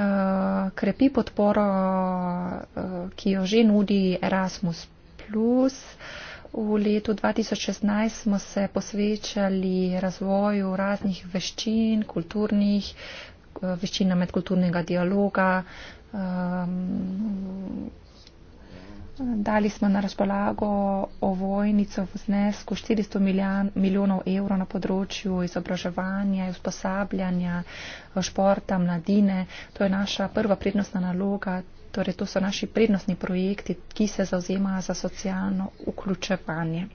krepi podporo, uh, ki jo že nudi Erasmus. Plus. V letu 2016 smo se posvečali razvoju raznih veščin, kulturnih, veščina medkulturnega dialoga. Um, dali smo na razpolago ovojnico v znesku 400 milijan, milijonov evrov na področju izobraževanja, usposabljanja, športa, mladine. To je naša prva prednostna naloga. Torej, to so naši prednostni projekti, ki se zauzema za socialno vključevanje.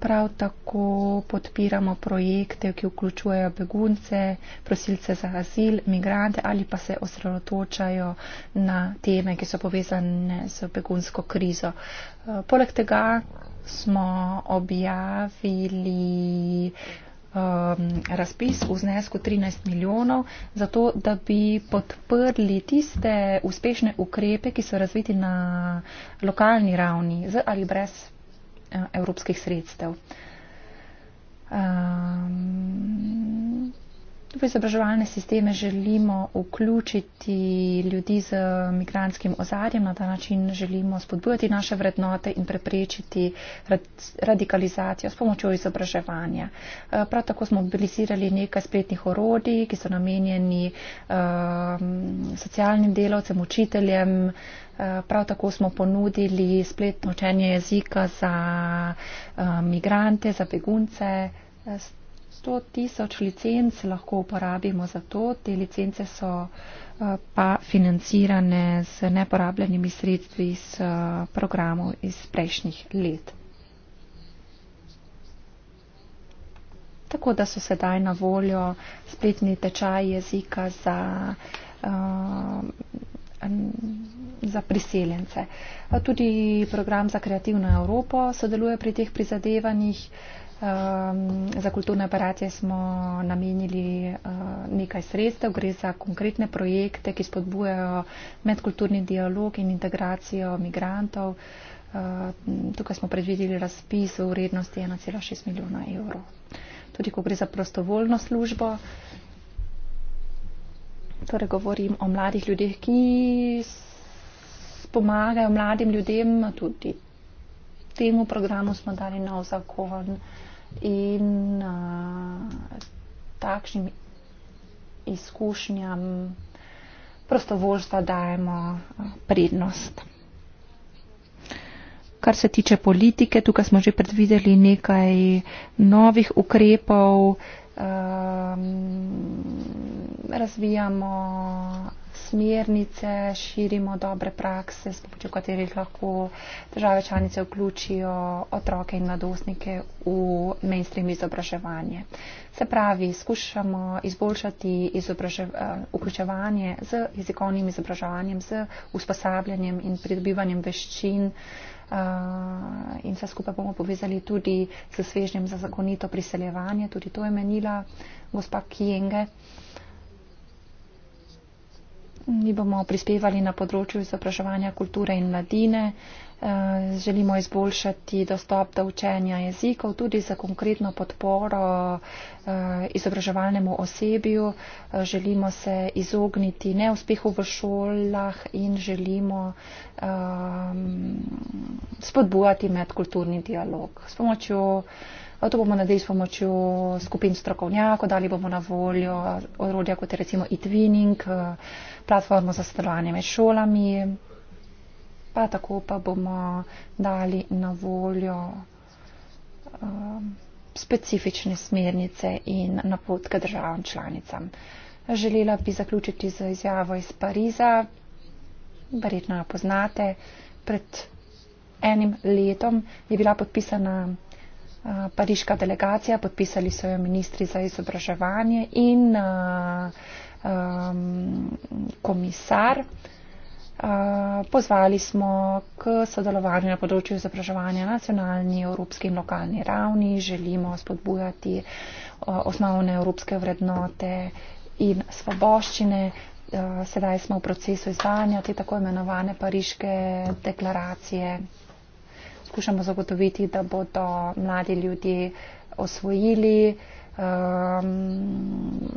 Prav tako podpiramo projekte, ki vključujejo begunce, prosilce za azil, migrante ali pa se osredotočajo na teme, ki so povezane z begunsko krizo. Eh, poleg tega smo objavili um, razpis v znesku 13 milijonov, zato da bi podprli tiste uspešne ukrepe, ki so razviti na lokalni ravni z ali brez. Eh, evropskih sredstev. Um, v izobraževalne sisteme želimo vključiti ljudi z migranskim ozadjem, na ta način želimo spodbujati naše vrednote in preprečiti radikalizacijo s pomočjo izobraževanja. Eh, prav tako smo mobilizirali nekaj spletnih orodij, ki so namenjeni ehm, socialnim delovcem, učiteljem. Eh, prav tako smo ponudili spletno učenje jezika za eh, migrante, za begunce. 100 tisoč licenc lahko uporabimo za to. Te licence so eh, pa financirane z neporabljenimi sredstvi iz eh, programov iz prejšnjih let. Tako da so sedaj na voljo spletni tečaj jezika za, eh, za priseljence. Tudi program za kreativno Evropo sodeluje pri teh prizadevanjih. Um, za kulturne operacije smo namenili uh, nekaj sredstev, gre za konkretne projekte, ki spodbujajo medkulturni dialog in integracijo migrantov. Uh, tukaj smo predvideli razpis v vrednosti 1,6 milijona evrov. Tudi ko gre za prostovoljno službo, torej govorim o mladih ljudeh, ki pomagajo mladim ljudem, tudi temu programu smo dali nov zakon in uh, takšnim izkušnjam prostovoljstva dajemo prednost. Kar se tiče politike, tukaj smo že predvideli nekaj novih ukrepov. Um, razvijamo smernice, širimo dobre prakse, s pomočjo katerih lahko države članice vključijo otroke in mladostnike v mainstream izobraževanje. Se pravi, skušamo izboljšati eh, vključevanje z jezikovnim izobraževanjem, z usposabljanjem in pridobivanjem veščin. Uh, in vse skupaj bomo povezali tudi s svežnjem za zakonito priseljevanje, tudi to je menila gospa Kienge. Uh, Mi bomo prispevali na področju izobraževanja kulture in mladine. Eh, želimo izboljšati dostop do učenja jezikov, tudi za konkretno podporo eh, izobraževalnemu osebju. Eh, želimo se izogniti neuspehu v šolah in želimo spodbujati medkulturni dialog. S pomočjo, to bomo naredili s pomočjo skupin strokovnjakov, dali bomo na voljo orodja kot je recimo e-twinning platformo za sodelovanje med šolami, pa tako pa bomo dali na voljo um, specifične smernice in napotke državam članicam. Želela bi zaključiti z izjavo iz Pariza, verjetno jo poznate. Pred enim letom je bila podpisana uh, pariška delegacija, podpisali so jo ministri za izobraževanje in uh, um, komisar. Uh, pozvali smo k sodelovanju na področju izobraževanja na nacionalni, evropski in lokalni ravni. Želimo spodbujati uh, osnovne evropske vrednote in svoboščine. Uh, sedaj smo v procesu izvajanja te tako imenovane pariške deklaracije. Skušamo zagotoviti, da bodo mladi ljudje osvojili. Um,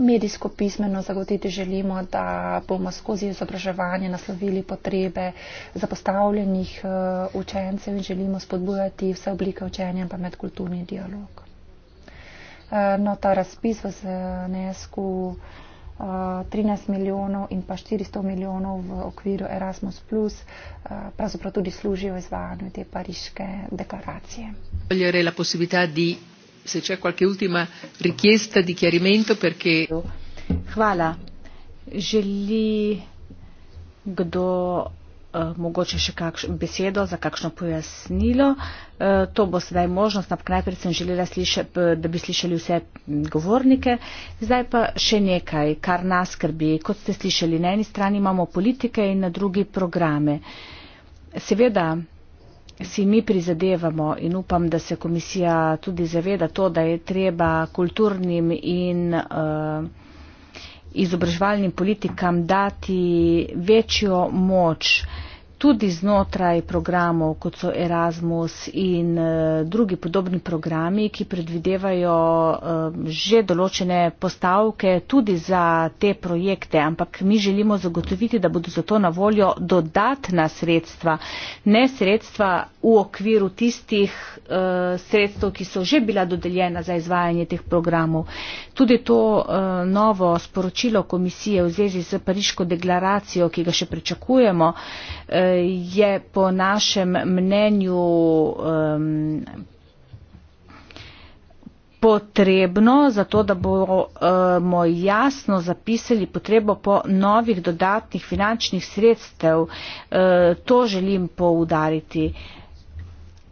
medijsko pismeno zagotiti želimo, da bomo skozi izobraževanje naslovili potrebe zapostavljenih eh, učencev in želimo spodbujati vse oblike učenja in pa medkulturni dialog. Eh, no, ta razpis v ZNESKU 13 eh, milijonov in pa 400 milijonov v okviru Erasmus, pravzaprav tudi služijo izvajanju te pariške deklaracije. Voljerela posebita di se c'è qualche ultima richiesta di chiarimento perché. Hvala. Želi kdo eh, mogoče še kakšno besedo za kakšno pojasnilo? Eh, to bo sedaj možnost, ampak najprej sem želela, sliše, da bi slišali vse govornike. Zdaj pa še nekaj, kar nas skrbi. Kot ste slišali, na eni strani imamo politike in na drugi programe. Seveda si mi prizadevamo in upam, da se komisija tudi zaveda to, da je treba kulturnim in uh, izobraževalnim politikam dati večjo moč. Uh, tudi znotraj programov, kot so Erasmus in eh, drugi podobni programi, ki predvidevajo eh, že določene postavke tudi za te projekte, ampak mi želimo zagotoviti, da bodo za to na voljo dodatna sredstva, ne sredstva v okviru tistih eh, sredstev, ki so že bila dodeljena za izvajanje teh programov. Tudi to novo sporočilo komisije v zvezi s Pariško deklaracijo, ki ga še pričakujemo, je po našem mnenju potrebno zato, da bomo jasno zapisali potrebo po novih dodatnih finančnih sredstev. E, to želim poudariti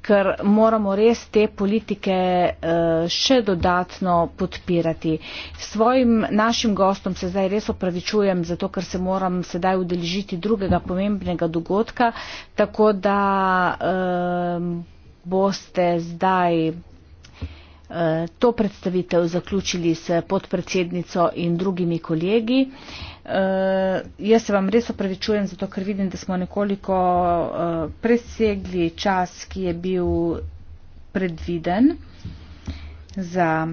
ker moramo res te politike eh, še dodatno podpirati. Svojim našim gostom se zdaj res opravičujem, zato ker se moram sedaj udeležiti drugega pomembnega dogodka, tako da ehm, boste zdaj eh, to predstavitev zaključili s podpredsednico in drugimi kolegi. Eh, jaz se vam res opravičujem, zato ker vidim, da smo nekoliko uh, presegli čas, ki je bil predviden za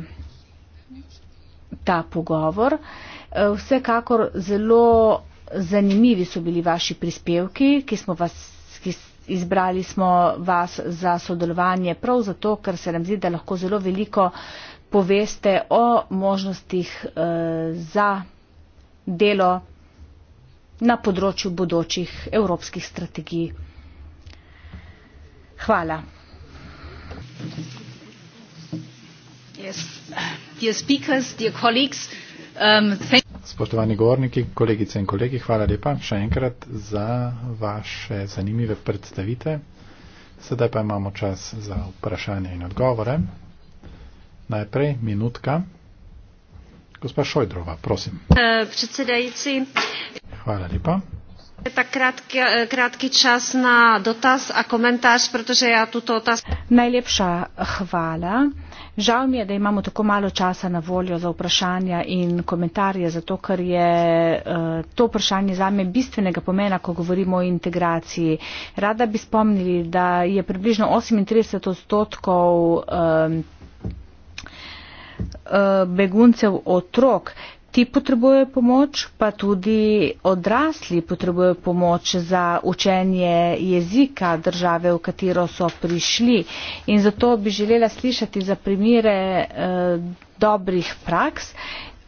ta pogovor. Eh, vsekakor zelo zanimivi so bili vaši prispevki, ki smo vas ki izbrali smo vas za sodelovanje prav zato, ker se nam zdi, da lahko zelo veliko poveste o možnostih za delo na področju bodočih evropskih strategij. Hvala. Um, Spoštovani govorniki, kolegice in kolegi, hvala lepa še enkrat za vaše zanimive predstavite. Sedaj pa imamo čas za vprašanje in odgovore. Najprej minutka. Gospa Šojdrova, prosim. Eh, Predsedajci. Hvala lepa. Tak kratki, eh, kratki čas na dotaz a komentar, protože ja tuto otaz. Najlepša hvala. Žal mi je, da imamo tako malo časa na voljo za vprašanja in komentarje, zato ker je eh, to vprašanje zame bistvenega pomena, ko govorimo o integraciji. Rada bi spomnili, da je približno 38 odstotkov Eh, beguncev otrok. Ti potrebujejo pomoč, pa tudi odrasli potrebujejo pomoč za učenje jezika države, v katero so prišli. In zato bi želela slišati za primire eh, dobrih praks.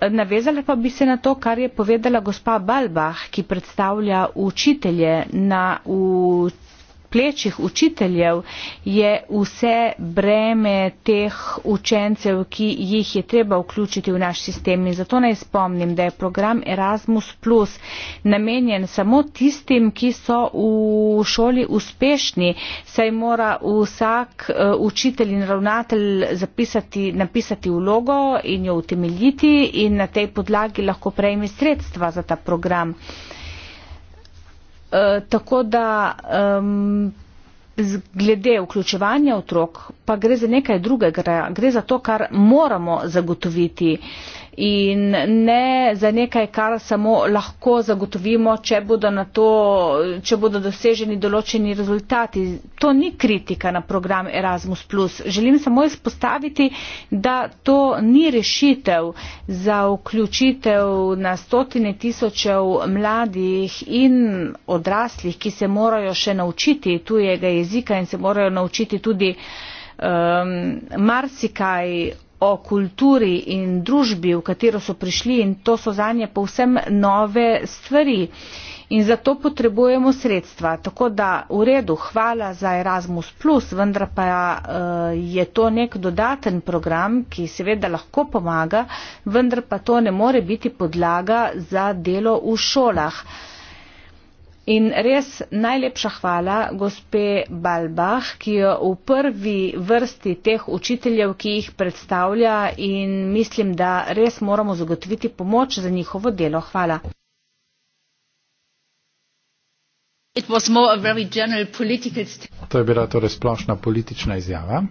Navezala pa bi se na to, kar je povedala gospa Balbah, ki predstavlja učitelje na plečih učiteljev je vse breme teh učencev, ki jih je treba vključiti v naš sistem. In zato naj spomnim, da je program Erasmus Plus namenjen samo tistim, ki so v šoli uspešni, saj mora vsak eh, učitelj in ravnatelj zapisati, napisati vlogo in jo utemeljiti in na tej podlagi lahko prejme sredstva za ta program. Eh, tako da um, glede vključevanja otrok pa gre za nekaj drugega, gre za to, kar moramo zagotoviti. Uh, in ne za nekaj, kar samo lahko zagotovimo, če bodo, to, če bodo doseženi določeni rezultati. To ni kritika na program Erasmus. Želim samo izpostaviti, da to ni rešitev za vključitev na stotine tisočev mladih in odraslih, ki se morajo še naučiti tujega jezika in se morajo naučiti tudi um, marsikaj o kulturi in družbi, v katero so prišli in to so za nje povsem nove stvari. In zato potrebujemo sredstva. Tako da v redu, hvala za Erasmus, vendar pa eh, je to nek dodaten program, ki seveda lahko pomaga, vendar pa to ne more biti podlaga za delo v šolah. In res najlepša hvala gospe Balbah, ki je v prvi vrsti teh učiteljev, ki jih predstavlja in mislim, da res moramo zagotoviti pomoč za njihovo delo. Hvala. To je bila torej splošna politična izjava.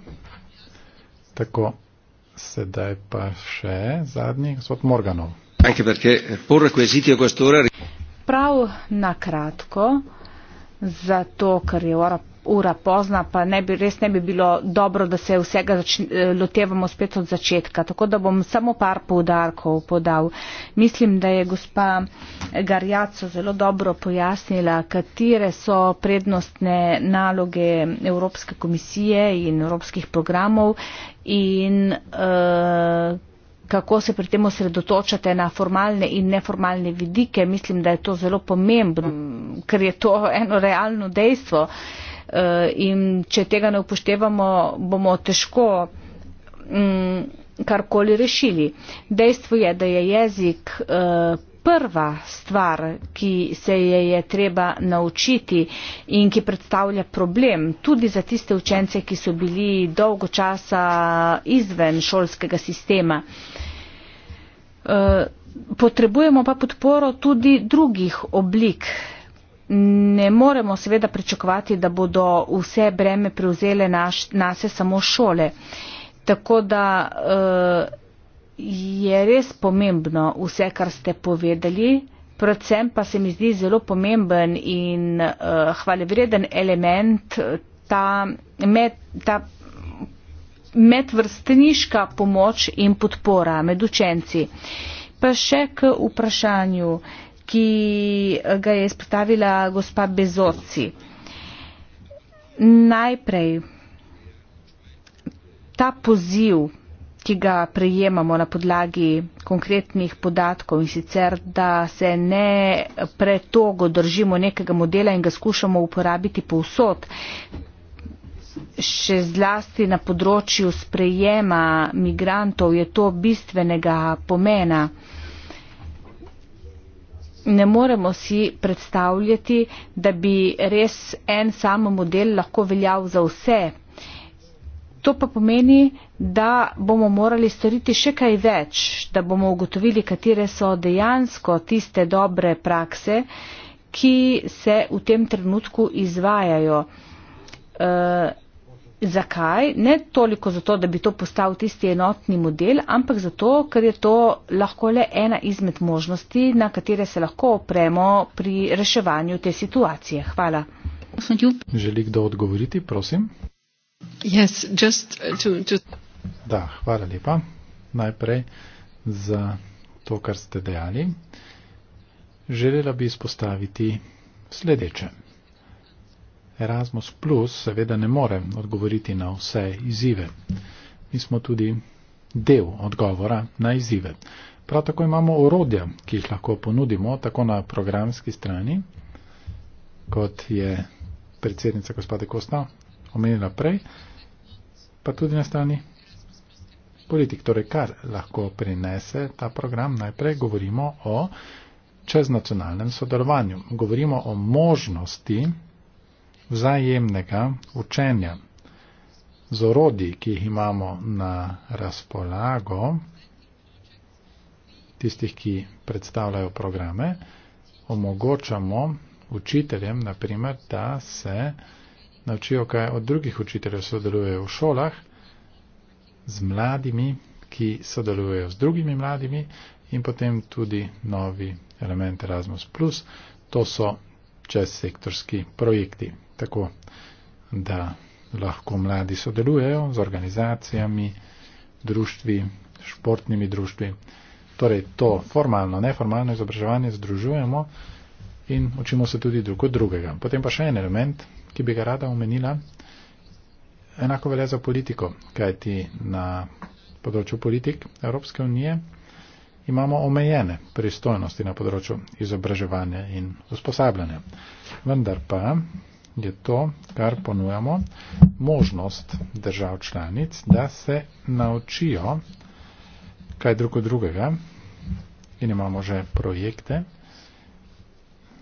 Tako, sedaj pa še zadnji, gospod Morganov. Anche perché pur requisiti a quest'ora prav na kratko, zato ker je ura, ura pozna, pa ne bi, res ne bi bilo dobro, da se vsega eh, lotevamo spet od začetka. Tako da bom samo par poudarkov podal. Mislim, da je gospa Garjaco zelo dobro pojasnila, katere so prednostne naloge Evropske komisije in evropskih programov in uh, kako se pri tem osredotočate na formalne in neformalne vidike. Mislim, da je to zelo pomembno, ker je to eno realno dejstvo. Eh, in če tega ne upoštevamo, bomo težko mm, karkoli rešili. Dejstvo je, da je jezik eh, prva stvar, ki se je je treba naučiti in ki predstavlja problem tudi za tiste učence, ki so bili dolgo časa izven šolskega sistema. Uh, Eh, potrebujemo pa podporo tudi drugih oblik. Ne moremo seveda pričakovati, da bodo vse breme prevzele naš, nase samo šole. Tako da eh, je res pomembno vse, kar ste povedali. Predvsem pa se mi zdi zelo pomemben in eh, hvalevreden element ta, med, ta medvrstniška pomoč in podpora med učenci. Pa še k vprašanju, ki ga je spostavila gospa Bezoci. Najprej ta poziv, ki ga prejemamo na podlagi konkretnih podatkov in sicer, da se ne pretogo držimo nekega modela in ga skušamo uporabiti povsod, še zlasti na področju sprejema migrantov je to bistvenega pomena. Ne moremo si predstavljati, da bi res en sam model lahko veljal za vse. To pa pomeni, da bomo morali storiti še kaj več, da bomo ugotovili, katere so dejansko tiste dobre prakse, ki se v tem trenutku izvajajo. Eh, zakaj? Ne toliko zato, da bi to postal tisti enotni model, ampak zato, ker je to lahko le ena izmed možnosti, na katere se lahko opremo pri reševanju te situacije. Hvala. Želi kdo odgovoriti, prosim? Yes, just uh, to, just... Da, hvala lepa. Najprej za to, kar ste dejali. Želela bi izpostaviti sledeče. Erasmus Plus seveda ne more odgovoriti na vse izzive. Mi smo tudi del odgovora na izzive. Prav tako imamo orodja, ki jih lahko ponudimo tako na programski strani, kot je predsednica gospoda Kosta omenila prej, pa tudi na strani politik. Torej, kar lahko prinese ta program, najprej govorimo o čeznacionalnem sodelovanju. Govorimo o možnosti vzajemnega učenja. Z orodji, ki jih imamo na razpolago, tistih, ki predstavljajo programe, omogočamo učiteljem, naprimer, da se naučijo, kaj od drugih učiteljev sodelujejo v šolah, z mladimi, ki sodelujejo z drugimi mladimi in potem tudi novi element Erasmus. To so čezsektorski projekti tako, da lahko mladi sodelujejo z organizacijami, društvi, športnimi društvi. Torej to formalno, neformalno izobraževanje združujemo in učimo se tudi drug od drugega. Potem pa še en element, ki bi ga rada omenila. Enako velja za politiko, kajti na področju politik Evropske unije imamo omejene pristojnosti na področju izobraževanja in usposabljanja. Vendar pa je to, kar ponujamo, možnost držav članic, da se naučijo kaj drugo drugega in imamo že projekte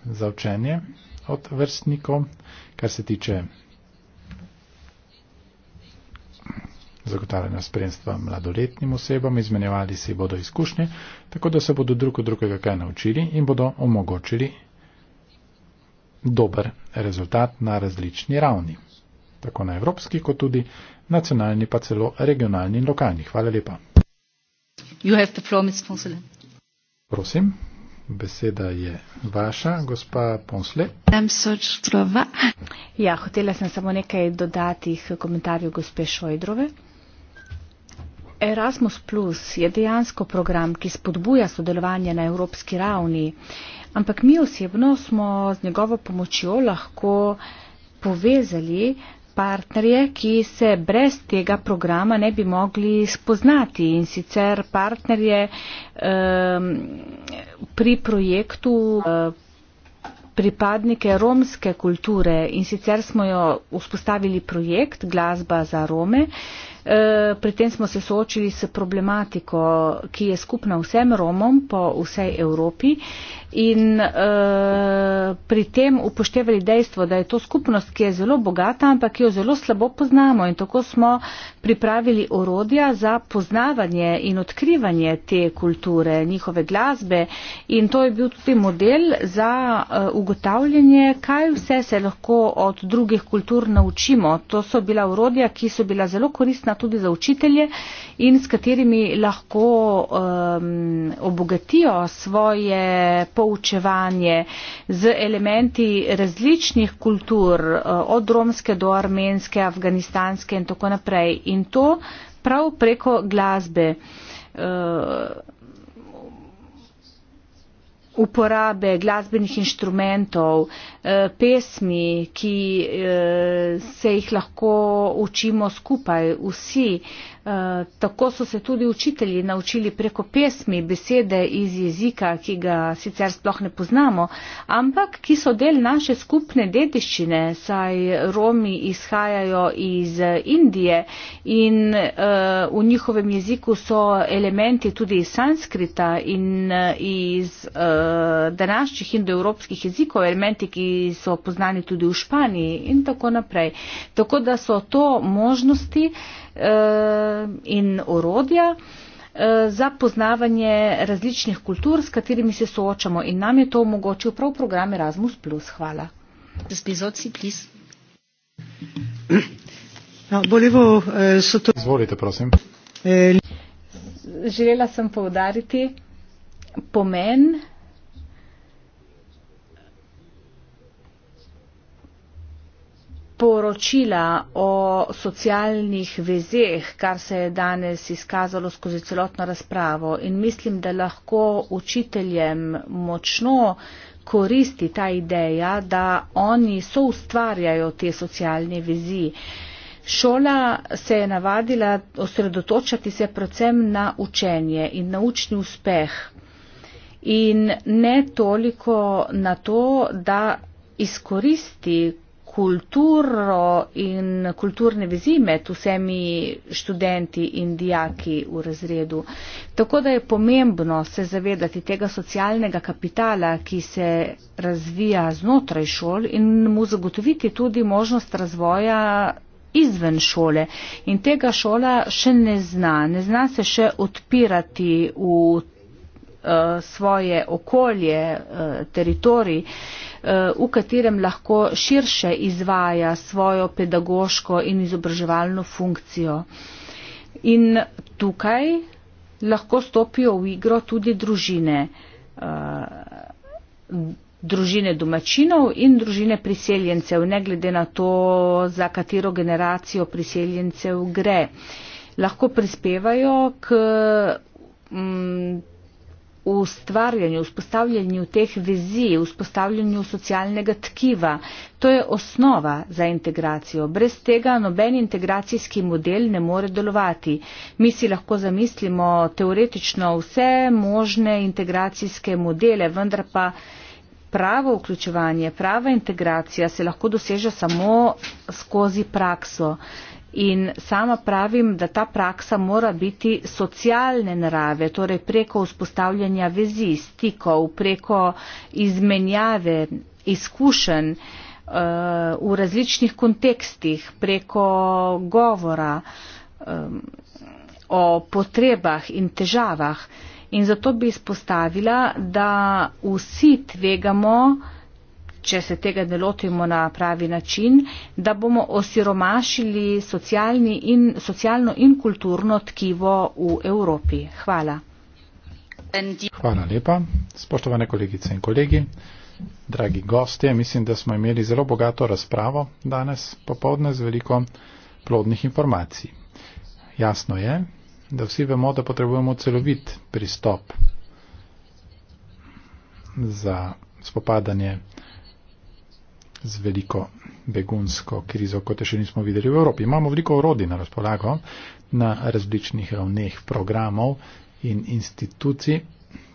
za učenje od vrstnikov, kar se tiče zagotavljanja spremstva mladoletnim osebam, izmenjevali se bodo izkušnje, tako da se bodo drugo drugega kaj naučili in bodo omogočili dober rezultat na različni ravni, tako na evropski, kot tudi nacionalni, pa celo regionalni in lokalni. Hvala lepa. Prosim, beseda je vaša, gospa Ponsle. Ja, hotela sem samo nekaj dodatih komentarjev gospe Šojdrove. Erasmus Plus je dejansko program, ki spodbuja sodelovanje na evropski ravni. Uh, ampak mi osebno smo z njegovo pomočjo lahko povezali partnerje, ki se brez tega programa ne bi mogli spoznati in sicer partnerje um, pri projektu uh, pripadnike romske kulture in sicer smo jo vzpostavili projekt Glasba za Rome, uh, Eh, pri tem smo se soočili s problematiko, ki je skupna vsem Romom po vsej Evropi in eh, pri tem upoštevali dejstvo, da je to skupnost, ki je zelo bogata, ampak jo zelo slabo poznamo in tako smo pripravili orodja za poznavanje in odkrivanje te kulture, njihove glasbe in to je bil tudi model za eh, ugotavljanje, kaj vse se lahko od drugih kultur naučimo. To so bila orodja, ki so bila zelo koristna pomembna tudi za učitelje in s katerimi lahko um, obogatijo svoje poučevanje z elementi različnih kultur, uh, od romske do armenske, afganistanske in tako naprej. In to prav preko glasbe. Uh, uporabe glasbenih inštrumentov, eh, pesmi, ki eh, se jih lahko učimo skupaj vsi, Eh, tako so se tudi učitelji naučili preko pesmi besede iz jezika, ki ga sicer sploh ne poznamo, ampak ki so del naše skupne dediščine, saj Romi izhajajo iz eh, Indije in uh, v njihovem jeziku so elementi tudi iz sanskrita in uh, iz uh, današnjih indoevropskih jezikov, elementi, ki so poznani tudi v Španiji in tako naprej. Tako da so to možnosti, Eh, in orodja eh, za poznavanje različnih kultur, s katerimi se soočamo in nam je to omogočil prav program Erasmus. Hvala. No, eh, Izvolite, prosim. Želela sem povdariti pomen sporočila o socialnih vezeh, kar se je danes izkazalo skozi celotno razpravo in mislim, da lahko učiteljem močno koristi ta ideja, da oni so ustvarjajo te socialne vezi. Šola se je navadila osredotočati se predvsem na učenje in na učni uspeh in ne toliko na to, da izkoristi kulturo in kulturne vezi med vsemi študenti in dijaki v razredu. Tako da je pomembno se zavedati tega socialnega kapitala, ki se razvija znotraj šol in mu zagotoviti tudi možnost razvoja izven šole. In tega šola še ne zna. Ne zna se še odpirati v uh, svoje okolje, uh, teritorij. Uh, Eh, v katerem lahko širše izvaja svojo pedagoško in izobraževalno funkcijo. In tukaj lahko stopijo v igro tudi družine, eh, družine domačinov in družine priseljencev, ne glede na to, za katero generacijo priseljencev gre. Lahko prispevajo k mm, u stvaranju, uspostavljanju teh vizi, uspostavljanju socialnega tkiva. To je osnova za integracijo. Brez tega noben integracijski model ne more delovati. Mi si lahko zamislimo teoretično vse možne integracijske modele, vendar pa pravo vključevanje, prava integracija se lahko doseže samo skozi prakso. In sama pravim, da ta praksa mora biti socialne narave, torej preko vzpostavljanja vezi, stikov, preko izmenjave izkušenj eh, v različnih kontekstih, preko govora o potrebah in težavah. In zato bi izpostavila, da vsi tvegamo, če se tega ne lotimo na pravi način, da bomo osiromašili in, socialno in kulturno tkivo v Evropi. Hvala. Hvala lepa. Spoštovane kolegice in kolegi, dragi gostje, mislim, da smo imeli zelo bogato razpravo danes popovdne z veliko plodnih informacij. Jasno je, da vsi vemo, da potrebujemo celovit pristop za spopadanje z veliko begunsko krizo, kot je še nismo videli v Evropi. Imamo veliko orodij na razpolago na različnih ravneh programov in institucij,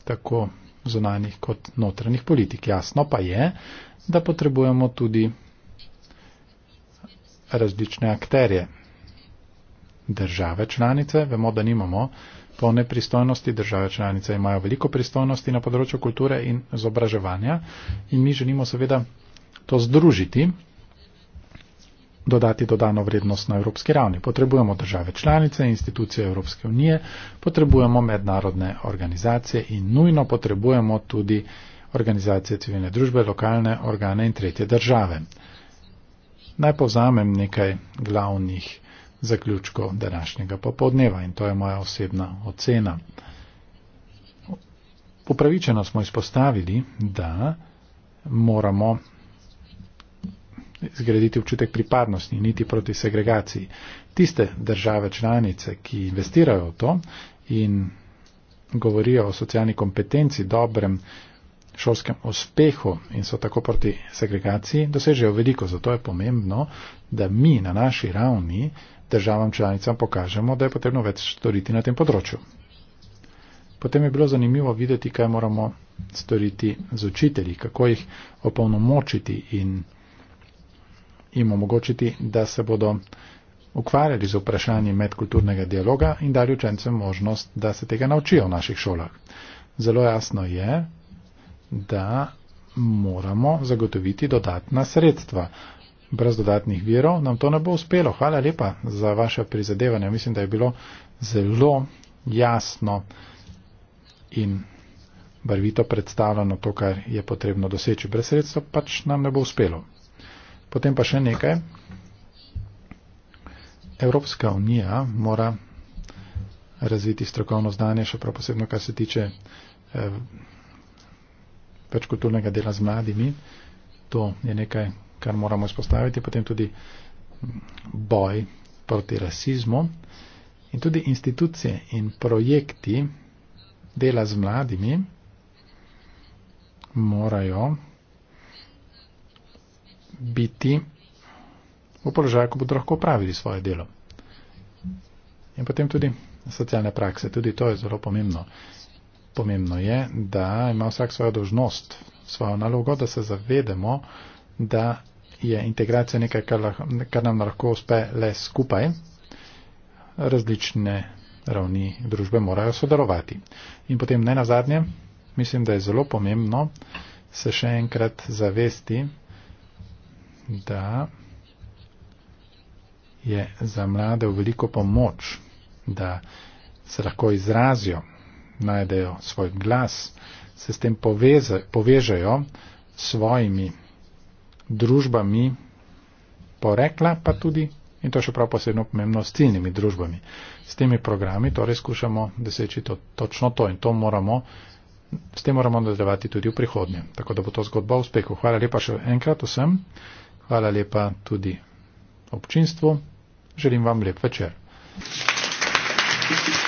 tako zonalnih kot notranjih politik. Jasno pa je, da potrebujemo tudi različne akterje. Države članice, vemo, da nimamo polne pristojnosti, države članice imajo veliko pristojnosti na področju kulture in izobraževanja in mi želimo seveda to združiti, dodati dodano vrednost na evropski ravni. Potrebujemo države članice, institucije Evropske unije, potrebujemo mednarodne organizacije in nujno potrebujemo tudi organizacije civilne družbe, lokalne organe in tretje države. Naj povzamem nekaj glavnih zaključkov današnjega popodneva in to je moja osebna ocena. Upravičeno smo izpostavili, da moramo zgraditi občutek pripadnosti, niti proti segregaciji. Tiste države članice, ki investirajo v to in govorijo o socialni kompetenci, dobrem šolskem uspehu in so tako proti segregaciji, dosežejo veliko. Zato je pomembno, da mi na naši ravni državam članicam pokažemo, da je potrebno več storiti na tem področju. Potem je bilo zanimivo videti, kaj moramo storiti z učitelji, kako jih opolnomočiti in jim omogočiti, da se bodo ukvarjali z vprašanji medkulturnega dialoga in dali učencem možnost, da se tega naučijo v naših šolah. Zelo jasno je, da moramo zagotoviti dodatna sredstva. Brez dodatnih virov nam to ne bo uspelo. Hvala lepa za vaše prizadevanje. Mislim, da je bilo zelo jasno in barvito predstavljeno to, kar je potrebno doseči. Brez sredstva pač nam ne bo uspelo. Potem pa še nekaj. Evropska unija mora razviti strokovno znanje, še prav posebno, kar se tiče eh, večkulturnega dela z mladimi. To je nekaj, kar moramo izpostaviti. Potem tudi boj proti rasizmu. In tudi institucije in projekti dela z mladimi morajo biti v položaju, ko bodo lahko pravili svoje delo. In potem tudi socialne prakse, tudi to je zelo pomembno. Pomembno je, da ima vsak svojo dožnost, svojo nalogo, da se zavedemo, da je integracija nekaj, kar, lahko, kar nam lahko uspe le skupaj. Različne ravni družbe morajo sodelovati. In potem ne nazadnje, mislim, da je zelo pomembno se še enkrat zavesti, da je za mlade v veliko pomoč, da se lahko izrazijo, najdejo svoj glas, se s tem poveze, povežejo s svojimi družbami porekla, pa tudi, in to še prav posebno pomembno, s ciljnimi družbami. S temi programi torej skušamo doseči to, točno to in to moramo, s tem moramo nadaljevati tudi v prihodnje. Tako da bo to zgodba o uspehu. Hvala lepa še enkrat vsem. Hvala lepa tudi občinstvu. Želim vam lep večer. Thank you.